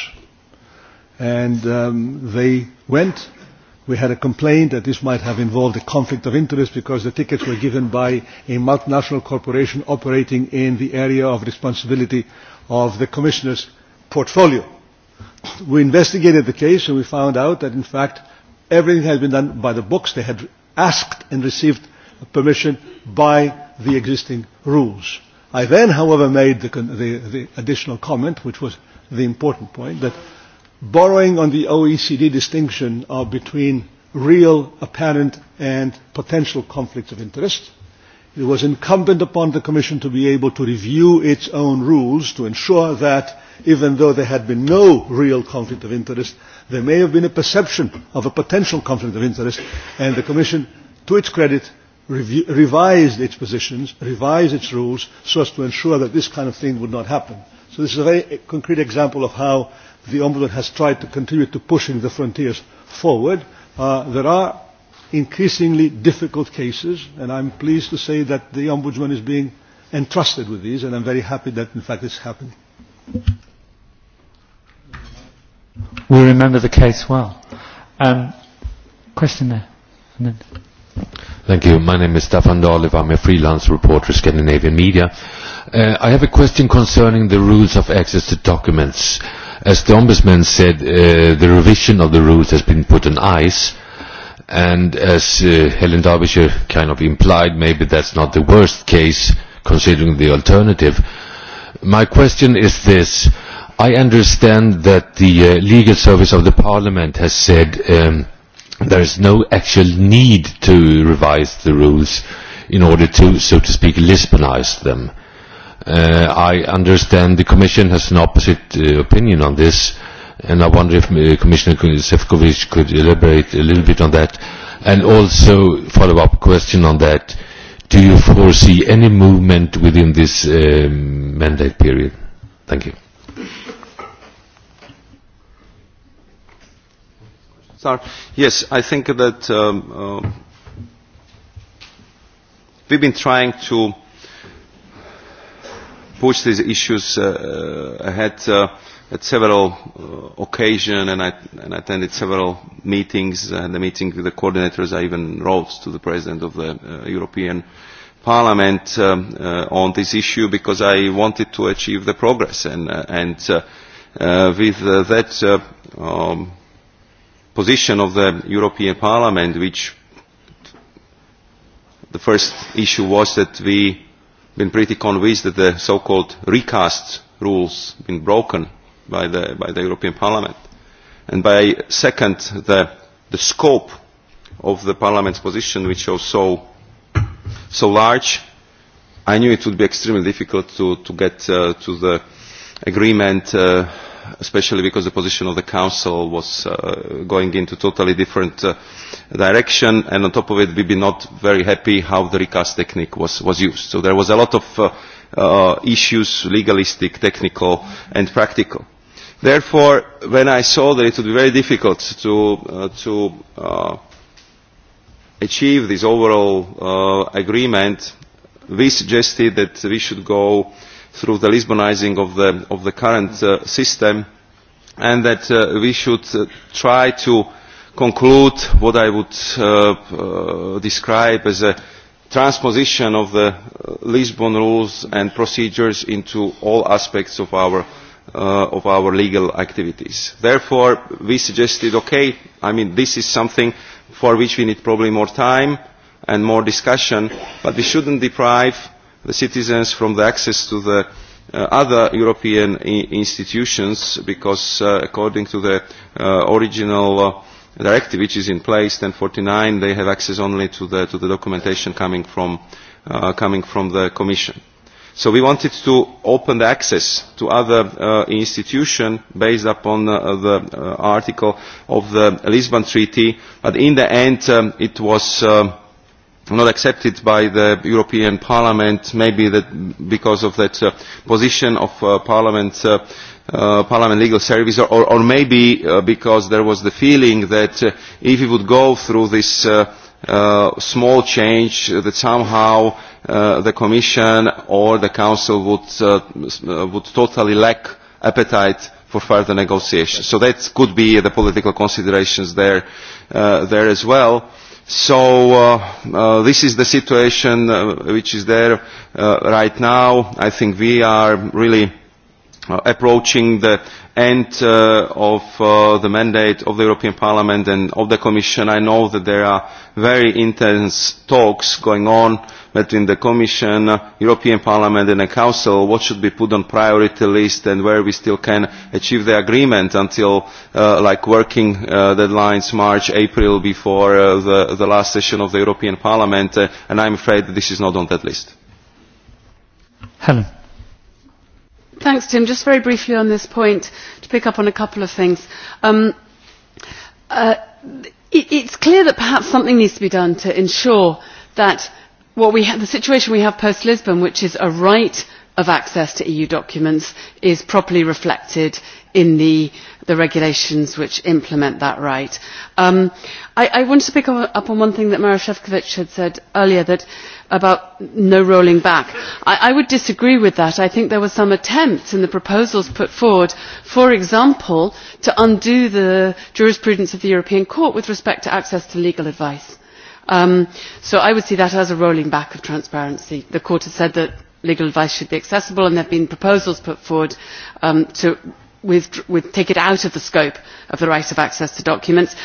And um, they went. We had a complaint that this might have involved a conflict of interest because the tickets were given by a multinational corporation operating in the area of responsibility of the commissioner's portfolio. We investigated the case and we found out that in fact everything had been done by the books. They had asked and received permission by the existing rules. I then, however, made the, the, the additional comment, which was the important point, that borrowing on the OECD distinction of between real, apparent, and potential conflicts of interest, it was incumbent upon the Commission to be able to review its own rules to ensure that even though there had been no real conflict of interest, there may have been a perception of a potential conflict of interest, and the Commission, to its credit, review, revised its positions, revised its rules, so as to ensure that this kind of thing would not happen. So this is a very eh, concrete example of how the Ombudsman has tried to continue to pushing the frontiers forward. Uh, there are increasingly difficult cases, and I'm pleased to say that the Ombudsman is being entrusted with these, and I'm very happy that, in fact, it's happening. We remember the case well. Um, question there. And then. Thank you. My name is Stefan Dahl. I'm a freelance reporter, Scandinavian Media. Uh, I have a question concerning the rules of access to documents. As the Ombudsman said, uh, the revision of the rules has been put on ice, and as uh, Helen Derbyshire kind of implied, maybe that's not the worst case, considering the alternative. My question is this. I understand that the uh, legal service of the Parliament has said um, – there is no actual need to revise the rules in order to, so to speak, Lisbonize them. Uh, I understand the Commission has an opposite uh, opinion on this, and I wonder if uh, Commissioner Sefcovic could elaborate a little bit on that. And also, follow-up question on that, do you foresee any movement within this um, mandate period? Thank you. start. Yes, I think that um, um, we've been trying to push these issues uh, uh ahead uh, at several uh, occasions, and I and attended several meetings. And the meeting with the coordinators, I even wrote to the president of the uh, European Parliament um, uh, on this issue because I wanted to achieve the progress, and uh, and uh, uh, with uh, that. Uh, um, position of the European Parliament, which the first issue was that we been pretty convinced that the so-called recast rules been broken by the, by the European Parliament. And by second, the, the scope of the Parliament's position, which was so, so large, I knew it would be extremely difficult to, to get uh, to the agreement uh, especially because the position of the Council was uh, going into a totally different uh, direction. And on top of it, we've been not very happy how the recast technique was, was used. So there was a lot of uh, uh, issues, legalistic, technical and practical. Therefore, when I saw that it would be very difficult to, uh, to uh, achieve this overall uh, agreement, we suggested that we should go uh, through the Lisbonizing of the, of the current uh, system and that uh, we should uh, try to conclude what I would uh, uh, describe as a transposition of the uh, Lisbon rules and procedures into all aspects of our, uh, of our legal activities. Therefore, we suggested, okay, I mean, this is something for which we need probably more time and more discussion, but we shouldn't deprive the citizens from the access to the uh, other European I institutions because uh, according to the uh, original uh, directive which is in place 1049 they have access only to the, to the documentation coming from, uh, coming from the Commission. So we wanted to open the access to other uh, institutions based upon uh, the uh, article of the Lisbon Treaty, but in the end um, it was um, not accepted by the European Parliament, maybe that because of that uh, position of uh, Parliament, uh, uh, Parliament Legal Service, or, or maybe uh, because there was the feeling that uh, if we would go through this uh, uh, small change, uh, that somehow uh, the Commission or the Council would, uh, uh, would totally lack appetite for further negotiations. So that could be the political considerations there, uh, there as well. Uh, So uh, uh, this is the situation uh, which is there uh, right now. I think we are really uh, approaching the end uh, of uh, the mandate of the European Parliament and of the Commission. I know that there are very intense talks going on between the Commission, uh, European Parliament and the Council, what should be put on priority list and where we still can achieve the agreement until uh, like working uh, deadlines March, April before uh, the, the last session of the European Parliament uh, and I'm afraid this is not on that list. Helen. Thanks, Tim. Just very briefly on this point to pick up on a couple of things. Um, uh, it is clear that perhaps something needs to be done to ensure that Well, we have, the situation we have post-Lisbon, which is a right of access to EU documents, is properly reflected in the, the regulations which implement that right. Um, I, I wanted to pick up on one thing that Mara Shevkovich had said earlier that about no rolling back. I, I would disagree with that. I think there were some attempts in the proposals put forward, for example, to undo the jurisprudence of the European Court with respect to access to legal advice Um, so I would see that as a rolling back of transparency. The court has said that legal advice should be accessible and there have been proposals put forward um, to with, with take it out of the scope of the right of access to documents.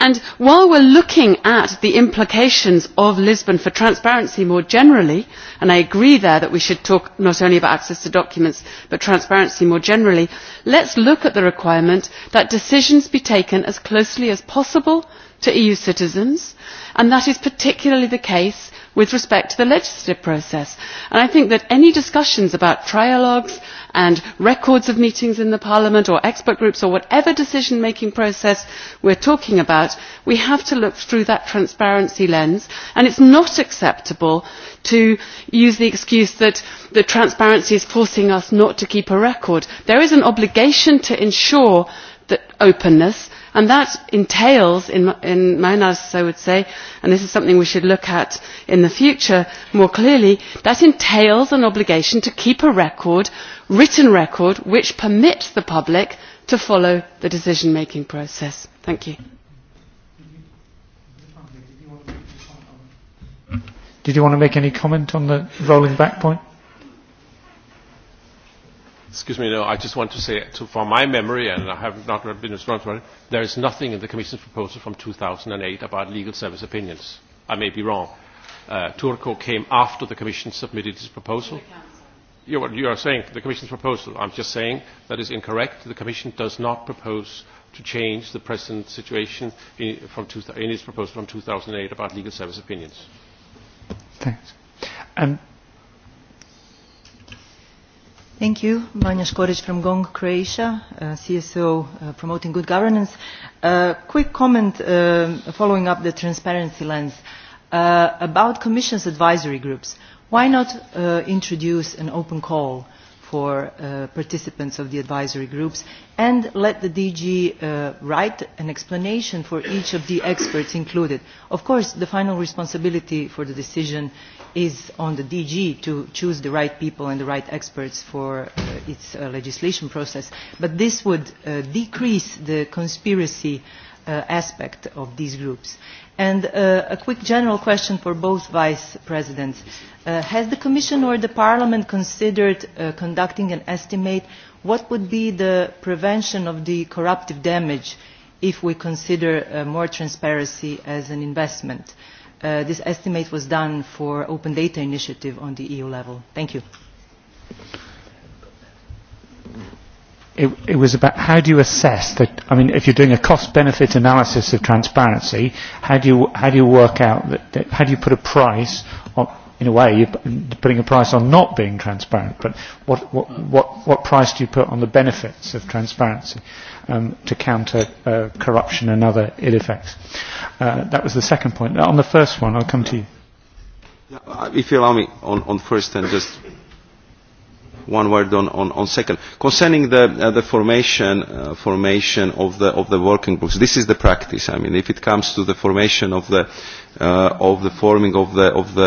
And while we're looking at the implications of Lisbon for transparency more generally, and I agree there that we should talk not only about access to documents but transparency more generally, let's look at the requirement that decisions be taken as closely as possible to eu citizens and that is particularly the case with respect to the legislative process. And i think that any discussions about trialogues and records of meetings in parliament or expert groups or whatever decision making process we are talking about we have to look through that transparency lens and it is not acceptable to use the excuse that the transparency is forcing us not to keep a record. there is an obligation to ensure openness And that entails, in, in my analysis I would say, and this is something we should look at in the future more clearly, that entails an obligation to keep a record, written record, which permits the public to follow the decision-making process. Thank you. Did you want to make any comment on the rolling back point? Excuse me, no, I just want to say, to, from my memory, and I have not been responsible, there is nothing in the Commission's proposal from 2008 about legal service opinions. I may be wrong. Uh, Turco came after the Commission submitted its proposal. You, you are saying the Commission's proposal. I'm just saying that is incorrect. The Commission does not propose to change the present situation in, from two, in its proposal from 2008 about legal service opinions. Thanks. Um, Thank you. Manja Škorić from Gong, Croatia, uh, CSO uh, promoting good governance. Uh, quick comment uh, following up the transparency lens uh, about Commission's advisory groups. Why not uh, introduce an open call for uh, participants of the advisory groups and let the DG uh, write an explanation for each of the experts included. Of course, the final responsibility for the decision is on the DG to choose the right people and the right experts for uh, its uh, legislation process. But this would uh, decrease the conspiracy uh, aspect of these groups. And uh, a quick general question for both vice presidents. Uh, has the Commission or the Parliament considered uh, conducting an estimate what would be the prevention of the corruptive damage if we consider uh, more transparency as an investment? Uh, uh, this estimate was done for Open Data Initiative on the EU level. Thank you. It, it was about how do you assess that, I mean, if you're doing a cost-benefit analysis of transparency, how do you, how do you work out, that, that, how do you put a price on, in a way, you're putting a price on not being transparent, but what, what, what, what price do you put on the benefits of transparency um, to counter uh, corruption and other ill effects? Uh, that was the second point. On the first one, I'll come to you. Uh, if you allow me, on, on first and just one word on, on, on second. Concerning the, uh, the formation, uh, formation of, the, of the working groups, this is the practice. I mean, if it comes to the formation of the, uh, of the forming of the, of the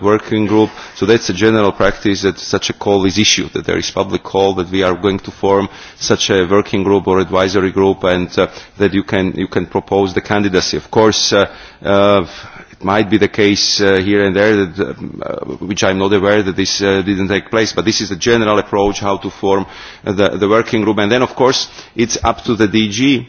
uh, working group, so that's a general practice that such a call is issued, that there is public call that we are going to form such a working group or advisory group and uh, that you can, you can propose the candidacy. Of course, uh, uh, might be the case uh, here and there, that, uh, uh, which I'm not aware that this uh, didn't take place. But this is the general approach, how to form uh, the, the working group. And then, of course, it's up to the DG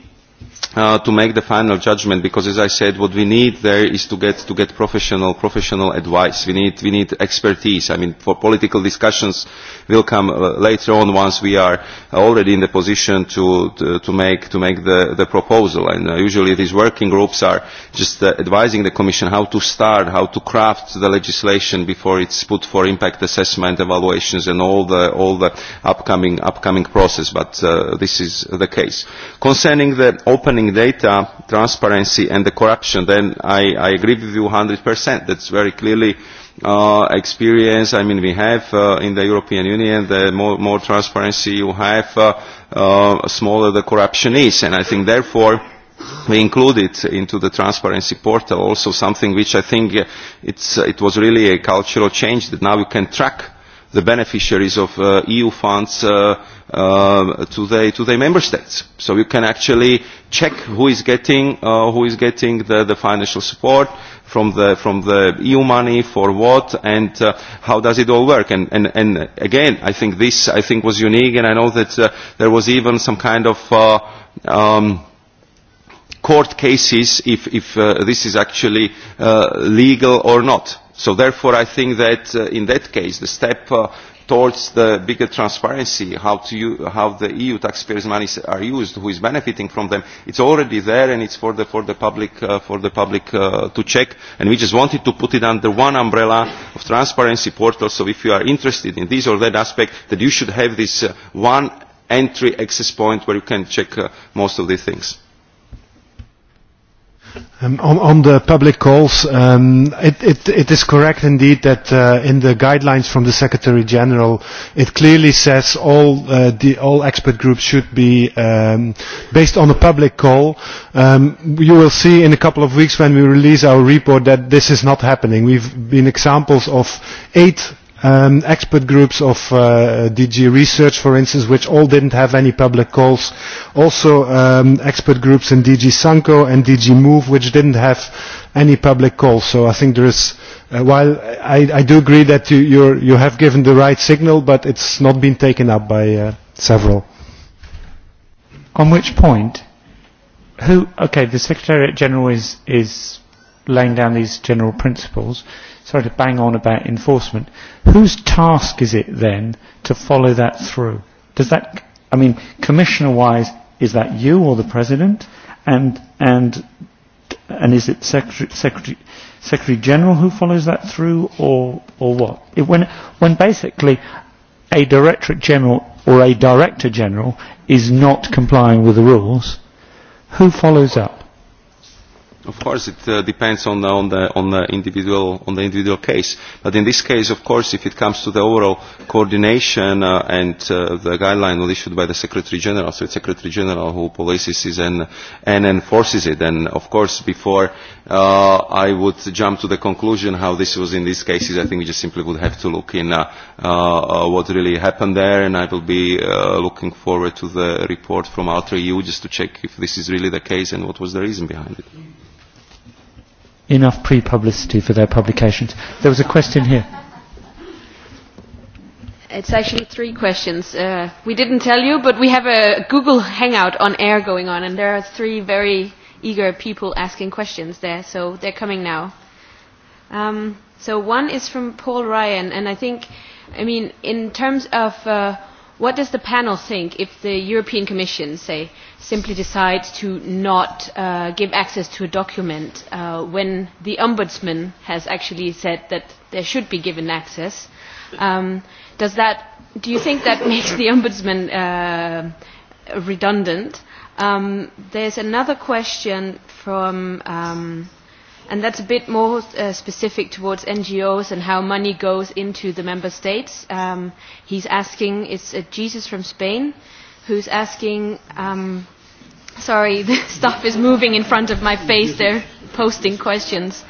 uh, to make the final judgment because as I said what we need there is to get to get professional professional advice we need we need expertise I mean for political discussions will come uh, later on once we are already in the position to to, to make to make the the proposal and uh, usually these working groups are just uh, advising the commission how to start how to craft the legislation before it's put for impact assessment evaluations and all the all the upcoming upcoming process but uh, this is the case concerning the opening data, transparency and the corruption, then I, I agree with you 100%. That's very clearly uh, experience. I mean, we have uh, in the European Union, the more, more transparency you have, uh, uh, smaller the corruption is. And I think therefore, we included into the transparency portal also something which I think uh, it's, it was really a cultural change that now you can track the beneficiaries of uh, EU funds uh, uh, to, the, to the member states. So you can actually check who is getting, uh, who is getting the, the financial support from the, from the EU money for what and uh, how does it all work. And, and, and again, I think this I think was unique and I know that uh, there was even some kind of uh, um, court cases if, if uh, this is actually uh, legal or not so therefore i think that uh, in that case the step uh, towards the bigger transparency how, to you, how the eu taxpayers' money are used who is benefiting from them it's already there and it's for the, for the public, uh, for the public uh, to check and we just wanted to put it under one umbrella of transparency portal so if you are interested in this or that aspect that you should have this uh, one entry access point where you can check uh, most of the things Um, on, on the public calls, um, it, it, it is correct indeed that uh, in the guidelines from the Secretary General, it clearly says all uh, the all expert groups should be um, based on a public call. Um, you will see in a couple of weeks when we release our report that this is not happening. We've been examples of eight um, expert groups of uh, DG Research, for instance, which all didn't have any public calls. Also, um, expert groups in DG Sanko and DG Move, which didn't have any public calls. So I think there is, uh, while I, I do agree that you, you're, you have given the right signal, but it's not been taken up by uh, several. On which point? Who? Okay, the Secretariat General is is laying down these general principles sorry to bang on about enforcement, whose task is it then to follow that through? Does that, I mean, commissioner-wise, is that you or the president? And and and is it secretary secretary secretary general who follows that through, or or what? It, when when basically a directorate general or a director general is not complying with the rules, who follows up? Of course, it uh, depends on the, on, the, on, the individual, on the individual case. But in this case, of course, if it comes to the overall coordination uh, and uh, the guideline was issued by the Secretary General, so it's Secretary General who polices it and, and enforces it. And of course, before uh, I would jump to the conclusion how this was in these cases, I think we just simply would have to look in uh, uh, uh what really happened there. And I will be uh, looking forward to the report from Alter EU just to check if this is really the case and what was the reason behind it. Mm -hmm enough pre-publicity for their publications. There was a question here. It's actually three questions. Uh, we didn't tell you, but we have a Google Hangout on air going on, and there are three very eager people asking questions there, so they're coming now. Um, so one is from Paul Ryan, and I think, I mean, in terms of uh, what does the panel think if the European Commission, say, simply decide to not uh, give access to a document uh, when the ombudsman has actually said that there should be given access. Um, does that, do you think that [LAUGHS] makes the ombudsman uh, redundant? Um, there's another question from, um, and that's a bit more uh, specific towards NGOs and how money goes into the member states. Um, he's asking, it's uh, Jesus from Spain who's asking um, Sorry, [LAUGHS] the stuff is moving in front of my face. They're posting questions.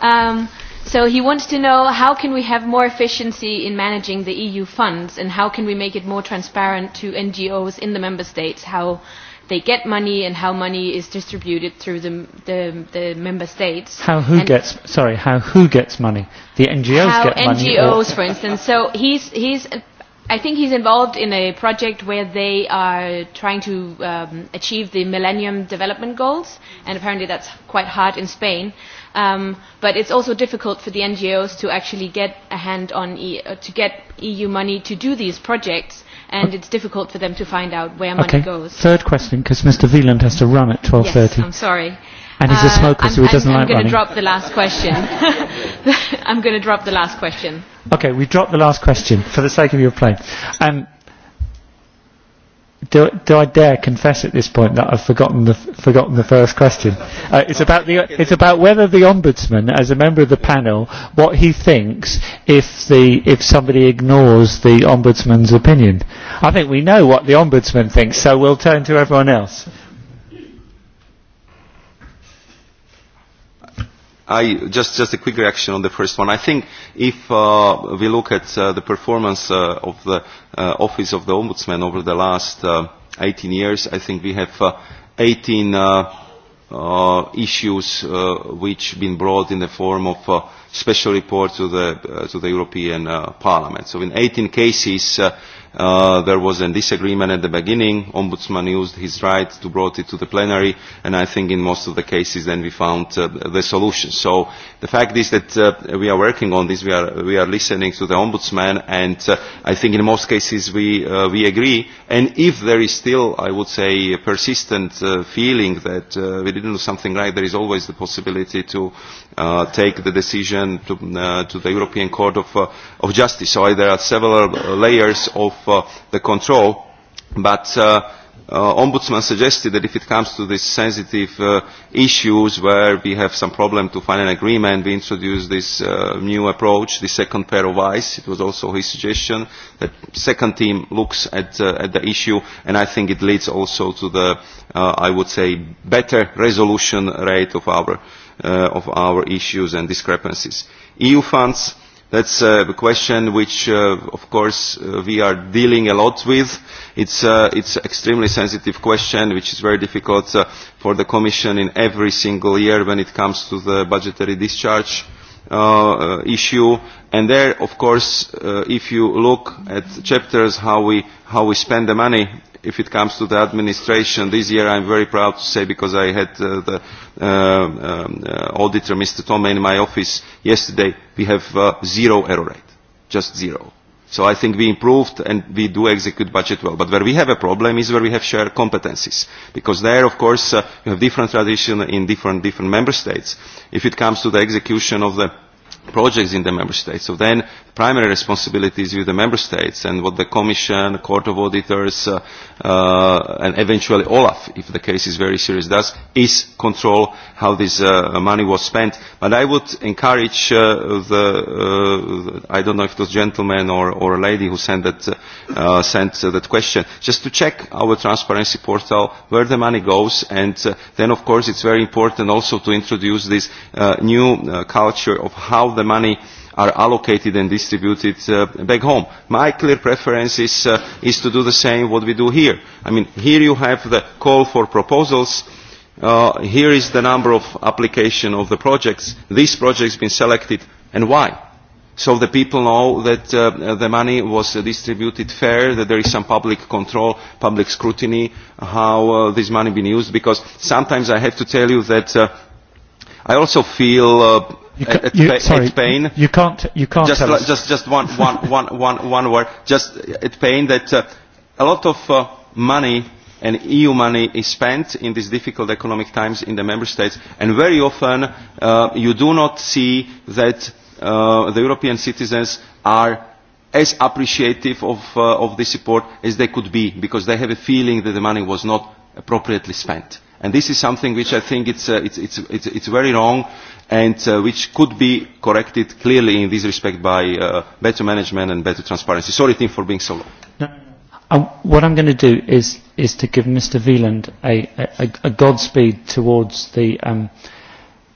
Um, so he wants to know how can we have more efficiency in managing the EU funds and how can we make it more transparent to NGOs in the member states how they get money and how money is distributed through the, the, the member states. How who and gets sorry how who gets money? The NGOs how get NGOs, money. NGOs, for instance. So he's he's I think he's involved in a project where they are trying to um, achieve the Millennium Development Goals, and apparently that's quite hard in Spain. Um, but it's also difficult for the NGOs to actually get a hand on e uh, to get EU money to do these projects, and it's difficult for them to find out where okay. money goes. Third question, because Mr. Veland has to run at 12:30. Yes, I'm sorry. And he's a smoker, uh, I'm, so he doesn't I'm, like I'm running. I'm going to drop the last question. [LAUGHS] I'm going to drop the last question. Okay, we dropped the last question for the sake of your plane. Um, do, do I dare confess at this point that I've forgotten the forgotten the first question? Uh, it's about the it's about whether the ombudsman, as a member of the panel, what he thinks if the if somebody ignores the ombudsman's opinion. I think we know what the ombudsman thinks, so we'll turn to everyone else. I, just, just a quick reaction on the first one. I think if uh, we look at uh, the performance uh, of the uh, Office of the Ombudsman over the last uh, 18 years, I think we have uh, 18 uh, uh, issues uh, which have been brought in the form of uh, special reports to the, uh, to the European uh, Parliament. So in 18 cases, uh, Uh, there was a disagreement at the beginning. Ombudsman used his right to brought it to the plenary, and I think in most of the cases then we found uh, the solution. So the fact is that uh, we are working on this. We are we are listening to the ombudsman, and uh, I think in most cases we uh, we agree. And if there is still, I would say, a persistent uh, feeling that uh, we didn't do something right, there is always the possibility to uh, take the decision to, uh, to the European Court of uh, of Justice. So there are several uh, layers of uh, the control. But uh, uh, ombudsman suggested that if it comes to these sensitive uh, issues where we have some problem to find an agreement, we introduce this uh, new approach, the second pair of eyes. It was also his suggestion that second team looks at, uh, at the issue, and I think it leads also to the, uh, I would say, better resolution rate of our, uh, of our issues and discrepancies. EU funds. Uh, That's uh, a question which, uh, of course, uh, we are dealing a lot with. It's, uh, it's an extremely sensitive question, which is very difficult uh, for the Commission in every single year when it comes to the budgetary discharge uh, uh issue. And there, of course, uh, if you look at chapters how we, how we spend the money if it comes to the administration, this year I'm very proud to say because I had uh, the uh, um, uh, auditor, Mr. Tome, in my office yesterday, we have uh, zero error rate, just zero. So I think we improved and we do execute budget well. But where we have a problem is where we have shared competencies. Because there, of course, uh, you have different tradition in different, different member states. If it comes to the execution of the projects in the member states. So then primary responsibility is with the member states and what the commission, court of auditors uh, uh, and eventually olaf if the case is very serious does is control how this uh, money was spent but i would encourage uh, the uh, i don't know if it was gentleman or, or a lady who sent that uh, sent uh, that question just to check our transparency portal where the money goes and uh, then of course it's very important also to introduce this uh, new uh, culture of how the money uh, are allocated and distributed uh, back home. My clear preference is, uh, is to do the same what we do here. I mean, here you have the call for proposals. Uh, here is the number of application of the projects. These projects been selected and why? so the people know that uh, the money was uh, distributed fair, that there is some public control, public scrutiny, how uh, this money been used, because sometimes I have to tell you that uh, I also feel uh, You uh, ca- it's, you, sorry, it's pain. You can't. You can't. Just, tell us. just, just one, one, [LAUGHS] one, one, one word. Just uh, it's pain that uh, a lot of uh, money and eu money is spent in these difficult economic times in the member states and very often uh, you do not see that uh, the european citizens are as appreciative of, uh, of this support as they could be because they have a feeling that the money was not appropriately spent. And this is something which I think it's, uh, it's, it's, it's, it's very wrong and uh, which could be corrected clearly in this respect by uh, better management and better transparency. Sorry, Tim, for being so long. No, um, what I'm going to do is, is to give Mr. Veland a, a, a godspeed towards the, um,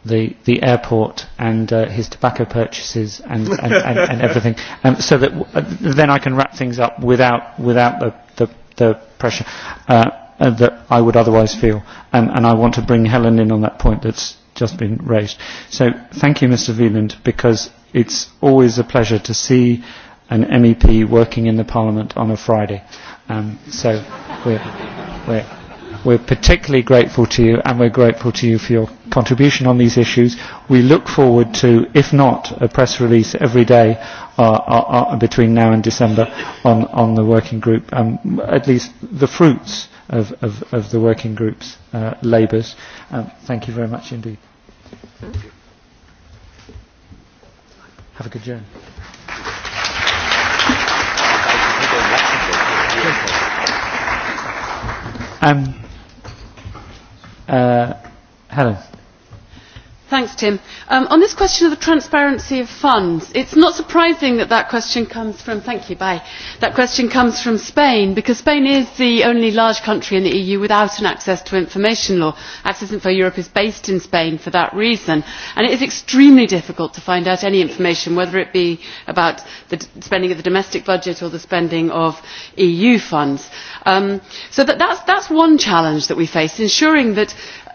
the, the airport and uh, his tobacco purchases and, and, and, and everything, um, so that w- uh, then I can wrap things up without, without the, the, the pressure. Uh, uh, that I would otherwise feel, um, and I want to bring Helen in on that point. That's just been raised. So thank you, Mr. Veland, because it's always a pleasure to see an MEP working in the Parliament on a Friday. Um, so we're, we're, we're particularly grateful to you and we're grateful to you for your contribution on these issues. We look forward to, if not a press release every day uh, uh, uh, between now and December on, on the working group, um, at least the fruits of, of, of the working group's uh, labours. Um, thank you very much indeed. Have a good journey. Um, uh, Helen. Thanks, Tim. Um, on this question of the transparency of funds, it's not surprising that that question comes from, thank you, bye, that question comes from Spain, because Spain is the only large country in the EU without an access to information law. Access Info Europe is based in Spain for that reason, and it is extremely difficult to find out any information, whether it be about the spending of the domestic budget or the spending of EU funds. Um, so that, that's, that's one challenge that we face, ensuring that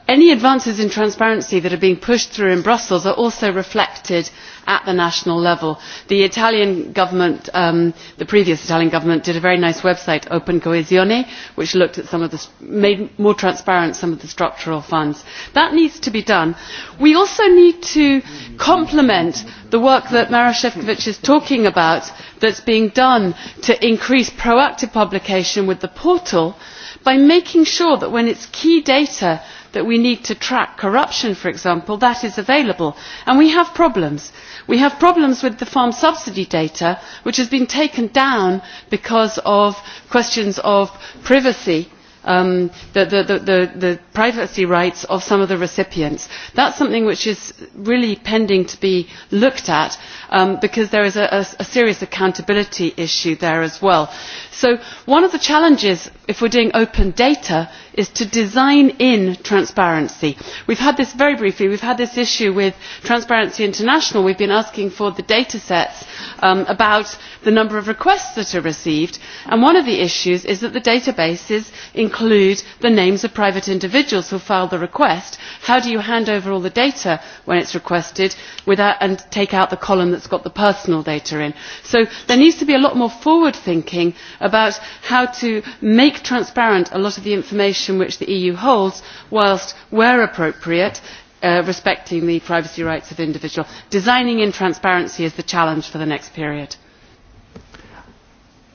any advances in transparency that are being pushed through in brussels are also reflected at the national level. the italian government um, the previous italian government did a very nice website open coesione which looked at some of the made more transparent some of the structural funds. that needs to be done. we also need to complement the work that maro efovi is talking about that is being done to increase proactive publication with the portal by making sure that when it is key data that we need to track corruption for example that is available and we have problems. we have problems with the farm subsidy data which has been taken down because of questions of privacy um, the, the, the, the, the privacy rights of some of the recipients. That's something which is really pending to be looked at um, because there is a, a, a serious accountability issue there as well so one of the challenges if we are doing open data is to design in transparency. we have had this very briefly we have had this issue with transparency international we have been asking for the data sets um, about the number of requests that are received and one of the issues is that the databases include the names of private individuals who filed the request. how do you hand over all the data when it is requested without, and take out the column that has got the personal data in? so there needs to be a lot more forward thinking about about how to make transparent a lot of the information which the eu holds whilst where appropriate uh, respecting the privacy rights of individuals. designing in transparency is the challenge for the next period.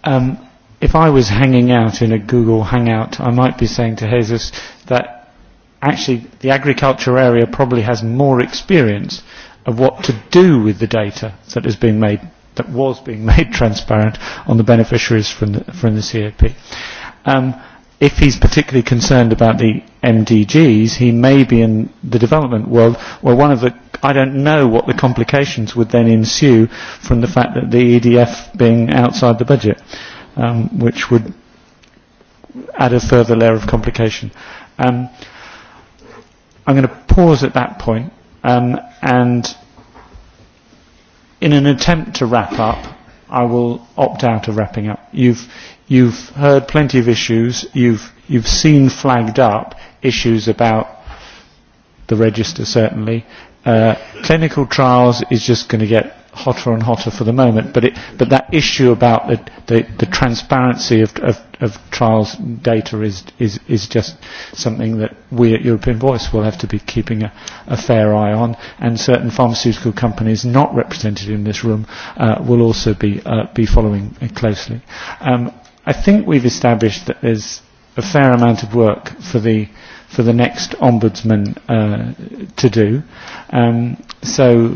Um, if I was hanging out in a Google Hangout, I might be saying to Jesus that actually the agriculture area probably has more experience of what to do with the data that has been made that was being [LAUGHS] made transparent on the beneficiaries from the, from the CAP. Um, if he's particularly concerned about the MDGs, he may be in the development world where one of the, I don't know what the complications would then ensue from the fact that the EDF being outside the budget, um, which would add a further layer of complication. Um, I'm going to pause at that point um, and in an attempt to wrap up, I will opt out of wrapping up. You've, you've heard plenty of issues. You've, you've seen flagged up issues about the register, certainly. Uh, clinical trials is just going to get hotter and hotter for the moment. But, it, but that issue about the, the, the transparency of, of, of trials data is, is, is just something that we at European Voice will have to be keeping a, a fair eye on. And certain pharmaceutical companies not represented in this room uh, will also be, uh, be following closely. Um, I think we've established that there's a fair amount of work for the for the next ombudsman uh, to do. Um, so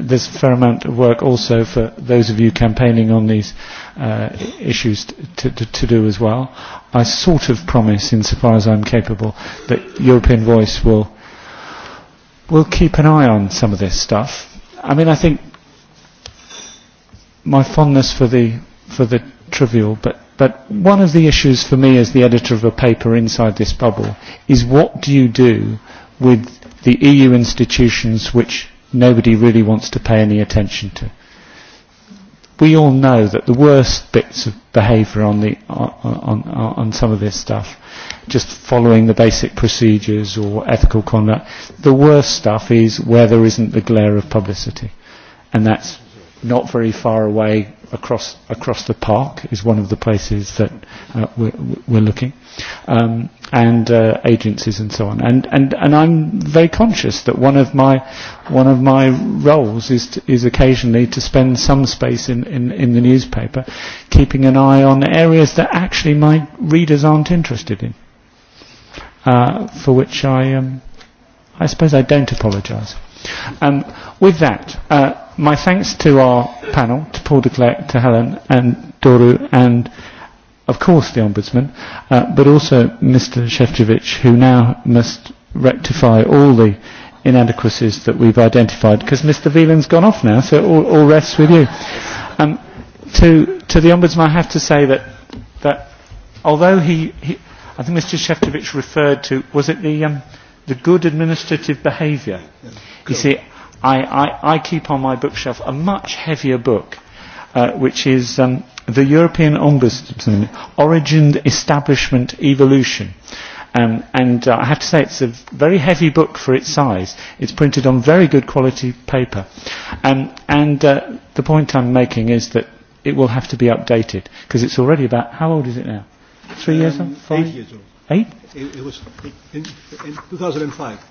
there's a fair amount of work also for those of you campaigning on these uh, issues to, to, to do as well. I sort of promise, insofar as I'm capable, that European Voice will will keep an eye on some of this stuff. I mean, I think my fondness for the for the trivial but But one of the issues for me as the editor of a paper inside this bubble is what do you do with the EU institutions which nobody really wants to pay any attention to? We all know that the worst bits of behaviour on, the, on, on, on some of this stuff, just following the basic procedures or ethical conduct, the worst stuff is where there isn't the glare of publicity. And that's not very far away across across the park is one of the places that uh, we're, we're looking, um, and uh, agencies and so on. And, and and I'm very conscious that one of my one of my roles is to, is occasionally to spend some space in, in, in the newspaper, keeping an eye on areas that actually my readers aren't interested in, uh, for which I um, I suppose I don't apologise. Um, with that. Uh, my thanks to our panel, to Paul de Klerk, to Helen and Doru, and of course the Ombudsman, uh, but also Mr. Shevchevich, who now must rectify all the inadequacies that we've identified, because Mr. Veland's gone off now, so all, all rests with you. Um, to, to the Ombudsman, I have to say that, that although he, he, I think Mr. Shevchevich referred to, was it the, um, the good administrative behaviour? Yeah, cool. You see, I, I, I keep on my bookshelf a much heavier book, uh, which is um, The European Ombudsman, Origin, Establishment, Evolution. Um, and uh, I have to say it's a very heavy book for its size. It's printed on very good quality paper. Um, and uh, the point I'm making is that it will have to be updated because it's already about, how old is it now? Three um, years old? Five? Eight years old. Eight? It, it was in, in 2005.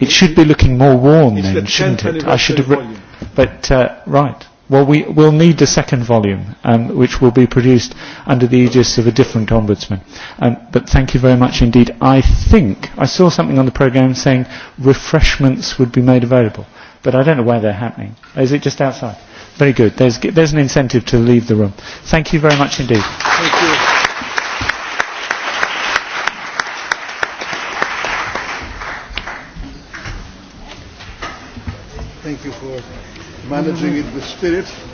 It should be looking more worn it's then, the shouldn't it? I should have. Re- but uh, right. Well, we will need a second volume, um, which will be produced under the aegis of a different ombudsman. Um, but thank you very much indeed. I think I saw something on the programme saying refreshments would be made available, but I don't know where they're happening. Is it just outside? Very good. There's, there's an incentive to leave the room. Thank you very much indeed. Thank you. managing it with spirit.